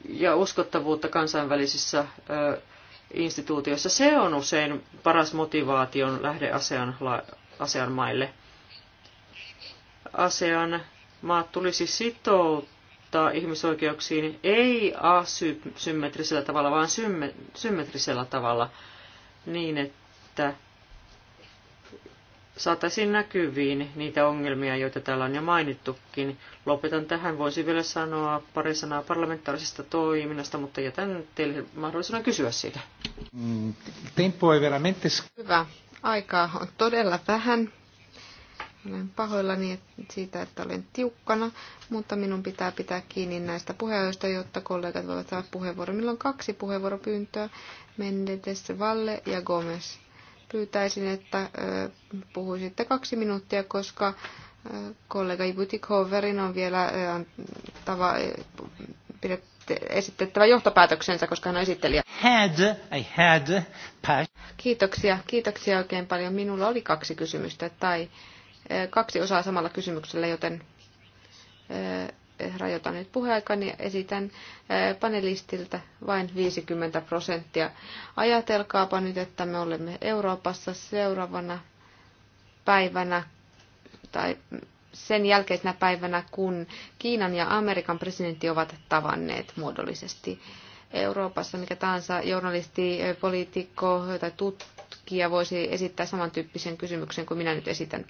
ja uskottavuutta kansainvälisissä instituutioissa. Se on usein paras motivaation lähde ASEAN, ASEAN maille. ASEAN maat tulisi sitouttaa ihmisoikeuksiin ei asymmetrisellä tavalla, vaan symmetrisellä tavalla niin, että saataisiin näkyviin niitä ongelmia, joita täällä on jo mainittukin. Lopetan tähän. Voisin vielä sanoa pari sanaa parlamentaarisesta toiminnasta, mutta jätän teille mahdollisuuden kysyä siitä. Mm, tempo ei veramente... Hyvä. Aikaa on todella vähän. Olen pahoillani siitä, että olen tiukkana, mutta minun pitää pitää kiinni näistä puheenjohtajista, jotta kollegat voivat saada puheenvuoron. Minulla on kaksi puheenvuoropyyntöä, Mendes, Valle ja Gomez pyytäisin, että puhuisitte kaksi minuuttia, koska kollega Ibutikoverin on vielä tava, pidette, esitettävä johtopäätöksensä, koska hän on esittelijä. Had, I had, kiitoksia, kiitoksia oikein paljon. Minulla oli kaksi kysymystä tai kaksi osaa samalla kysymyksellä, joten Eh, rajoitan nyt puheaikani ja esitän eh, panelistilta vain 50 prosenttia. Ajatelkaapa nyt, että me olemme Euroopassa seuraavana päivänä tai sen jälkeisenä päivänä, kun Kiinan ja Amerikan presidentti ovat tavanneet muodollisesti. Euroopassa mikä tahansa journalisti, eh, poliitikko tai tutkija voisi esittää samantyyppisen kysymyksen kuin minä nyt esitän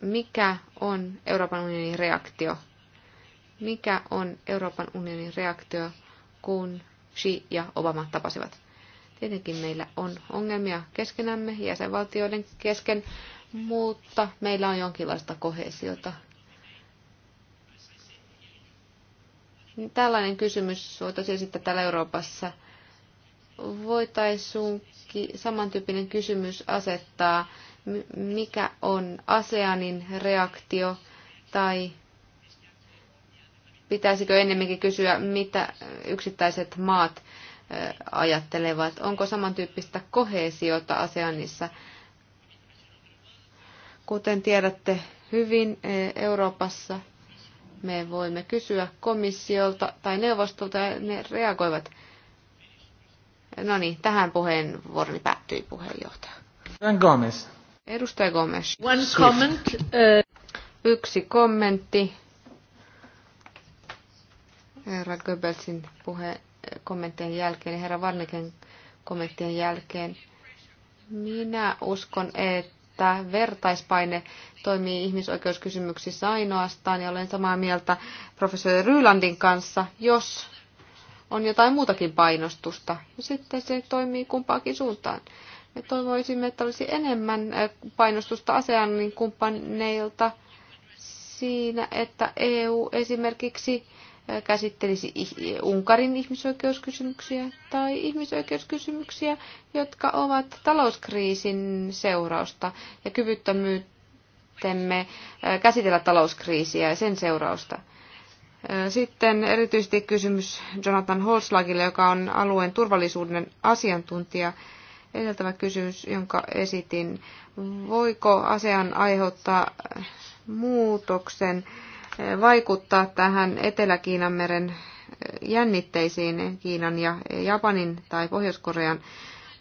mikä on Euroopan unionin reaktio? Mikä on Euroopan unionin reaktio, kun Xi ja Obama tapasivat? Tietenkin meillä on ongelmia keskenämme, jäsenvaltioiden kesken, mutta meillä on jonkinlaista kohesiota. Tällainen kysymys voitaisiin esittää täällä Euroopassa. Voitaisiinkin samantyyppinen kysymys asettaa mikä on ASEANin reaktio tai pitäisikö ennemminkin kysyä, mitä yksittäiset maat ajattelevat. Onko samantyyppistä kohesiota ASEANissa? Kuten tiedätte hyvin, Euroopassa me voimme kysyä komissiolta tai neuvostolta ja ne reagoivat. No niin, tähän puheenvuoroni päättyi puheenjohtaja. Gomez. Edustaja Gomes. One comment. Uh, Yksi kommentti. Herra Goebbelsin puhe, kommenttien jälkeen ja herra Varniken kommenttien jälkeen. Minä uskon, että vertaispaine toimii ihmisoikeuskysymyksissä ainoastaan ja olen samaa mieltä professori Rylandin kanssa, jos on jotain muutakin painostusta. Ja sitten se toimii kumpaakin suuntaan. Me toivoisimme, että olisi enemmän painostusta ASEANin kumppaneilta siinä, että EU esimerkiksi käsittelisi Unkarin ihmisoikeuskysymyksiä tai ihmisoikeuskysymyksiä, jotka ovat talouskriisin seurausta ja kyvyttömyytemme käsitellä talouskriisiä ja sen seurausta. Sitten erityisesti kysymys Jonathan Holslagille, joka on alueen turvallisuuden asiantuntija edeltävä kysymys, jonka esitin. Voiko asian aiheuttaa muutoksen eh, vaikuttaa tähän Etelä-Kiinanmeren eh, jännitteisiin Kiinan ja Japanin tai Pohjois-Korean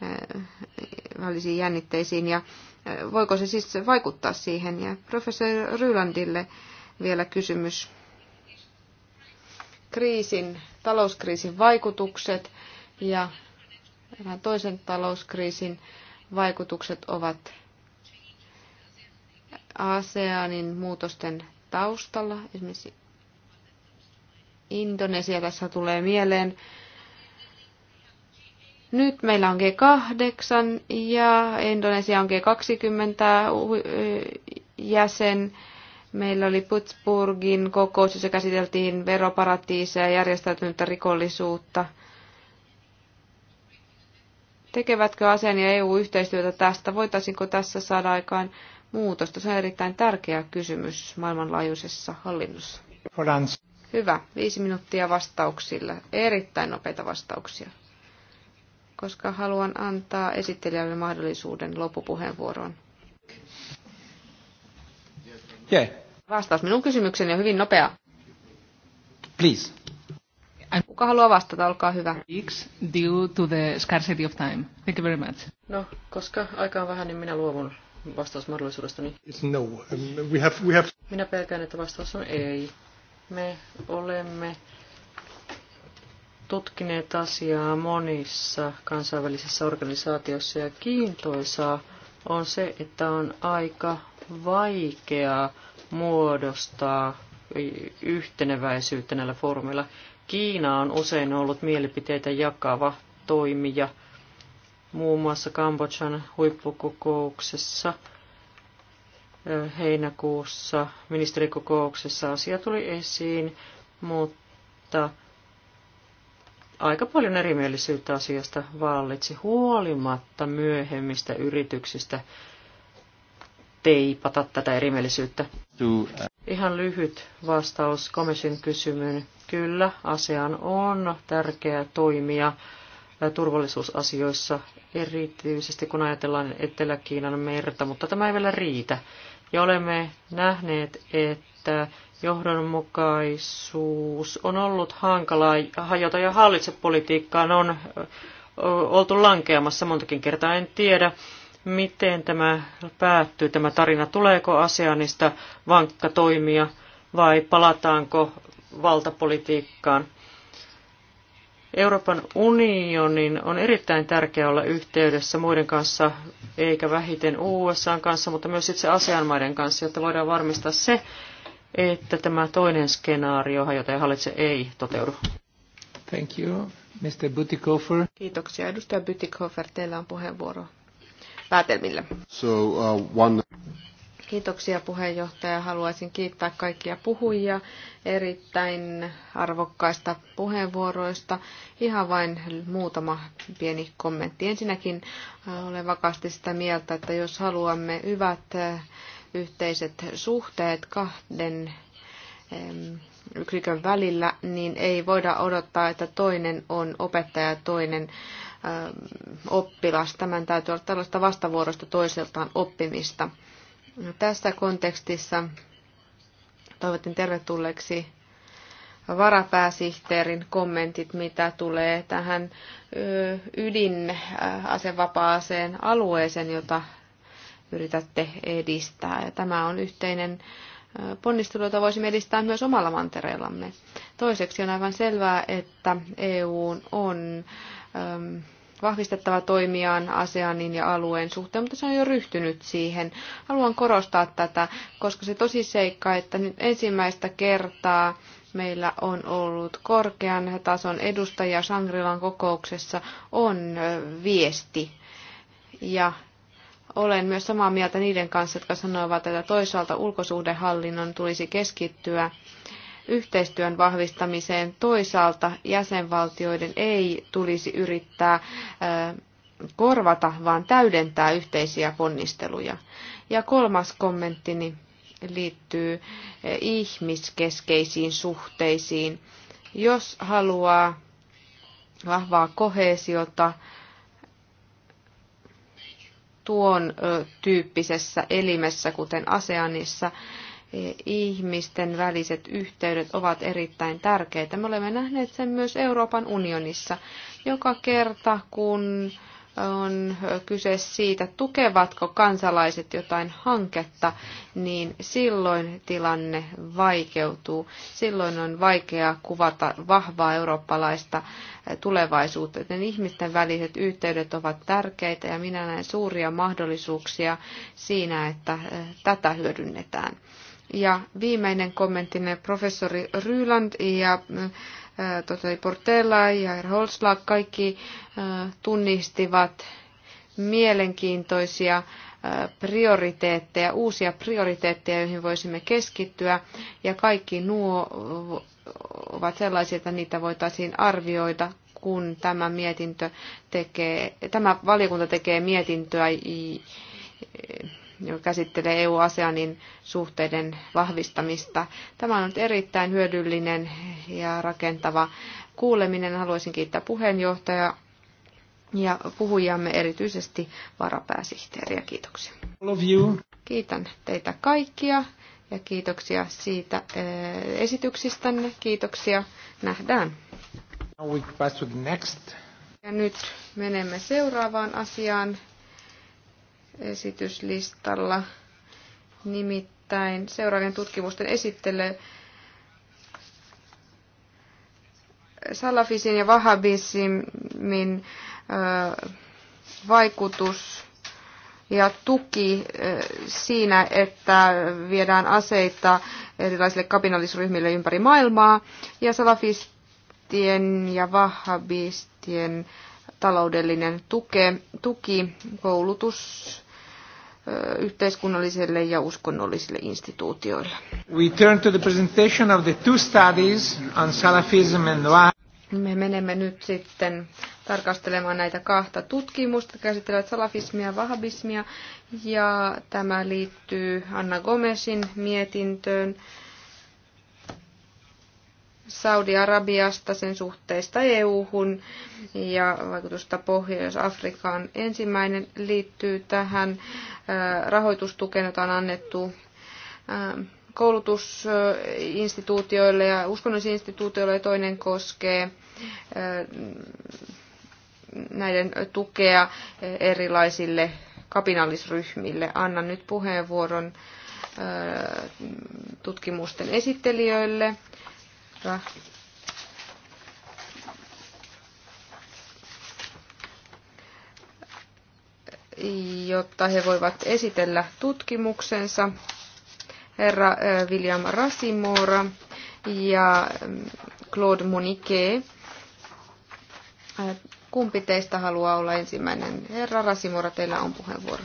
eh, välisiin jännitteisiin ja voiko se siis vaikuttaa siihen? Ja professori Rylandille vielä kysymys. Kriisin, talouskriisin vaikutukset ja vähän toisen talouskriisin vaikutukset ovat ASEANin muutosten taustalla. Esimerkiksi Indonesia tässä tulee mieleen. Nyt meillä on G8 ja Indonesia on G20 jäsen. Meillä oli Putsburgin kokous, jossa käsiteltiin veroparatiiseja ja järjestäytynyttä rikollisuutta – Tekevätkö ASEAN ja EU yhteistyötä tästä? Voitaisinko tässä saada aikaan muutosta? Se on erittäin tärkeä kysymys maailmanlaajuisessa hallinnossa. Hyvä. Viisi minuuttia vastauksille. Erittäin nopeita vastauksia. Koska haluan antaa esittelijälle mahdollisuuden loppupuheenvuoroon. Yeah. Vastaus minun kysymykseni on hyvin nopea. Please. Kuka haluaa vastata? Olkaa hyvä. Due to the scarcity of time. Thank you very much. No, koska aika on vähän, niin minä luovun vastausmahdollisuudestani. It's no. Um, we have, we have... Minä pelkään, että vastaus on ei. Me olemme tutkineet asiaa monissa kansainvälisissä organisaatioissa ja kiintoisaa on se, että on aika vaikeaa muodostaa yhteneväisyyttä näillä foorumeilla. Kiina on usein ollut mielipiteitä jakava toimija, muun muassa Kambodžan huippukokouksessa heinäkuussa ministerikokouksessa asia tuli esiin, mutta aika paljon erimielisyyttä asiasta vallitsi huolimatta myöhemmistä yrityksistä teipata tätä erimielisyyttä. Uh, Ihan lyhyt vastaus komission kysymyyn. Kyllä, asian on tärkeää toimia turvallisuusasioissa, erityisesti kun ajatellaan Etelä-Kiinan merta, mutta tämä ei vielä riitä. Ja olemme nähneet, että johdonmukaisuus on ollut hankalaa, hajota ja hallitsepolitiikkaan on oltu lankeamassa montakin kertaa, en tiedä miten tämä päättyy, tämä tarina. Tuleeko ASEANista vankka toimija vai palataanko valtapolitiikkaan? Euroopan unionin on erittäin tärkeää olla yhteydessä muiden kanssa, eikä vähiten USA kanssa, mutta myös itse asianmaiden kanssa, jotta voidaan varmistaa se, että tämä toinen skenaario, jota ei hallitse, ei toteudu. Thank you, Mr. Butikofer. Kiitoksia. Edustaja Butikofer, teillä on puheenvuoro päätelmille. So, uh, one... Kiitoksia puheenjohtaja. Haluaisin kiittää kaikkia puhujia erittäin arvokkaista puheenvuoroista. Ihan vain muutama pieni kommentti. Ensinnäkin äh, olen vakaasti sitä mieltä, että jos haluamme hyvät äh, yhteiset suhteet kahden yksikön välillä, niin ei voida odottaa, että toinen on opettaja ja toinen Ähm, oppilas. Tämän täytyy olla tällaista vastavuorosta toiseltaan oppimista. No, tässä kontekstissa toivotin tervetulleeksi varapääsihteerin kommentit, mitä tulee tähän ydinasevapaaseen alueeseen, jota yritätte edistää. Ja tämä on yhteinen ponnistelu, jota voisimme edistää myös omalla mantereellamme. Toiseksi on aivan selvää, että EU on Ähm, vahvistettava toimiaan ASEANin ja alueen suhteen, mutta se on jo ryhtynyt siihen. Haluan korostaa tätä, koska se tosi seikka, että nyt ensimmäistä kertaa meillä on ollut korkean tason edustaja Sangrilan kokouksessa, on viesti. Ja olen myös samaa mieltä niiden kanssa, jotka sanovat, että toisaalta ulkosuhdehallinnon tulisi keskittyä yhteistyön vahvistamiseen. Toisaalta jäsenvaltioiden ei tulisi yrittää korvata, vaan täydentää yhteisiä ponnisteluja. Ja kolmas kommenttini liittyy ihmiskeskeisiin suhteisiin. Jos haluaa vahvaa kohesiota tuon tyyppisessä elimessä, kuten ASEANissa, ihmisten väliset yhteydet ovat erittäin tärkeitä. Me olemme nähneet sen myös Euroopan unionissa. Joka kerta, kun on kyse siitä, tukevatko kansalaiset jotain hanketta, niin silloin tilanne vaikeutuu. Silloin on vaikea kuvata vahvaa eurooppalaista tulevaisuutta, joten ihmisten väliset yhteydet ovat tärkeitä ja minä näen suuria mahdollisuuksia siinä, että eh, tätä hyödynnetään. Ja viimeinen kommenttinen professori Ryland ja äh, tohtori Portella ja Herr Holslag kaikki äh, tunnistivat mielenkiintoisia äh, prioriteetteja, uusia prioriteetteja, joihin voisimme keskittyä. Ja kaikki nuo ovat sellaisia, että niitä voitaisiin arvioida, kun tämä, mietintö tekee, tämä valiokunta tekee mietintöä joka käsittelee EU-ASEANin suhteiden vahvistamista. Tämä on ollut erittäin hyödyllinen ja rakentava kuuleminen. Haluaisin kiittää puheenjohtajaa ja puhujamme erityisesti varapääsihteeriä. Kiitoksia. Kiitän teitä kaikkia ja kiitoksia siitä eh, esityksistänne. Kiitoksia. Nähdään. Ja nyt menemme seuraavaan asiaan esityslistalla. Nimittäin seuraavien tutkimusten esittelee salafisin ja vahabismin vaikutus ja tuki siinä, että viedään aseita erilaisille kapinallisryhmille ympäri maailmaa ja salafistien ja vahabistien taloudellinen tuke, tuki, koulutus, yhteiskunnallisille ja uskonnollisille instituutioille. We turn to the presentation of the two studies on Salafism and Me menemme nyt sitten tarkastelemaan näitä kahta tutkimusta, käsittelevät salafismia ja vahabismia, ja tämä liittyy Anna Gomesin mietintöön Saudi-Arabiasta, sen suhteista EU-hun ja vaikutusta Pohjois-Afrikaan. Ensimmäinen liittyy tähän äh, rahoitustukeen, jota on annettu äh, koulutusinstituutioille ja uskonnollisille instituutioille toinen koskee äh, näiden tukea erilaisille kapinallisryhmille. Annan nyt puheenvuoron tutkimusten esittelijöille. Va? jotta he voivat esitellä tutkimuksensa. Herra William Rasimora ja mm, Claude Monique. Kumpi teistä haluaa olla ensimmäinen? Herra Rasimora, teillä on puheenvuoro.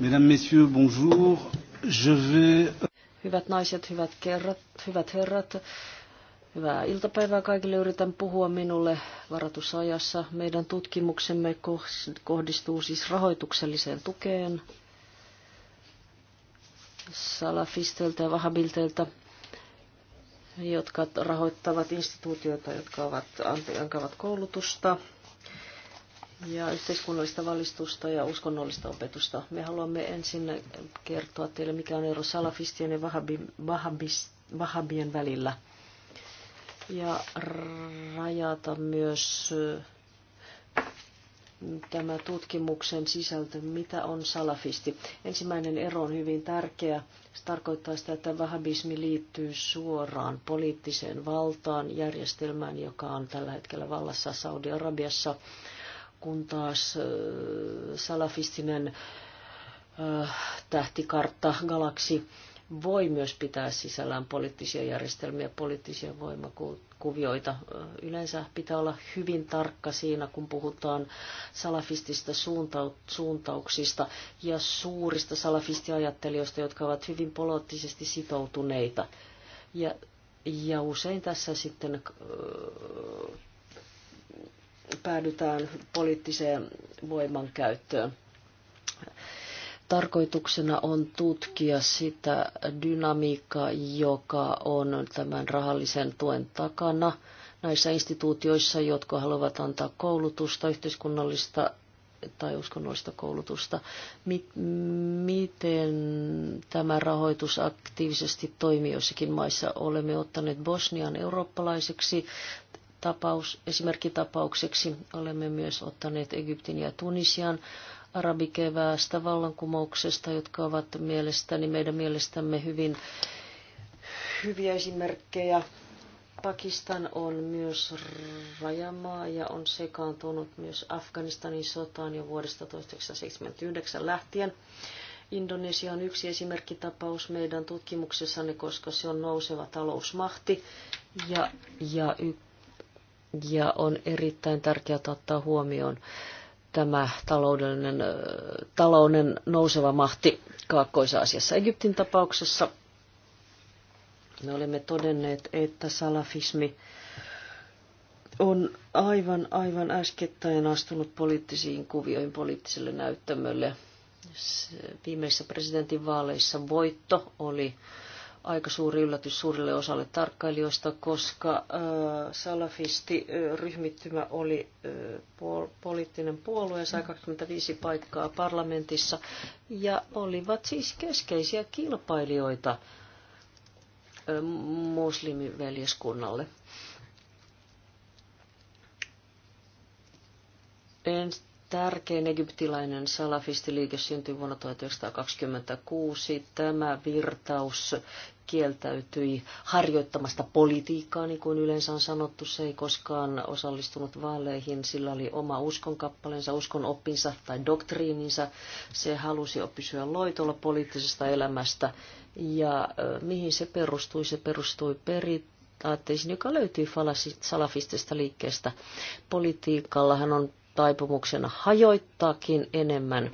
Mesdames, Messieurs, bonjour. Je vais Hyvät naiset, hyvät, kerrat, hyvät herrat, hyvää iltapäivää kaikille. Yritän puhua minulle varatussa ajassa. Meidän tutkimuksemme kohdistuu siis rahoitukselliseen tukeen salafisteilta ja vahabilteilta jotka rahoittavat instituutioita, jotka ovat, antavat koulutusta ja yhteiskunnallista valistusta ja uskonnollista opetusta. Me haluamme ensin kertoa teille, mikä on ero salafistien ja vahabien välillä. Ja rajata myös äh, tämä tutkimuksen sisältö, mitä on salafisti. Ensimmäinen ero on hyvin tärkeä. Se tarkoittaa sitä, että vahabismi liittyy suoraan poliittiseen valtaan, järjestelmään, joka on tällä hetkellä vallassa Saudi-Arabiassa kun taas salafistinen tähtikartta, galaksi, voi myös pitää sisällään poliittisia järjestelmiä, poliittisia voimakuvioita. Yleensä pitää olla hyvin tarkka siinä, kun puhutaan salafistista suuntauksista ja suurista salafistiajattelijoista, jotka ovat hyvin poliittisesti sitoutuneita. Ja, ja usein tässä sitten päädytään poliittiseen voimankäyttöön. Tarkoituksena on tutkia sitä dynamiikkaa, joka on tämän rahallisen tuen takana näissä instituutioissa, jotka haluavat antaa koulutusta, yhteiskunnallista tai uskonnollista koulutusta. Miten tämä rahoitus aktiivisesti toimii joissakin maissa? Olemme ottaneet Bosnian eurooppalaiseksi tapaus, esimerkkitapaukseksi. Olemme myös ottaneet Egyptin ja Tunisian arabikeväästä vallankumouksesta, jotka ovat mielestäni, meidän mielestämme hyvin hyviä esimerkkejä. Pakistan on myös rajamaa ja on sekaantunut myös Afganistanin sotaan jo vuodesta 1979 lähtien. Indonesia on yksi esimerkkitapaus meidän tutkimuksessanne, koska se on nouseva talousmahti ja, ja y, ja on erittäin tärkeää ottaa huomioon tämä taloudellinen, talouden nouseva mahti Kaakkois-Aasiassa. Egyptin tapauksessa me olemme todenneet, että salafismi on aivan, aivan äskettäin astunut poliittisiin kuvioihin poliittiselle näyttämölle. Viimeisissä presidentinvaaleissa voitto oli aika suuri yllätys suurelle osalle tarkkailijoista, koska äh, ryhmittymä oli äh, poliittinen puolue, sai 25 paikkaa parlamentissa ja olivat siis keskeisiä kilpailijoita äh, muslimiveljeskunnalle. Tärkein egyptiläinen salafistiliike syntyi vuonna 1926. Tämä virtaus kieltäytyi harjoittamasta politiikkaa, niin kuin yleensä on sanottu. Se ei koskaan osallistunut vaaleihin, sillä oli oma uskonkappaleensa, uskon oppinsa tai doktriininsa. Se halusi pysyä loitolla poliittisesta elämästä. Ja mihin se perustui? Se perustui perit aatteisiin, joka löytyy salafistista liikkeestä. Politiikallahan on taipumuksena hajoittaakin enemmän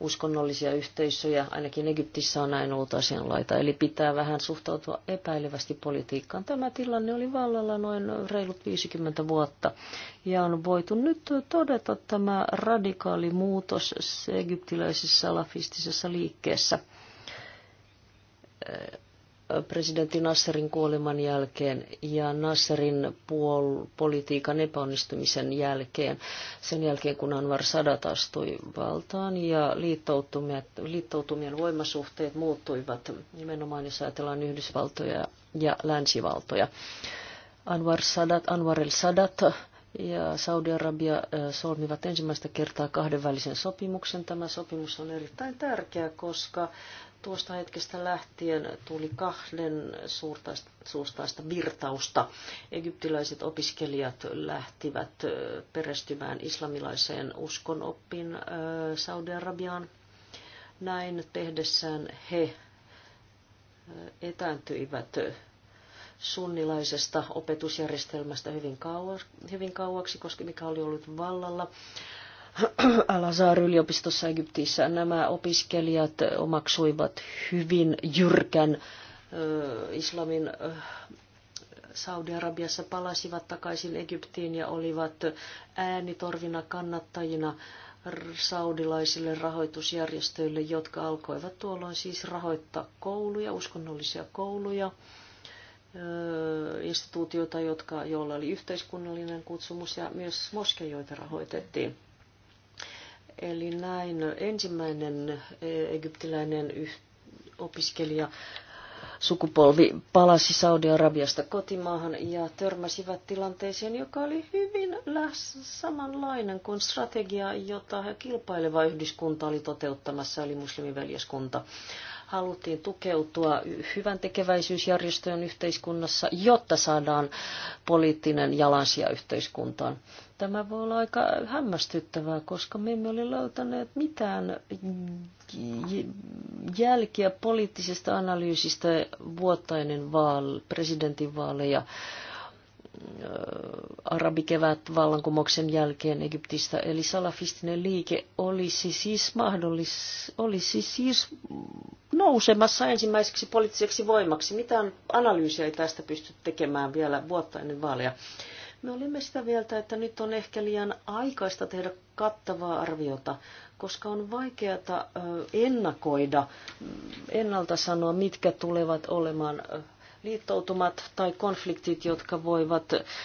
uskonnollisia yhteisöjä. Ainakin Egyptissä on näin ollut asianlaita, eli pitää vähän suhtautua epäilevästi politiikkaan. Tämä tilanne oli vallalla noin reilut 50 vuotta, ja on voitu nyt todeta tämä radikaali muutos egyptiläisessä salafistisessa liikkeessä presidentti Nasserin kuoleman jälkeen ja Nasserin puol- politiikan epäonnistumisen jälkeen, sen jälkeen kun Anwar Sadat astui valtaan ja liittoutumien, liittoutumien voimasuhteet muuttuivat, nimenomaan jos ajatellaan Yhdysvaltoja ja länsivaltoja. Anwar Sadat, Anwar el Sadat ja Saudi-Arabia solmivat ensimmäistä kertaa kahdenvälisen sopimuksen. Tämä sopimus on erittäin tärkeä, koska tuosta hetkestä lähtien tuli kahden suurtaista virtausta. Egyptiläiset opiskelijat lähtivät perestymään islamilaiseen uskonoppiin Saudi-Arabiaan. Näin tehdessään he etääntyivät sunnilaisesta opetusjärjestelmästä hyvin, kauaksi, hyvin kauaksi, koska mikä oli ollut vallalla Al-Azhar yliopistossa Egyptissä nämä opiskelijat omaksuivat hyvin jyrkän islamin Saudi-Arabiassa palasivat takaisin Egyptiin ja olivat äänitorvina kannattajina saudilaisille rahoitusjärjestöille, jotka alkoivat tuolloin siis rahoittaa kouluja, uskonnollisia kouluja, instituutioita, jotka, joilla oli yhteiskunnallinen kutsumus ja myös moskeijoita rahoitettiin. Eli näin ensimmäinen e, egyptiläinen opiskelija sukupolvi palasi Saudi-Arabiasta kotimaahan ja törmäsivät tilanteeseen, joka oli hyvin läs samanlainen kuin strategia, jota kilpaileva yhdyskunta oli toteuttamassa, eli muslimiveljeskunta haluttiin tukeutua hyvän tekeväisyysjärjestöön yhteiskunnassa, jotta saadaan poliittinen jalansija yhteiskuntaan. Tämä voi olla aika hämmästyttävää, koska me emme ole löytäneet mitään jälkiä poliittisesta analyysistä vuottainen vaal, presidentinvaaleja. Äh, arabikevät vallankumouksen jälkeen Egyptistä. Eli salafistinen liike olisi siis, mahdollis, olisi siis nousemassa ensimmäiseksi poliittiseksi voimaksi. Mitään analyysiä ei tästä pysty tekemään vielä vuotta ennen vaaleja. Me olimme sitä mieltä, että nyt on ehkä liian aikaista tehdä kattavaa arviota, koska on vaikeata äh, ennakoida, mm, ennalta sanoa, mitkä tulevat olemaan äh, liittoutumat tai konfliktit, jotka voivat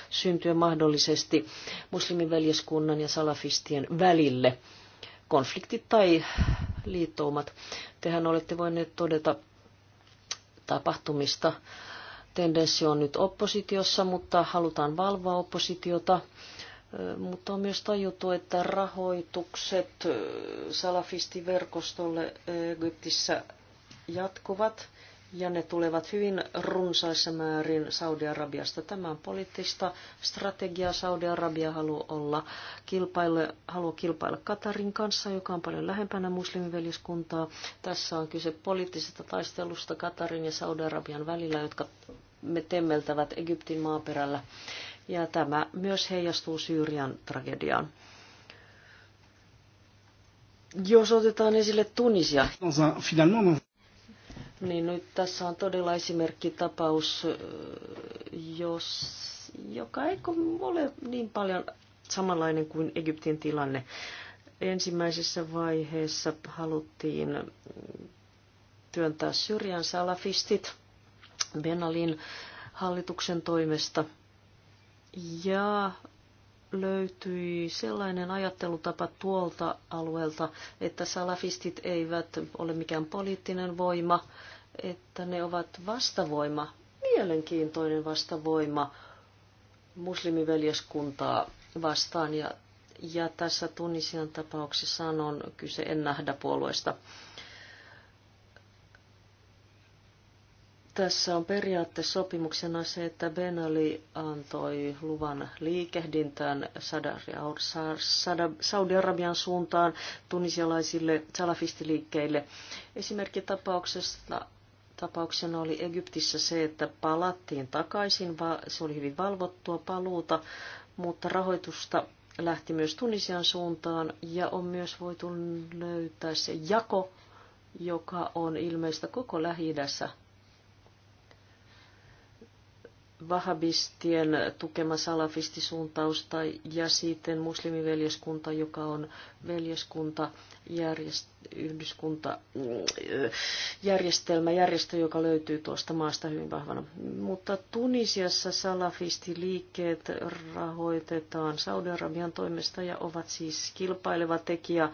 syntyä mahdollisesti muslimiveljeskunnan ja salafistien välille. Konfliktit tai liittoumat. Tehän olette voineet todeta tapahtumista. Tendenssi on nyt oppositiossa, mutta halutaan valvoa oppositiota mutta on myös tajuttu, että rahoitukset salafistiverkostolle Egyptissä jatkuvat ja ne tulevat hyvin runsaissa määrin Saudi-Arabiasta. Tämä on poliittista strategiaa. Saudi-Arabia haluaa olla kilpailla, haluaa kilpailla Katarin kanssa, joka on paljon lähempänä muslimiveljeskuntaa. Tässä on kyse poliittisesta taistelusta Katarin ja Saudi-Arabian välillä, jotka me temmeltävät Egyptin maaperällä. Ja tämä myös heijastuu Syyrian tragediaan. Jos otetaan esille Tunisia. Niin nyt no, tässä on todella esimerkkitapaus, jos, joka ei ole niin paljon samanlainen kuin Egyptin tilanne. Ensimmäisessä vaiheessa haluttiin työntää syrjään salafistit Benalin hallituksen toimesta ja löytyi sellainen ajattelutapa tuolta alueelta, että salafistit eivät ole mikään poliittinen voima, että ne ovat vastavoima, mielenkiintoinen vastavoima muslimiveljeskuntaa vastaan. Ja, ja tässä Tunisian tapauksessa on kyse en nähdä puolueesta. Tässä on periaatteessa sopimuksena se, että Ben Ali antoi luvan liikehdintään Saudi-Arabian suuntaan tunisialaisille salafistiliikkeille. Esimerkki tapauksesta tapauksena oli Egyptissä se, että palattiin takaisin, se oli hyvin valvottua paluuta, mutta rahoitusta lähti myös Tunisian suuntaan ja on myös voitu löytää se jako, joka on ilmeistä koko lähi vahabistien tukema salafistisuuntausta ja sitten muslimiveljeskunta, joka on veljeskunta, järjest, yhdyskunta, mm, järjestelmä, järjestö, joka löytyy tuosta maasta hyvin vahvana. Mutta Tunisiassa salafistiliikkeet rahoitetaan Saudi-Arabian toimesta ja ovat siis kilpaileva tekijä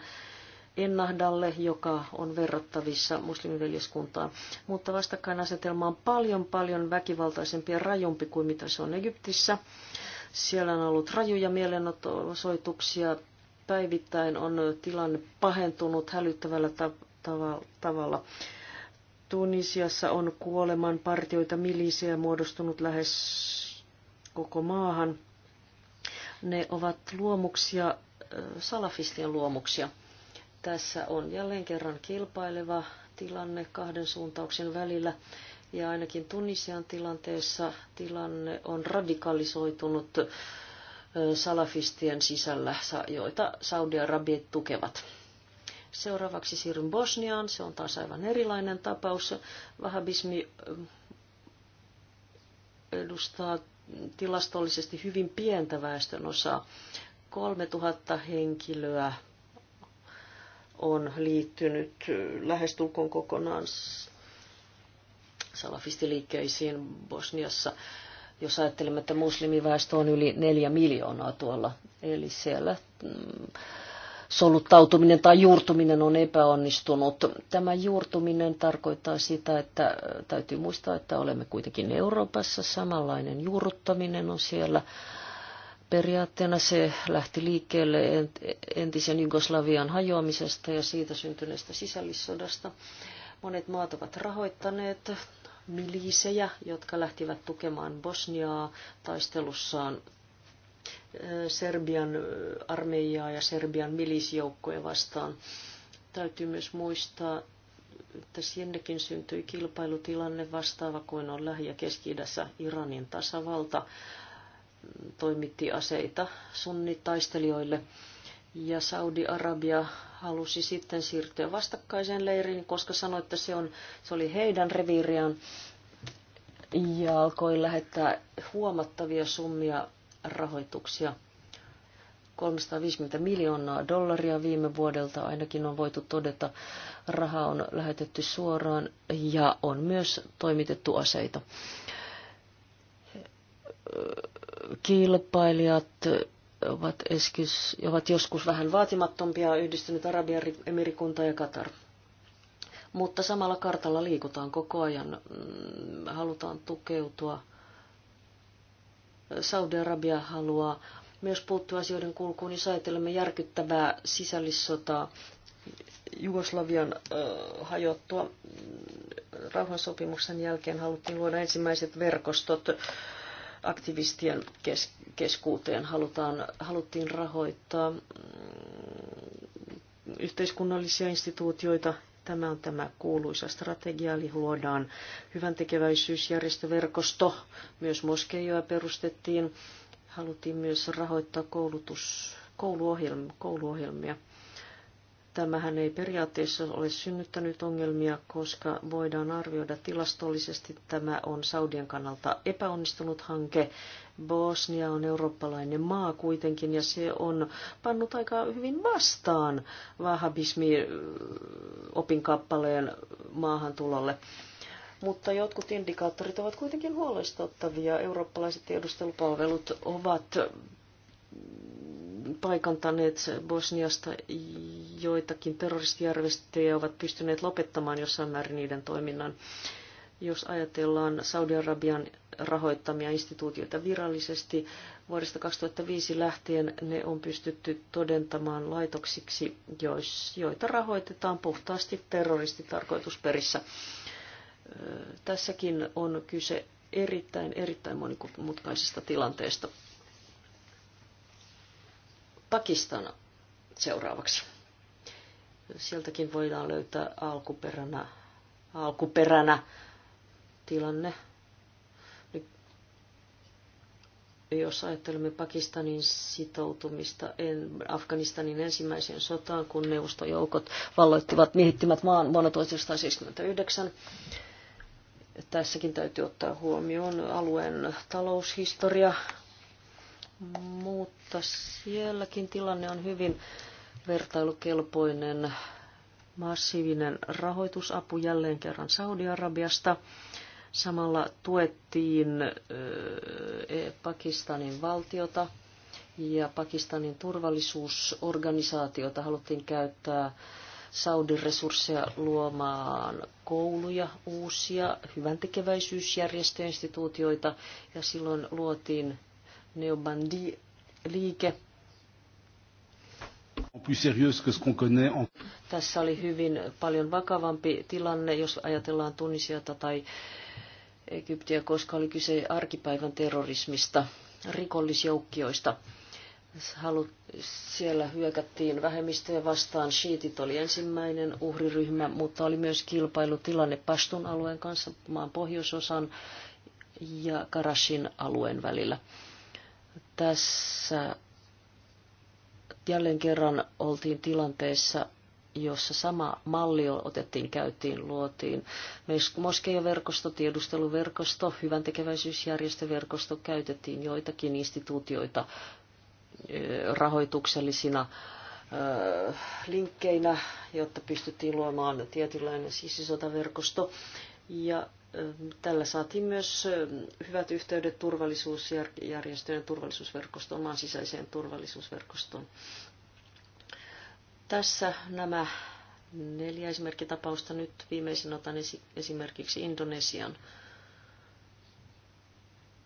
ennahdalle, joka on verrattavissa muslimiveljeskuntaan. Mutta vastakkainasetelma on paljon, paljon väkivaltaisempi ja rajumpi kuin mitä se on Egyptissä. Siellä on ollut rajuja mielenosoituksia. Päivittäin on tilanne pahentunut hälyttävällä tavalla. Tunisiassa on kuoleman partioita milisiä muodostunut lähes koko maahan. Ne ovat luomuksia, äh, salafistien luomuksia. Tässä on jälleen kerran kilpaileva tilanne kahden suuntauksen välillä. Ja ainakin Tunisian tilanteessa tilanne on radikalisoitunut salafistien sisällä, joita Saudi-Arabiat tukevat. Seuraavaksi siirryn Bosniaan. Se on taas aivan erilainen tapaus. Vahabismi edustaa tilastollisesti hyvin pientä väestön osaa. 3000 henkilöä on liittynyt lähestulkoon kokonaan salafistiliikkeisiin Bosniassa. Jos ajattelemme, että muslimiväestö on yli neljä miljoonaa tuolla, eli siellä mm, soluttautuminen tai juurtuminen on epäonnistunut. Tämä juurtuminen tarkoittaa sitä, että äh, täytyy muistaa, että olemme kuitenkin Euroopassa. Samanlainen juurruttaminen on siellä Periaatteena se lähti liikkeelle entisen Jugoslavian hajoamisesta ja siitä syntyneestä sisällissodasta. Monet maat ovat rahoittaneet milisejä, jotka lähtivät tukemaan Bosniaa taistelussaan Serbian armeijaa ja Serbian milisjoukkoja vastaan. Täytyy myös muistaa, että sinnekin syntyi kilpailutilanne vastaava kuin on Lähi- ja Keski-idässä Iranin tasavalta toimitti aseita sunnitaistelijoille. Ja Saudi-Arabia halusi sitten siirtyä vastakkaiseen leiriin, koska sanoi, että se, on, se oli heidän reviiriään. Ja alkoi lähettää huomattavia summia rahoituksia. 350 miljoonaa dollaria viime vuodelta ainakin on voitu todeta. Raha on lähetetty suoraan ja on myös toimitettu aseita kilpailijat ovat, eskys, ovat joskus vähän vaatimattompia, yhdistynyt Arabian emirikunta ja Katar. Mutta samalla kartalla liikutaan koko ajan. Mm, halutaan tukeutua. Saudi-Arabia haluaa myös puuttua asioiden kulkuun, jos ajattelemme järkyttävää sisällissotaa Jugoslavian äh, hajottua mm, rauhansopimuksen jälkeen haluttiin luoda ensimmäiset verkostot äh, aktivistien kes, keskuuteen. Halutaan, haluttiin rahoittaa mm, yhteiskunnallisia instituutioita. Tämä on tämä kuuluisa strategia, eli luodaan hyvän tekeväisyysjärjestöverkosto. Myös moskeijoja perustettiin. Haluttiin myös rahoittaa koulutus, kouluohjelmia. kouluohjelmia Tämähän ei periaatteessa ole synnyttänyt ongelmia, koska voidaan arvioida tilastollisesti tämä on Saudien kannalta epäonnistunut hanke. Bosnia on eurooppalainen maa kuitenkin ja se on pannut aika hyvin vastaan vahabismi opinkappaleen maahantulolle mutta jotkut indikaattorit ovat kuitenkin huolestuttavia. Eurooppalaiset tiedustelupalvelut ovat paikantaneet Bosniasta joitakin terroristijärjestöjä ovat pystyneet lopettamaan jossain määrin niiden toiminnan. Jos ajatellaan Saudi-Arabian rahoittamia instituutioita virallisesti, vuodesta 2005 lähtien ne on pystytty todentamaan laitoksiksi, joita rahoitetaan puhtaasti terroristitarkoitusperissä. Tässäkin on kyse erittäin, erittäin monimutkaisesta tilanteesta. Pakistan seuraavaksi. Sieltäkin voidaan löytää alkuperänä, alkuperänä tilanne. Nyt, jos ajattelemme Pakistanin sitoutumista en, Afganistanin ensimmäiseen sotaan, kun neuvostojoukot valloittivat miehittimät maan vuonna 1979, tässäkin täytyy ottaa huomioon alueen taloushistoria, mutta sielläkin tilanne on hyvin vertailukelpoinen. Massiivinen rahoitusapu jälleen kerran Saudi-Arabiasta. Samalla tuettiin Pakistanin valtiota ja Pakistanin turvallisuusorganisaatiota haluttiin käyttää Saudin resursseja luomaan kouluja, uusia hyväntekeväisyysjärjestöinstituutioita ja silloin luotiin neobandi Tässä oli hyvin paljon vakavampi tilanne, jos ajatellaan Tunisiata tai Egyptiä, koska oli kyse arkipäivän terrorismista, rikollisjoukkioista. Halut, siellä hyökättiin vähemmistöjä vastaan. Shiitit oli ensimmäinen uhriryhmä, mutta oli myös kilpailutilanne Pastun alueen kanssa maan pohjoisosan ja Karashin alueen välillä. Tässä jälleen kerran oltiin tilanteessa, jossa sama malli otettiin käyttiin, luotiin. Moskeijaverkosto, tiedusteluverkosto, hyvän tekeväisyysjärjestöverkosto käytettiin joitakin instituutioita rahoituksellisina linkkeinä, jotta pystyttiin luomaan tietynlainen sisisotaverkosto. Ja Tällä saatiin myös hyvät yhteydet turvallisuusjärjestöjen turvallisuusverkostoon, maan sisäiseen turvallisuusverkostoon. Tässä nämä neljä esimerkkitapausta. Nyt viimeisin otan esimerkiksi Indonesian,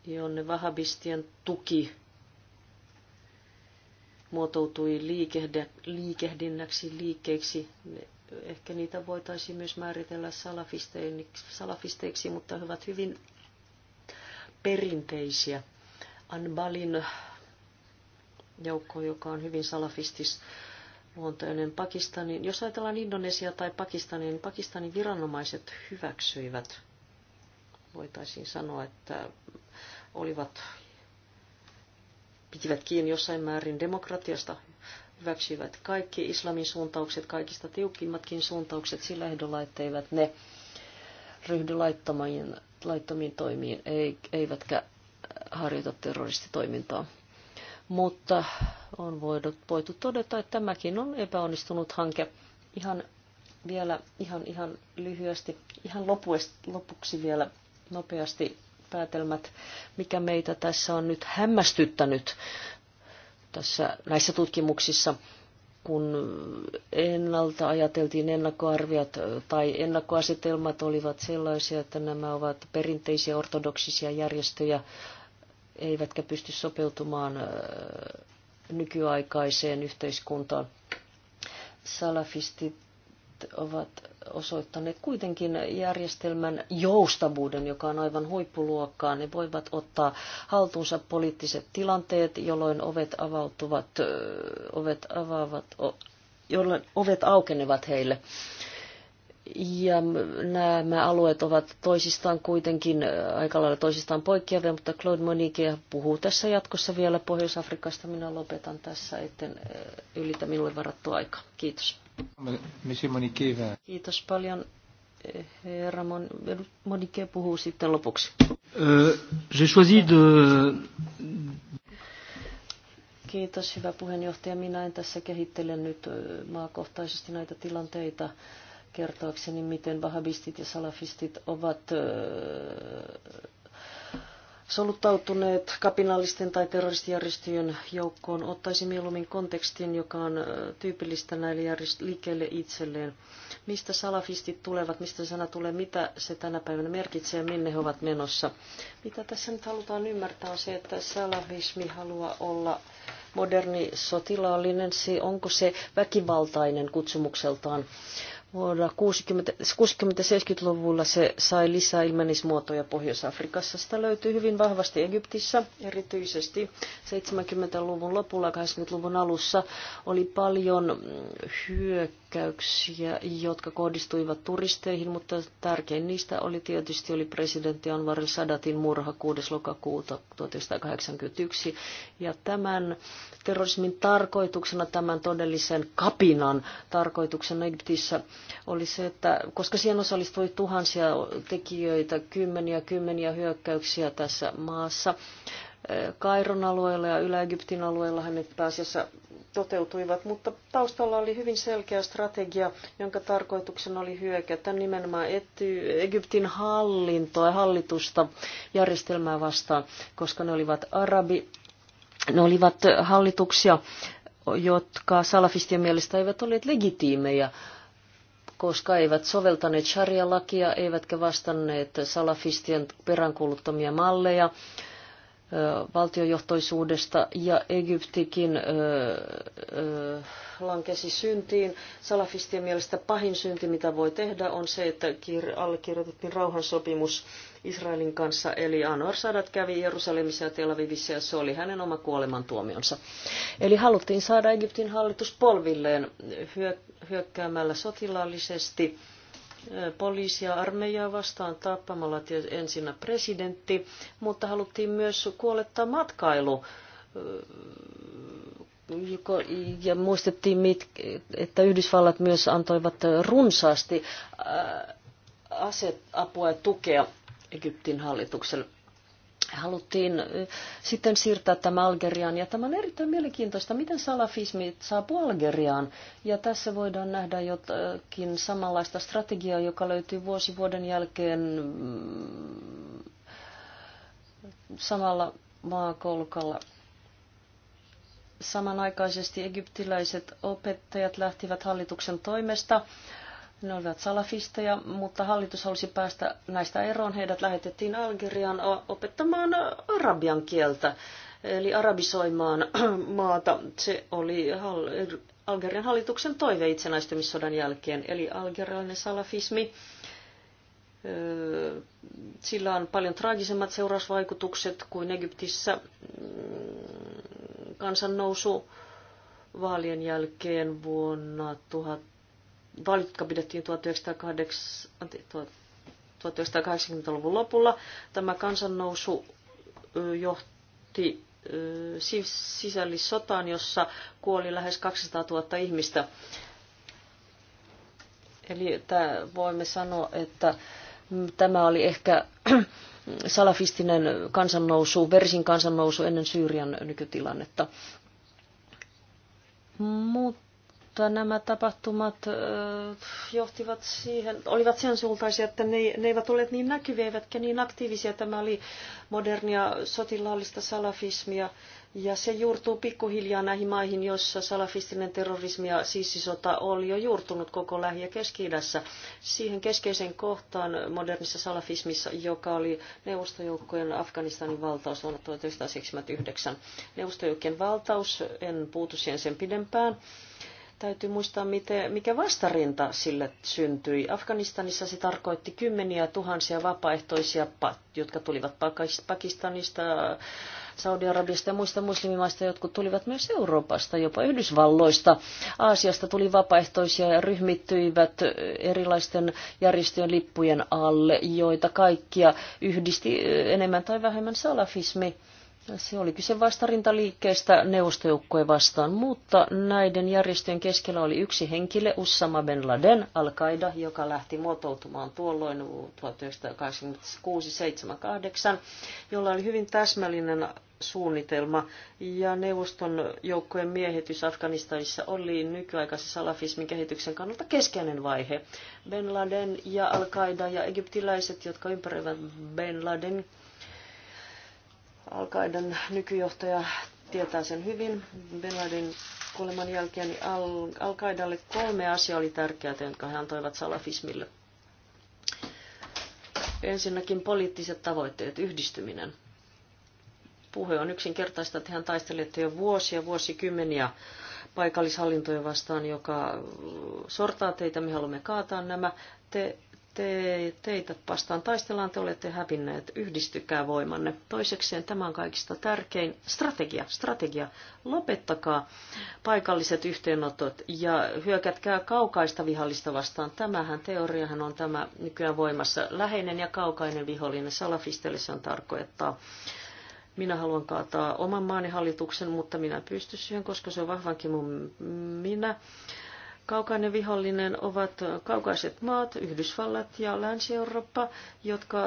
jonne vahabistien tuki muotoutui liikehde, liikehdinnäksi, liikkeiksi. Ehkä niitä voitaisiin myös määritellä salafisteiksi, mutta he ovat hyvin perinteisiä. Anbalin joukko, joka on hyvin salafistis luonteinen Pakistanin. Jos ajatellaan Indonesia tai Pakistania, niin Pakistanin viranomaiset hyväksyivät, voitaisiin sanoa, että olivat, pitivät kiinni jossain määrin demokratiasta, hyväksyivät kaikki islamin suuntaukset, kaikista tiukimmatkin suuntaukset sillä ehdolla, etteivät ne ryhdy laittomiin, laittomiin toimiin, eivätkä harjoita terroristitoimintaa. Mutta on voitu, voitu todeta, että tämäkin on epäonnistunut hanke. Ihan vielä ihan, ihan lyhyesti, ihan lopuksi vielä nopeasti päätelmät, mikä meitä tässä on nyt hämmästyttänyt tässä, näissä tutkimuksissa, kun ennalta ajateltiin ennakkoarviot tai ennakkoasetelmat olivat sellaisia, että nämä ovat perinteisiä ortodoksisia järjestöjä, eivätkä pysty sopeutumaan nykyaikaiseen yhteiskuntaan salafistit ovat osoittaneet kuitenkin järjestelmän joustavuuden, joka on aivan huippuluokkaa. Ne voivat ottaa haltuunsa poliittiset tilanteet, jolloin ovet avautuvat, ovet avaavat, jolloin ovet aukenevat heille. Ja nämä alueet ovat toisistaan kuitenkin aika lailla toisistaan poikkeavia, mutta Claude Monique puhuu tässä jatkossa vielä Pohjois-Afrikasta. Minä lopetan tässä, etten ylitä minulle varattu aika. Kiitos. Kiitos paljon. Herra Mon, Monike puhuu sitten lopuksi. Euh, j'ai de... Kiitos, hyvä puheenjohtaja. Minä en tässä kehittele nyt maakohtaisesti näitä tilanteita kertoakseni, miten vahabistit ja salafistit ovat soluttautuneet kapinallisten tai terroristijärjestöjen joukkoon, ottaisi mieluummin kontekstin, joka on tyypillistä näille järjest- liikkeille itselleen. Mistä salafistit tulevat, mistä sana tulee, mitä se tänä päivänä merkitsee, minne he ovat menossa. Mitä tässä nyt halutaan ymmärtää on se, että salafismi haluaa olla moderni sotilaallinen, se onko se väkivaltainen kutsumukseltaan. Vuonna 60-70-luvulla se sai lisää ilmenismuotoja Pohjois-Afrikassa. Sitä löytyy hyvin vahvasti Egyptissä, erityisesti 70-luvun lopulla 80-luvun alussa oli paljon mm, hyökkäyksiä hyökkäyksiä, jotka kohdistuivat turisteihin, mutta tärkein niistä oli tietysti oli presidentti Anwar Sadatin murha 6. lokakuuta 1981. Ja tämän terrorismin tarkoituksena, tämän todellisen kapinan tarkoituksena Egyptissä oli se, että koska siihen osallistui tuhansia tekijöitä, kymmeniä kymmeniä hyökkäyksiä tässä maassa, Kairon alueella ja Ylä-Egyptin alueella ne pääasiassa toteutuivat, mutta taustalla oli hyvin selkeä strategia, jonka tarkoituksena oli hyökätä nimenomaan ety, Egyptin hallintoa ja hallitusta järjestelmää vastaan, koska ne olivat arabi, ne olivat hallituksia, jotka salafistien mielestä eivät olleet legitiimejä, koska eivät soveltaneet sharia-lakia, eivätkä vastanneet salafistien peräänkuuluttamia malleja valtiojohtoisuudesta ja Egyptikin lankesi syntiin. Salafistien mielestä pahin synti, mitä voi tehdä, on se, että allekirjoitettiin rauhansopimus Israelin kanssa, eli Anwar Sadat kävi Jerusalemissa ja Tel Avivissa, ja se oli hänen oma kuolemantuomionsa. Eli haluttiin saada Egyptin hallitus polvilleen hyökkäämällä sotilaallisesti poliisia armeijaa vastaan tappamalla ensinnä presidentti, mutta haluttiin myös kuolettaa matkailu ja muistettiin, että Yhdysvallat myös antoivat runsaasti aseapua ja tukea Egyptin hallitukselle haluttiin sitten siirtää tämä Algeriaan. Ja tämä on erittäin mielenkiintoista, miten salafismi saapuu Algeriaan. Ja tässä voidaan nähdä jotakin samanlaista strategiaa, joka löytyy vuosi vuoden jälkeen mm, samalla maakolkalla. Samanaikaisesti egyptiläiset opettajat lähtivät hallituksen toimesta ne olivat salafisteja, mutta hallitus halusi päästä näistä eroon. Heidät lähetettiin Algeriaan opettamaan arabian kieltä, eli arabisoimaan maata. Se oli Algerian hallituksen toive itsenäistymissodan jälkeen, eli algerialainen salafismi. Sillä on paljon traagisemmat seurausvaikutukset kuin Egyptissä mm, kansannousu vaalien jälkeen vuonna 1000 vaalit, jotka pidettiin 1980-luvun lopulla. Tämä kansannousu johti sisällissotaan, jossa kuoli lähes 200 000 ihmistä. Eli tämä, voimme sanoa, että tämä oli ehkä salafistinen kansannousu, versin kansannousu ennen Syyrian nykytilannetta. Mutta mutta nämä tapahtumat johtivat siihen, olivat sen suuntaisia, että ne, ne eivät olleet niin näkyviä eivätkä niin aktiivisia. Tämä oli modernia sotilaallista salafismia ja se juurtuu pikkuhiljaa näihin maihin, joissa salafistinen terrorismi ja sissisota oli jo juurtunut koko Lähi- ja keski -idässä. siihen keskeiseen kohtaan modernissa salafismissa, joka oli neuvostojoukkojen Afganistanin valtaus vuonna 1979. Neuvostojoukkojen valtaus, en puutu siihen sen pidempään Täytyy muistaa, miten, mikä vastarinta sille syntyi. Afganistanissa se tarkoitti kymmeniä tuhansia vapaaehtoisia, jotka tulivat Pakistanista, Saudi-Arabiasta ja muista muslimimaista, jotkut tulivat myös Euroopasta, jopa Yhdysvalloista. Aasiasta tuli vapaaehtoisia ja ryhmittyivät erilaisten järjestöjen lippujen alle, joita kaikkia yhdisti enemmän tai vähemmän salafismi. Se oli kyse vastarintaliikkeestä neuvostojoukkoja vastaan, mutta näiden järjestöjen keskellä oli yksi henkilö, Ussama Ben Laden, al joka lähti muotoutumaan tuolloin 1986 1978 jolla oli hyvin täsmällinen suunnitelma. Ja neuvoston joukkojen miehitys Afganistanissa oli nykyaikaisen salafismin kehityksen kannalta keskeinen vaihe. Ben Laden ja al ja egyptiläiset, jotka ympäröivät Ben Laden, Al-Qaidan nykyjohtaja tietää sen hyvin. Bin Laden kuoleman jälkeen niin Al-Qaidalle kolme asiaa oli tärkeää, jotka he antoivat salafismille. Ensinnäkin poliittiset tavoitteet, yhdistyminen. Puhe on yksinkertaista, että hän taistelette jo vuosia, vuosikymmeniä paikallishallintoja vastaan, joka sortaa teitä. Me haluamme kaataa nämä. Te te, teitä vastaan taistellaan, te olette hävinneet, yhdistykää voimanne. Toisekseen tämä on kaikista tärkein strategia, strategia. Lopettakaa paikalliset yhteenotot ja hyökätkää kaukaista vihallista vastaan. Tämähän teoriahan on tämä nykyään voimassa. Läheinen ja kaukainen vihollinen salafistelle se on tarkoittaa. Minä haluan kaataa oman maani hallituksen, mutta minä pystyn siihen, koska se on vahvankin mun minä. Kaukainen vihollinen ovat kaukaiset maat, Yhdysvallat ja Länsi-Eurooppa, jotka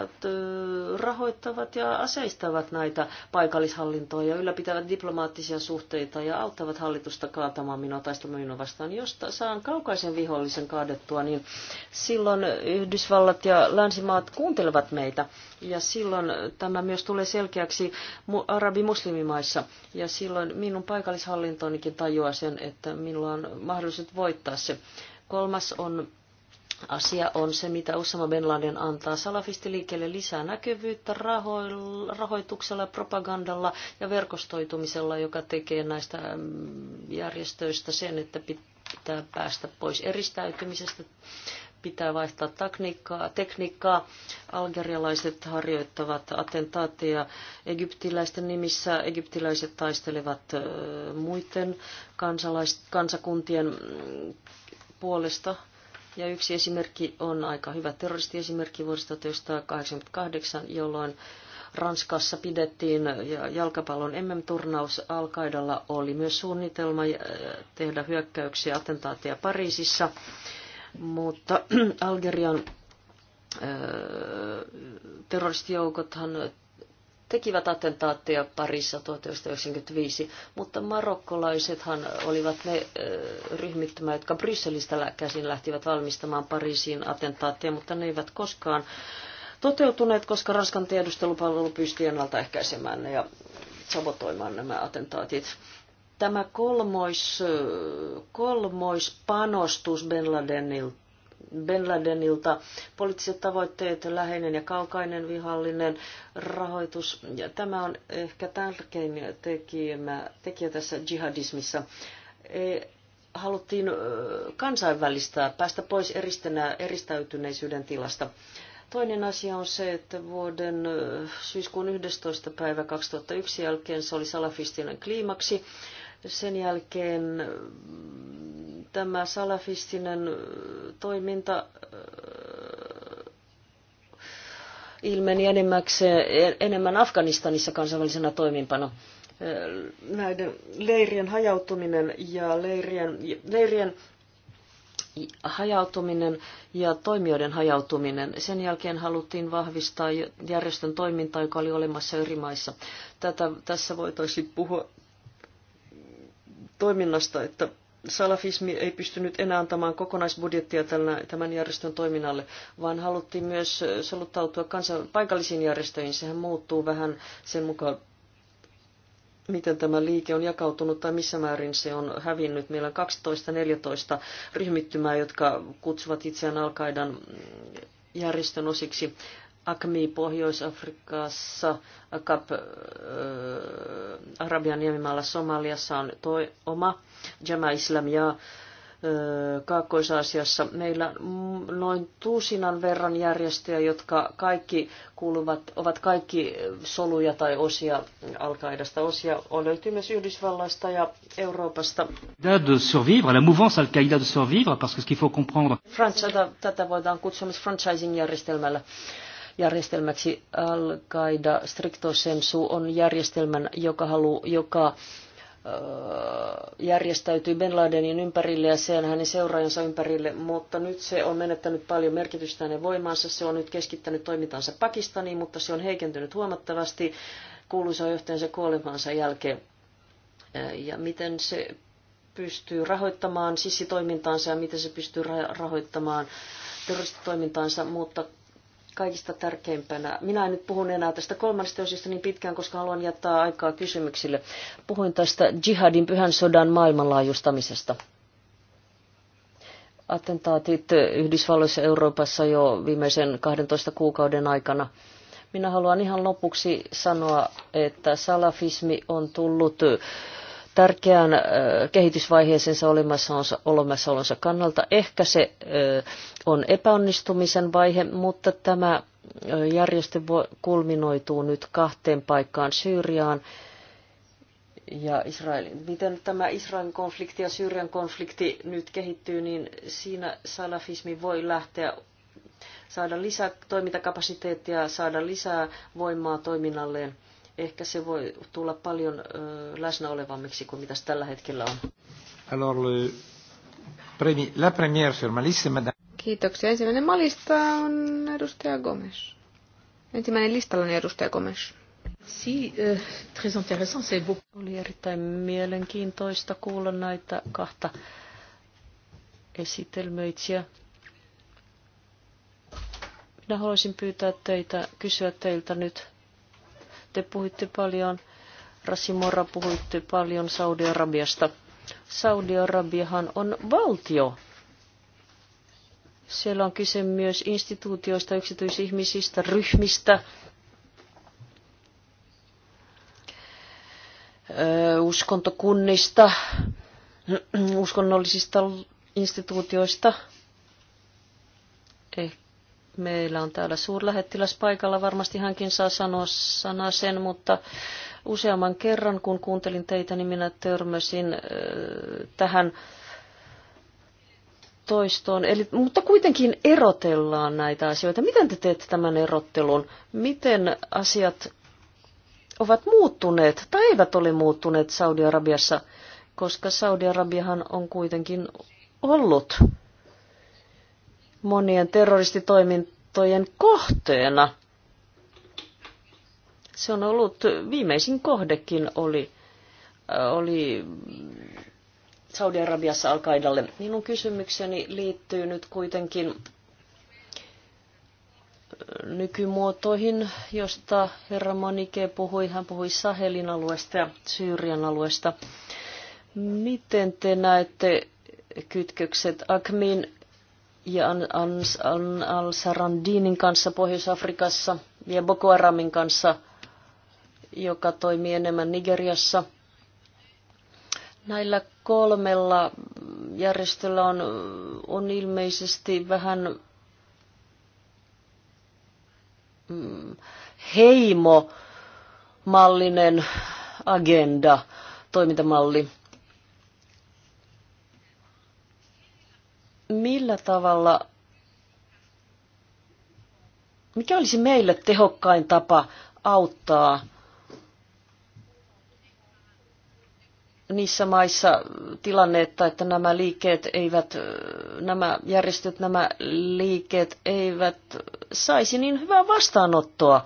rahoittavat ja aseistavat näitä paikallishallintoja, ylläpitävät diplomaattisia suhteita ja auttavat hallitusta kaatamaan minua taistelemaan minua vastaan. Jos saan kaukaisen vihollisen kaadettua, niin silloin Yhdysvallat ja länsimaat kuuntelevat meitä. Ja silloin tämä myös tulee selkeäksi arabimuslimimaissa. Ja silloin minun paikallishallintonikin tajuaa sen, että minulla on mahdollisuus voittaa toteuttaa se. Kolmas on asia on se, mitä Osama Ben Laden antaa salafistiliikkeelle lisää näkyvyyttä rahoituksella, propagandalla ja verkostoitumisella, joka tekee näistä järjestöistä sen, että pitää päästä pois eristäytymisestä pitää vaihtaa tekniikkaa. tekniikkaa. Algerialaiset harjoittavat attentaatteja egyptiläisten nimissä. Egyptiläiset taistelevat muiden kansalais- kansakuntien puolesta. Ja yksi esimerkki on aika hyvä terroristiesimerkki vuodesta 1988, jolloin Ranskassa pidettiin jalkapallon MM-turnaus. Alkaidalla oli myös suunnitelma tehdä hyökkäyksiä attentaatia Pariisissa. Mutta Algerian äh, terroristijoukothan tekivät attentaatteja Parissa 1995, mutta marokkolaisethan olivat ne äh, ryhmittymä, jotka Brysselistä käsin lähtivät valmistamaan Pariisiin attentaatteja, mutta ne eivät koskaan toteutuneet, koska Ranskan tiedustelupalvelu pystyi ennaltaehkäisemään ne ja sabotoimaan nämä attentaatit. Tämä kolmois, panostus Ben Ladenilta ben Ladenilta poliittiset tavoitteet, läheinen ja kaukainen vihollinen rahoitus. Ja tämä on ehkä tärkein tekijä, tekijä tässä jihadismissa. E, haluttiin kansainvälistää, päästä pois eristänä, eristäytyneisyyden tilasta. Toinen asia on se, että vuoden syyskuun 11. päivä 2001 jälkeen se oli salafistinen kliimaksi. Sen jälkeen mm, tämä salafistinen mm, toiminta mm, ilmeni enemmän Afganistanissa kansainvälisenä toimimpana. Näiden leirien hajautuminen ja leirien, leirien hajautuminen ja toimijoiden hajautuminen. Sen jälkeen haluttiin vahvistaa järjestön toimintaa, joka oli olemassa eri maissa. Tätä, tässä voitaisiin puhua toiminnasta, että salafismi ei pystynyt enää antamaan kokonaisbudjettia tämän järjestön toiminnalle, vaan haluttiin myös soluttautua kansan, paikallisiin järjestöihin. Sehän muuttuu vähän sen mukaan, miten tämä liike on jakautunut tai missä määrin se on hävinnyt. Meillä on 12-14 ryhmittymää, jotka kutsuvat itseään alkaidan mm, järjestön osiksi. Akmi Pohjois-Afrikassa, Akab äh, Arabian niemimaalla Somaliassa on toi oma, Jama Islam ja äh, Kaakkois-Aasiassa. Meillä on noin tuusinan verran järjestöjä, jotka kaikki kuuluvat, ovat kaikki soluja tai osia Al-Qaidasta. Osia on löytyy myös Yhdysvalloista ja Euroopasta. De survivre, la mouvance Al-Qaida de survivre, parce que ce qu'il faut comprendre. Franchise, tätä voidaan kutsua myös franchising-järjestelmällä järjestelmäksi. Al-Qaida stricto sensu on järjestelmän, joka, halu, joka järjestäytyy Ben Ladenin ympärille ja sen hänen seuraajansa ympärille, mutta nyt se on menettänyt paljon merkitystä hänen voimaansa. Se on nyt keskittänyt toimintansa Pakistaniin, mutta se on heikentynyt huomattavasti kuuluisa johtajansa kuolemansa jälkeen. Ja miten se pystyy rahoittamaan sissitoimintaansa ja miten se pystyy rahoittamaan terroristitoimintaansa, mutta kaikista tärkeimpänä. Minä en nyt puhun enää tästä kolmannesta osista niin pitkään, koska haluan jättää aikaa kysymyksille. Puhuin tästä jihadin pyhän sodan maailmanlaajustamisesta. Attentaatit Yhdysvalloissa Euroopassa jo viimeisen 12 kuukauden aikana. Minä haluan ihan lopuksi sanoa, että salafismi on tullut tärkeään kehitysvaiheeseensa olemassaolonsa, olemassaolonsa kannalta. Ehkä se on epäonnistumisen vaihe, mutta tämä järjestö kulminoituu nyt kahteen paikkaan Syyriaan ja Israelin. Miten tämä Israelin konflikti ja Syyrian konflikti nyt kehittyy, niin siinä salafismi voi lähteä saada lisää toimintakapasiteettia, saada lisää voimaa toiminnalleen – ehkä se voi tulla paljon läsnä olevammiksi kuin mitä se tällä hetkellä on. Alors, premi, la première sur ma liste, madame. Kiitoksia. Ensimmäinen malista on edustaja Gomes. Ensimmäinen listalla on edustaja Gomes. Si, euh, très intéressant, c'est Oli erittäin mielenkiintoista kuulla näitä kahta esitelmöitsijä. Minä haluaisin pyytää teitä, kysyä teiltä nyt te puhuitte paljon, Rasimora puhuitte paljon Saudi-Arabiasta. Saudi-Arabiahan on valtio. Siellä on kyse myös instituutioista, yksityisihmisistä, ryhmistä, uskontokunnista, uskonnollisista instituutioista. Ehkä Meillä on täällä suurlähettiläs paikalla, varmasti hänkin saa sanoa sana sen, mutta useamman kerran kun kuuntelin teitä, niin minä törmäsin tähän toistoon. Eli, mutta kuitenkin erotellaan näitä asioita. Miten te teette tämän erottelun? Miten asiat ovat muuttuneet tai eivät ole muuttuneet Saudi-Arabiassa? Koska Saudi-Arabiahan on kuitenkin ollut monien terroristitoimintojen kohteena. Se on ollut, viimeisin kohdekin oli, äh, oli Saudi-Arabiassa al -Qaidalle. Minun kysymykseni liittyy nyt kuitenkin äh, nykymuotoihin, josta herra Monike puhui. Hän puhui Sahelin alueesta ja Syyrian alueesta. Miten te näette kytkökset ACMin ja Al-Sarandinin kanssa Pohjois-Afrikassa ja Boko Haramin kanssa, joka toimii enemmän Nigeriassa. Näillä kolmella järjestöllä on, on ilmeisesti vähän mm, heimomallinen agenda, toimintamalli. Millä tavalla, mikä olisi meille tehokkain tapa auttaa niissä maissa tilanne, että nämä liikkeet eivät, nämä järjestöt, nämä liikkeet eivät saisi niin hyvää vastaanottoa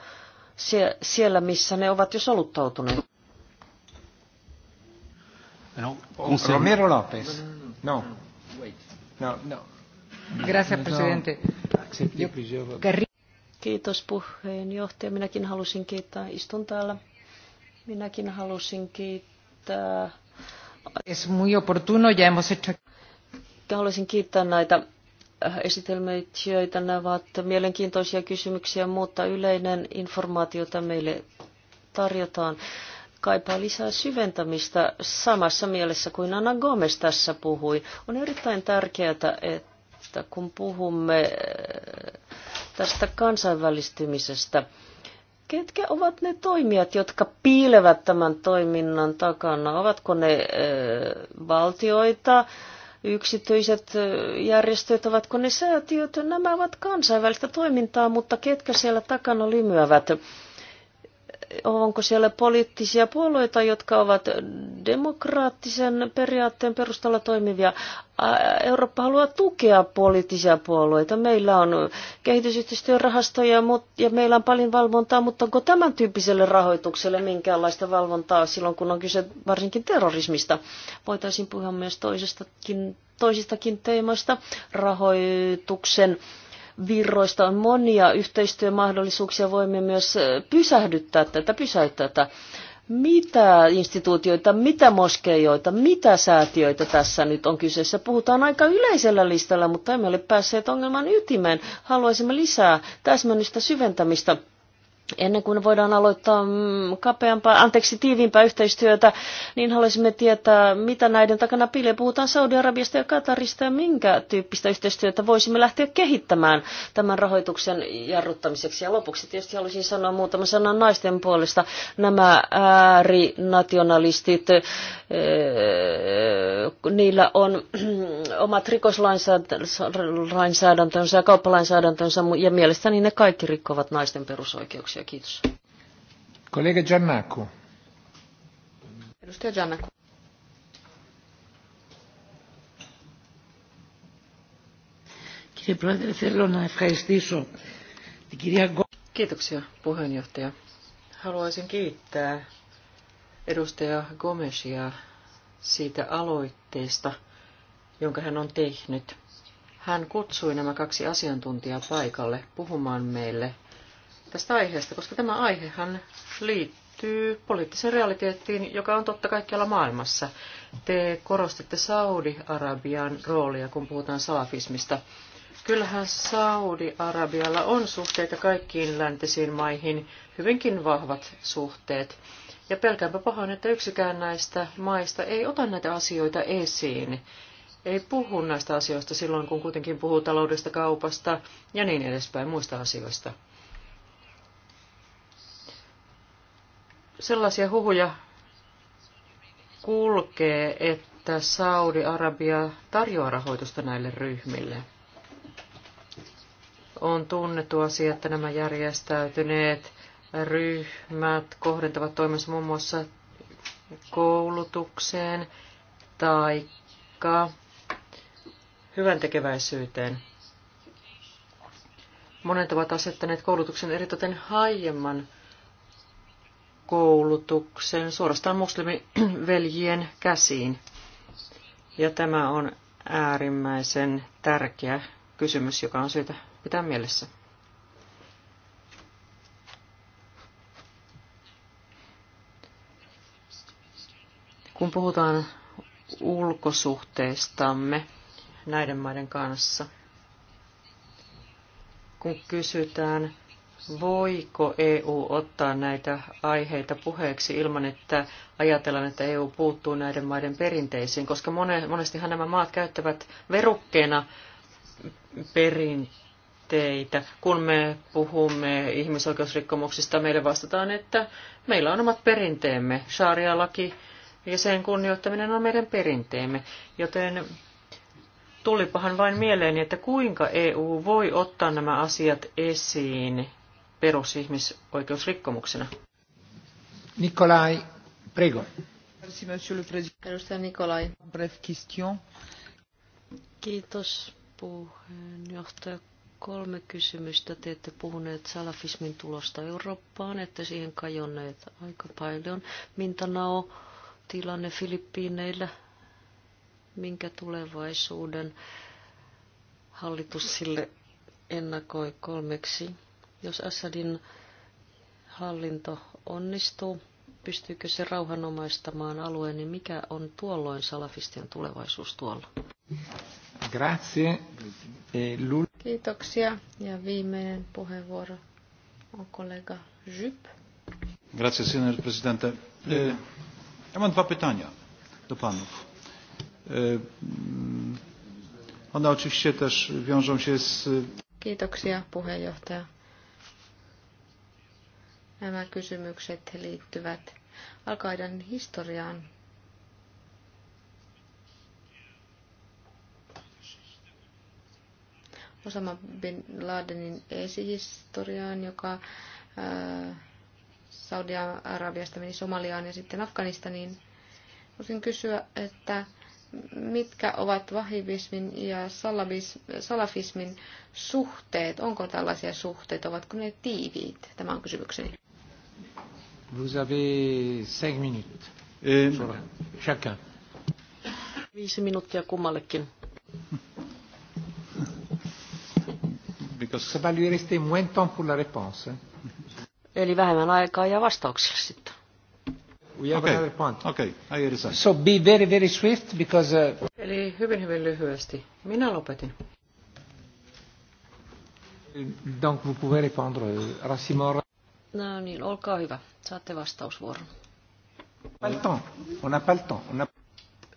siellä, missä ne ovat jo soluttautuneet. No, Romero Lopez. No. No, no. Gracias, no. presidente. Kiitos puheenjohtaja. Minäkin halusin kiittää. Istun täällä. Minäkin halusin kiittää. Es muy oportuno, ya hemos hecho... Haluaisin kiittää näitä äh, esitelmöitsijöitä. Nämä ovat mielenkiintoisia kysymyksiä, mutta yleinen informaatio, jota meille tarjotaan kaipaa lisää syventämistä samassa mielessä kuin Anna Gomes tässä puhui. On erittäin tärkeää, että kun puhumme eh, tästä kansainvälistymisestä, ketkä ovat ne toimijat, jotka piilevät tämän toiminnan takana? Ovatko ne eh, valtioita, yksityiset eh, järjestöt, ovatko ne säätiöt? Nämä ovat kansainvälistä toimintaa, mutta ketkä siellä takana lymyävät? onko siellä poliittisia puolueita, jotka ovat demokraattisen periaatteen perustalla toimivia. Eurooppa haluaa tukea poliittisia puolueita. Meillä on kehitysyhteistyörahastoja ja meillä on paljon valvontaa, mutta onko tämän tyyppiselle rahoitukselle minkäänlaista valvontaa silloin, kun on kyse varsinkin terrorismista? Voitaisiin puhua myös toisistakin teemoista, rahoituksen virroista on monia yhteistyömahdollisuuksia. Voimme myös pysähdyttää tätä, pysäyttää tätä. Mitä instituutioita, mitä moskeijoita, mitä säätiöitä tässä nyt on kyseessä? Puhutaan aika yleisellä listalla, mutta emme ole päässeet ongelman ytimeen. Haluaisimme lisää täsmännystä syventämistä Ennen kuin voidaan aloittaa mm, kapeampaa, anteeksi, tiiviimpää yhteistyötä, niin haluaisimme tietää, mitä näiden takana piilee. Puhutaan Saudi-Arabiasta ja Katarista ja minkä tyyppistä yhteistyötä voisimme lähteä kehittämään tämän rahoituksen jarruttamiseksi. Ja lopuksi tietysti haluaisin sanoa muutaman sanan naisten puolesta. Nämä äärinationalistit, eh, niillä on omat rikoslainsäädäntönsä ja kauppalainsäädäntönsä, ja mielestäni ne kaikki rikkovat naisten perusoikeuksia. Kiitoksia, kiitos. Kollega Giannaku. Edustaja Giannaku. Kiitoksia puheenjohtaja. Haluaisin kiittää edustaja Gomesia siitä aloitteesta, jonka hän on tehnyt. Hän kutsui nämä kaksi asiantuntijaa paikalle puhumaan meille tästä aiheesta, koska tämä aihehan liittyy poliittiseen realiteettiin, joka on totta kaikkialla maailmassa. Te korostitte Saudi-Arabian roolia, kun puhutaan salafismista. Kyllähän Saudi-Arabialla on suhteita kaikkiin läntisiin maihin, hyvinkin vahvat suhteet. Ja pelkäänpä pahoin, että yksikään näistä maista ei ota näitä asioita esiin. Ei puhu näistä asioista silloin, kun kuitenkin puhuu taloudesta, kaupasta ja niin edespäin muista asioista. sellaisia huhuja kulkee, että Saudi-Arabia tarjoaa rahoitusta näille ryhmille. On tunnettu asia, että nämä järjestäytyneet ryhmät kohdentavat toimensa muun muassa koulutukseen tai hyvän tekeväisyyteen. Monet ovat asettaneet koulutuksen eritoten haiemman koulutuksen suorastaan muslimiveljien käsiin. Ja tämä on äärimmäisen tärkeä kysymys, joka on syytä pitää mielessä. Kun puhutaan ulkosuhteistamme näiden maiden kanssa, kun kysytään, voiko EU ottaa näitä aiheita puheeksi ilman, että ajatellaan, että EU puuttuu näiden maiden perinteisiin, koska monestihan nämä maat käyttävät verukkeena perinteitä. Kun me puhumme ihmisoikeusrikkomuksista, meille vastataan, että meillä on omat perinteemme. Sharia-laki ja sen kunnioittaminen on meidän perinteemme, joten tulipahan vain mieleeni, että kuinka EU voi ottaa nämä asiat esiin perusihmisoikeusrikkomuksena. Nikolai, prego. Merci, monsieur le président. Edustaja Nikolai. Bref question. Kiitos puheenjohtaja. Kolme kysymystä. Te ette puhuneet salafismin tulosta Eurooppaan, että siihen kajonneet aika paljon. Mintanao tilanne Filippiineillä, minkä tulevaisuuden hallitus sille ennakoi kolmeksi jos Assadin hallinto onnistuu, pystyykö se rauhanomaistamaan alueen, niin mikä on tuolloin salafistien tulevaisuus tuolla? Grazie. E Kiitoksia. Ja viimeinen puheenvuoro on kollega Jyp. Grazie, signor Presidente. E, ja mam dwa pytania do panów. E, mm, one oczywiście też wiążą się z... Kiitoksia, puheenjohtaja. Nämä kysymykset liittyvät alkaiden historiaan. Osama Bin Ladenin esihistoriaan, joka äh, Saudi-Arabiasta meni Somaliaan ja sitten Afganistaniin. Voisin kysyä, että mitkä ovat vahivismin ja salafismin suhteet? Onko tällaisia suhteita? Ovatko ne tiiviit? Tämä on kysymykseni. Vous avez cinq minutes. Chacun. Viisi minuuttia kummallekin. Because... Ça va lui rester moins de temps pour la réponse. Eli vähemmän aikaa ja vastauksille sitten. We have okay. another point. Okay, I So be very, very swift because... Uh... Eli hyvin, hyvin lyhyesti. Minä lopetin. Donc vous pouvez répondre, euh, Rassimor. No niin, olkaa hyvä. Saatte vastausvuoron.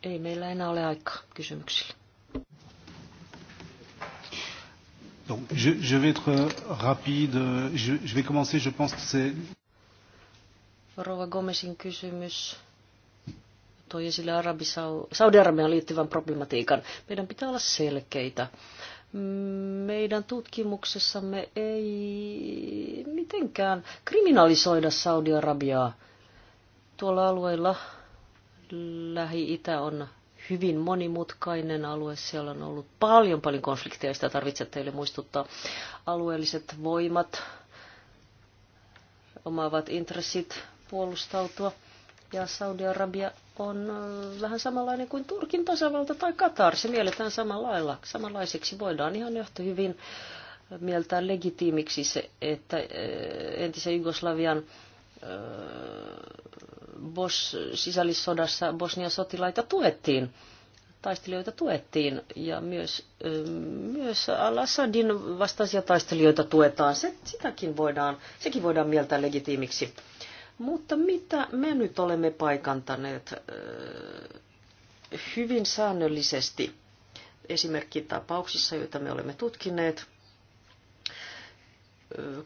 Ei meillä enää ole aikaa kysymyksille. Donc, je, je vais être rapide. Je, je vais commencer, je pense que c'est... Rova Gomesin kysymys toi esille Saudi-Arabiaan liittyvän problematiikan. Meidän pitää olla selkeitä meidän tutkimuksessamme ei mitenkään kriminalisoida Saudi-Arabiaa. Tuolla alueella Lähi-Itä on hyvin monimutkainen alue. Siellä on ollut paljon, paljon konflikteja, sitä tarvitsee teille muistuttaa. Alueelliset voimat omaavat intressit puolustautua. Ja Saudi-Arabia on vähän samanlainen kuin Turkin tasavalta tai Katar. Se mielletään samanlailla. Samanlaiseksi voidaan ihan yhtä hyvin mieltää legitiimiksi se, että entisen Jugoslavian Bos, sisällissodassa Bosnian sotilaita tuettiin, taistelijoita tuettiin ja myös, myös Al-Assadin vastaisia taistelijoita tuetaan. Se, sitäkin voidaan, sekin voidaan mieltää legitiimiksi. Mutta mitä me nyt olemme paikantaneet hyvin säännöllisesti esimerkkitapauksissa, joita me olemme tutkineet,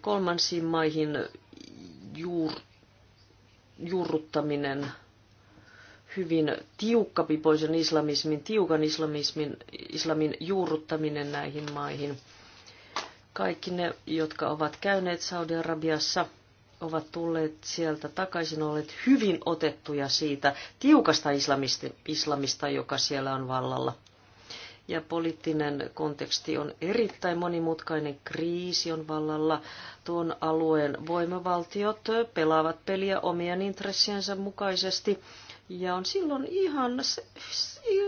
kolmansiin maihin juur, juurruttaminen hyvin pipoisen islamismin, tiukan islamismin, islamin juurruttaminen näihin maihin. Kaikki ne, jotka ovat käyneet Saudi-Arabiassa – ovat tulleet sieltä takaisin, olleet hyvin otettuja siitä tiukasta islamista, islamista joka siellä on vallalla. Ja poliittinen konteksti on erittäin monimutkainen, kriisi on vallalla. Tuon alueen voimavaltiot pelaavat peliä omien intressiensä mukaisesti ja on silloin ihan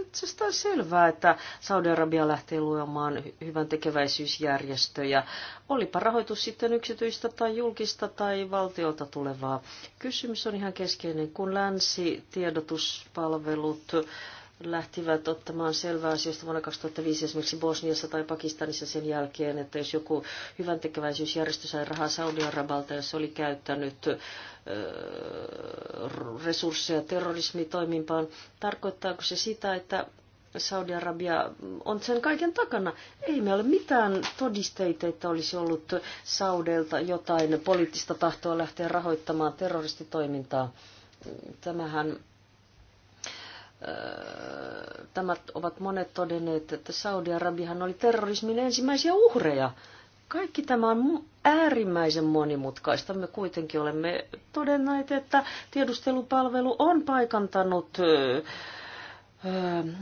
itsestään selvää, että Saudi-Arabia lähtee luomaan hyvän tekeväisyysjärjestöjä. Olipa rahoitus sitten yksityistä tai julkista tai valtiolta tulevaa. Kysymys on ihan keskeinen, kun länsi tiedotuspalvelut lähtivät ottamaan selvää asioista vuonna 2005 esimerkiksi Bosniassa tai Pakistanissa sen jälkeen, että jos joku hyvän tekeväisyysjärjestö sai rahaa Saudi-Arabalta, jos oli käyttänyt resursseja terrorismitoimimpaan, tarkoittaako se sitä, että Saudi-Arabia on sen kaiken takana. Ei meillä ole mitään todisteita, että olisi ollut Saudelta jotain poliittista tahtoa lähteä rahoittamaan terroristitoimintaa. Tämähän Tämä ovat monet todenneet, että Saudi-Arabiahan oli terrorismin ensimmäisiä uhreja. Kaikki tämä on äärimmäisen monimutkaista. Me kuitenkin olemme todenneet, että tiedustelupalvelu on paikantanut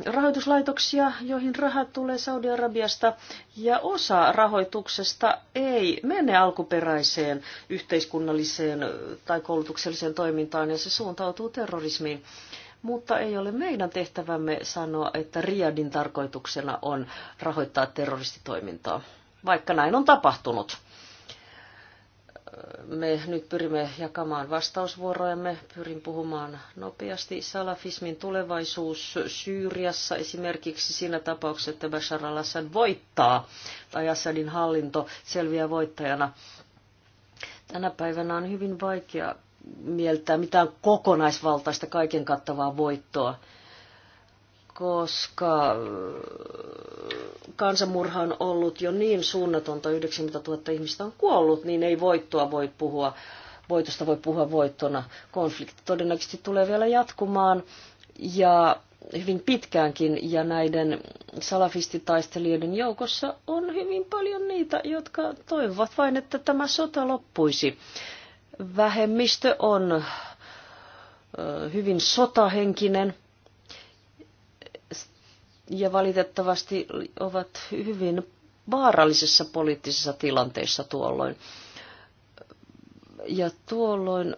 rahoituslaitoksia, joihin rahat tulee Saudi-Arabiasta, ja osa rahoituksesta ei mene alkuperäiseen yhteiskunnalliseen tai koulutukselliseen toimintaan, ja se suuntautuu terrorismiin mutta ei ole meidän tehtävämme sanoa, että Riadin tarkoituksena on rahoittaa terroristitoimintaa, vaikka näin on tapahtunut me nyt pyrimme jakamaan vastausvuorojamme, pyrin puhumaan nopeasti. Salafismin tulevaisuus Syyriassa esimerkiksi siinä tapauksessa, että Bashar al-Assad voittaa tai Assadin hallinto selviää voittajana. Tänä päivänä on hyvin vaikea mieltää mitään kokonaisvaltaista kaiken kattavaa voittoa, koska äh, kansanmurha on ollut jo niin suunnatonta, 90 000 ihmistä on kuollut, niin ei voittoa voi puhua, voitosta voi puhua voittona. Konflikti todennäköisesti tulee vielä jatkumaan ja hyvin pitkäänkin, ja näiden salafistitaistelijoiden joukossa on hyvin paljon niitä, jotka toivovat vain, että tämä sota loppuisi vähemmistö on hyvin sotahenkinen ja valitettavasti ovat hyvin vaarallisessa poliittisessa tilanteessa tuolloin. Ja tuolloin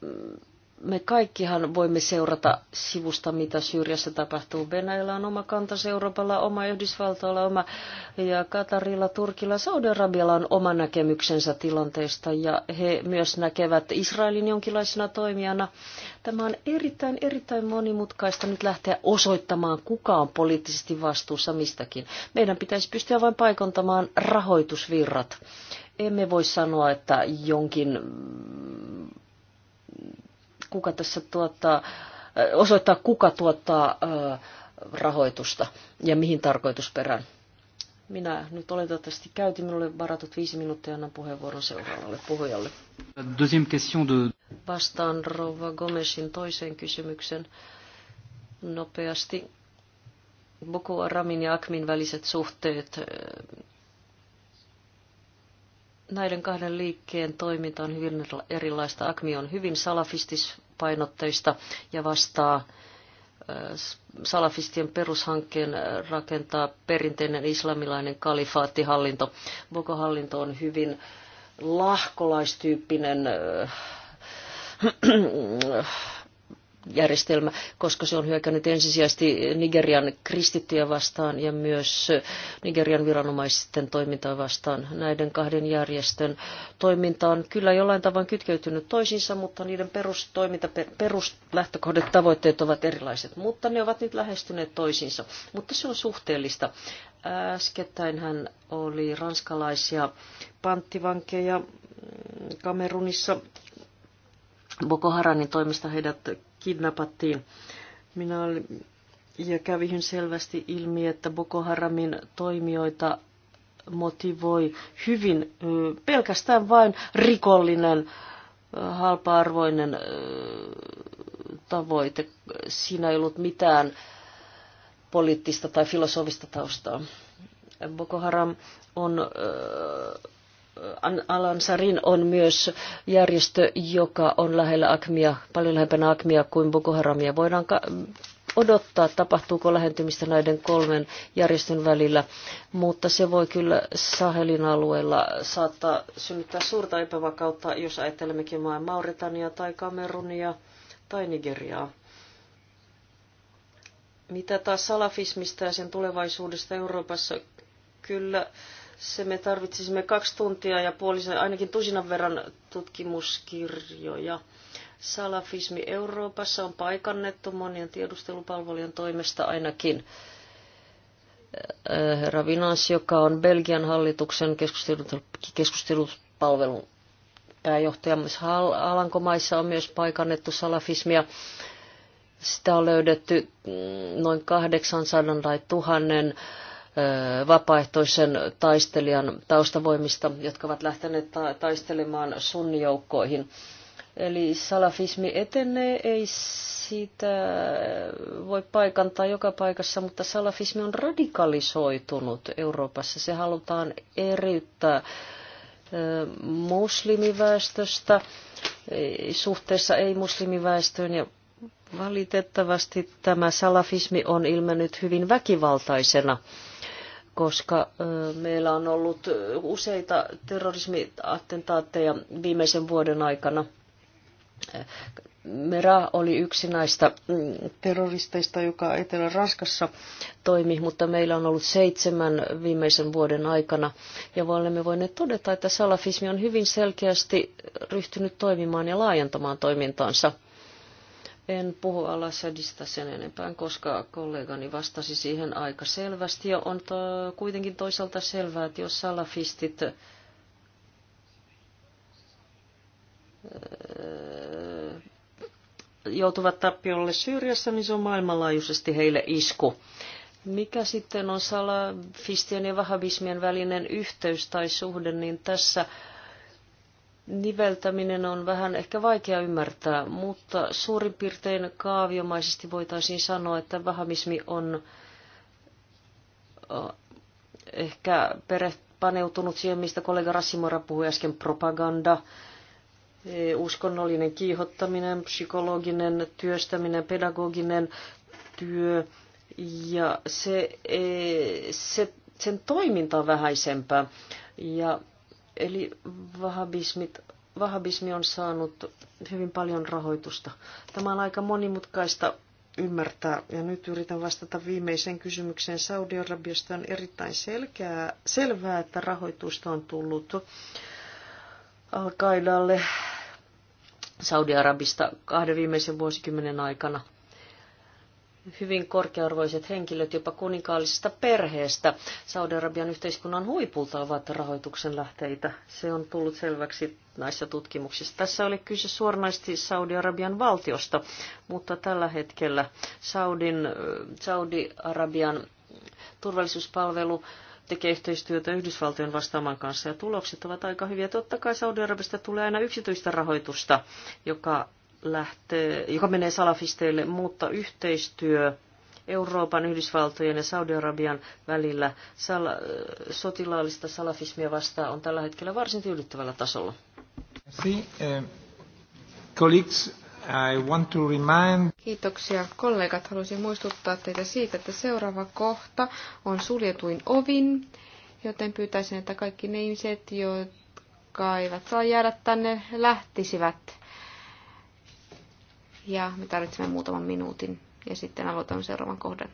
mm, me kaikkihan voimme seurata sivusta, mitä Syyriassa tapahtuu. Venäjällä on oma kanta Euroopalla oma, Yhdysvaltoilla oma, ja Katarilla, Turkilla, Saudi-Arabialla on oma näkemyksensä tilanteesta, ja he myös näkevät Israelin jonkinlaisena toimijana. Tämä on erittäin, erittäin monimutkaista nyt lähteä osoittamaan, kuka on poliittisesti vastuussa mistäkin. Meidän pitäisi pystyä vain paikontamaan rahoitusvirrat. Emme voi sanoa, että jonkin kuka tässä tuottaa, osoittaa, kuka tuottaa rahoitusta ja mihin tarkoitusperään. Minä nyt toivottavasti käyty minulle varatut viisi minuuttia ja annan puheenvuoron seuraavalle puhujalle. Vastaan Rova Gomesin toiseen kysymyksen nopeasti. Boko Haramin ja Akmin väliset suhteet. Näiden kahden liikkeen toiminta on hyvin erilaista. Akmi on hyvin salafistis painotteista ja vastaa äh, salafistien perushankkeen äh, rakentaa perinteinen islamilainen kalifaattihallinto. Boko-hallinto on hyvin lahkolaistyyppinen äh, järjestelmä, koska se on hyökännyt ensisijaisesti Nigerian kristittyjä vastaan ja myös Nigerian viranomaisten toimintaa vastaan. Näiden kahden järjestön toiminta on kyllä jollain tavoin kytkeytynyt toisiinsa, mutta niiden perustoiminta, peruslähtökohdat, tavoitteet ovat erilaiset, mutta ne ovat nyt lähestyneet toisiinsa. Mutta se on suhteellista. Äskettäin hän oli ranskalaisia panttivankeja mm, Kamerunissa Boko Haramin toimista heidät kidnappattiin. Minä olin, ja kävihin selvästi ilmi, että Boko Haramin toimijoita motivoi hyvin pelkästään vain rikollinen, halpa-arvoinen tavoite. Siinä ei ollut mitään poliittista tai filosofista taustaa. Boko Haram on Alan Sarin on myös järjestö, joka on lähellä Akmia, paljon lähempänä Akmia kuin Boko Haramia. Voidaan mm, odottaa, tapahtuuko lähentymistä näiden kolmen järjestön välillä, mutta se voi kyllä Sahelin alueella saattaa synnyttää suurta epävakautta, jos ajattelemmekin maan Mauritania tai Kamerunia tai Nigeriaa. Mitä taas salafismista ja sen tulevaisuudesta Euroopassa? Kyllä se me tarvitsisimme kaksi tuntia ja puolisen, ainakin tusinan verran tutkimuskirjoja. Salafismi Euroopassa on paikannettu monien tiedustelupalvelujen toimesta ainakin. Äh, herra joka on Belgian hallituksen keskustelupalvelun pääjohtaja, myös Alankomaissa on myös paikannettu salafismia. Sitä on löydetty mm, noin 800 tai 1000 vapaaehtoisen taistelijan taustavoimista, jotka ovat lähteneet ta- taistelemaan sunnijoukkoihin. Eli salafismi etenee, ei sitä voi paikantaa joka paikassa, mutta salafismi on radikalisoitunut Euroopassa. Se halutaan eriyttää muslimiväestöstä e, suhteessa ei-muslimiväestöön ja valitettavasti tämä salafismi on ilmennyt hyvin väkivaltaisena koska meillä on ollut useita terrorismiattentaatteja viimeisen vuoden aikana. Mera oli yksi näistä mm, terroristeista, joka Etelä-Ranskassa toimi, mutta meillä on ollut seitsemän viimeisen vuoden aikana. Ja olemme voineet todeta, että salafismi on hyvin selkeästi ryhtynyt toimimaan ja laajentamaan toimintaansa – en puhu Al-Assadista sen enempää, koska kollegani vastasi siihen aika selvästi. Ja on to, kuitenkin toisaalta selvää, että jos salafistit joutuvat tappiolle Syyriassa, niin se on maailmanlaajuisesti heille isku. Mikä sitten on salafistien ja vahabismien välinen yhteys tai suhde, niin tässä niveltäminen on vähän ehkä vaikea ymmärtää, mutta suurin piirtein kaaviomaisesti voitaisiin sanoa, että vahamismi on ehkä paneutunut siihen, mistä kollega Rassimora puhui äsken, propaganda, e, uskonnollinen kiihottaminen, psykologinen työstäminen, pedagoginen työ, ja se, e, se, sen toiminta on vähäisempää. Ja Eli vahabismit, vahabismi on saanut hyvin paljon rahoitusta. Tämä on aika monimutkaista ymmärtää. Ja nyt yritän vastata viimeiseen kysymykseen. Saudi-Arabiasta on erittäin selkeää, selvää, että rahoitusta on tullut al Saudi-Arabista kahden viimeisen vuosikymmenen aikana hyvin korkearvoiset henkilöt jopa kuninkaallisesta perheestä Saudi-Arabian yhteiskunnan huipulta ovat rahoituksen lähteitä. Se on tullut selväksi näissä tutkimuksissa. Tässä oli kyse suoranaisesti Saudi-Arabian valtiosta, mutta tällä hetkellä Saudin, Saudi-Arabian turvallisuuspalvelu tekee yhteistyötä Yhdysvaltojen vastaamaan kanssa ja tulokset ovat aika hyviä. Totta kai Saudi-Arabista tulee aina yksityistä rahoitusta, joka lähtee, joka menee salafisteille, mutta yhteistyö Euroopan, Yhdysvaltojen ja Saudi-Arabian välillä sal- sotilaallista salafismia vastaan on tällä hetkellä varsin tyydyttävällä tasolla. Eh, Kiitoksia kollegat. Haluaisin muistuttaa teitä siitä, että seuraava kohta on suljetuin ovin, joten pyytäisin, että kaikki ne ihmiset, jotka eivät saa jäädä tänne, lähtisivät ja me tarvitsemme muutaman minuutin ja sitten aloitamme seuraavan kohdan.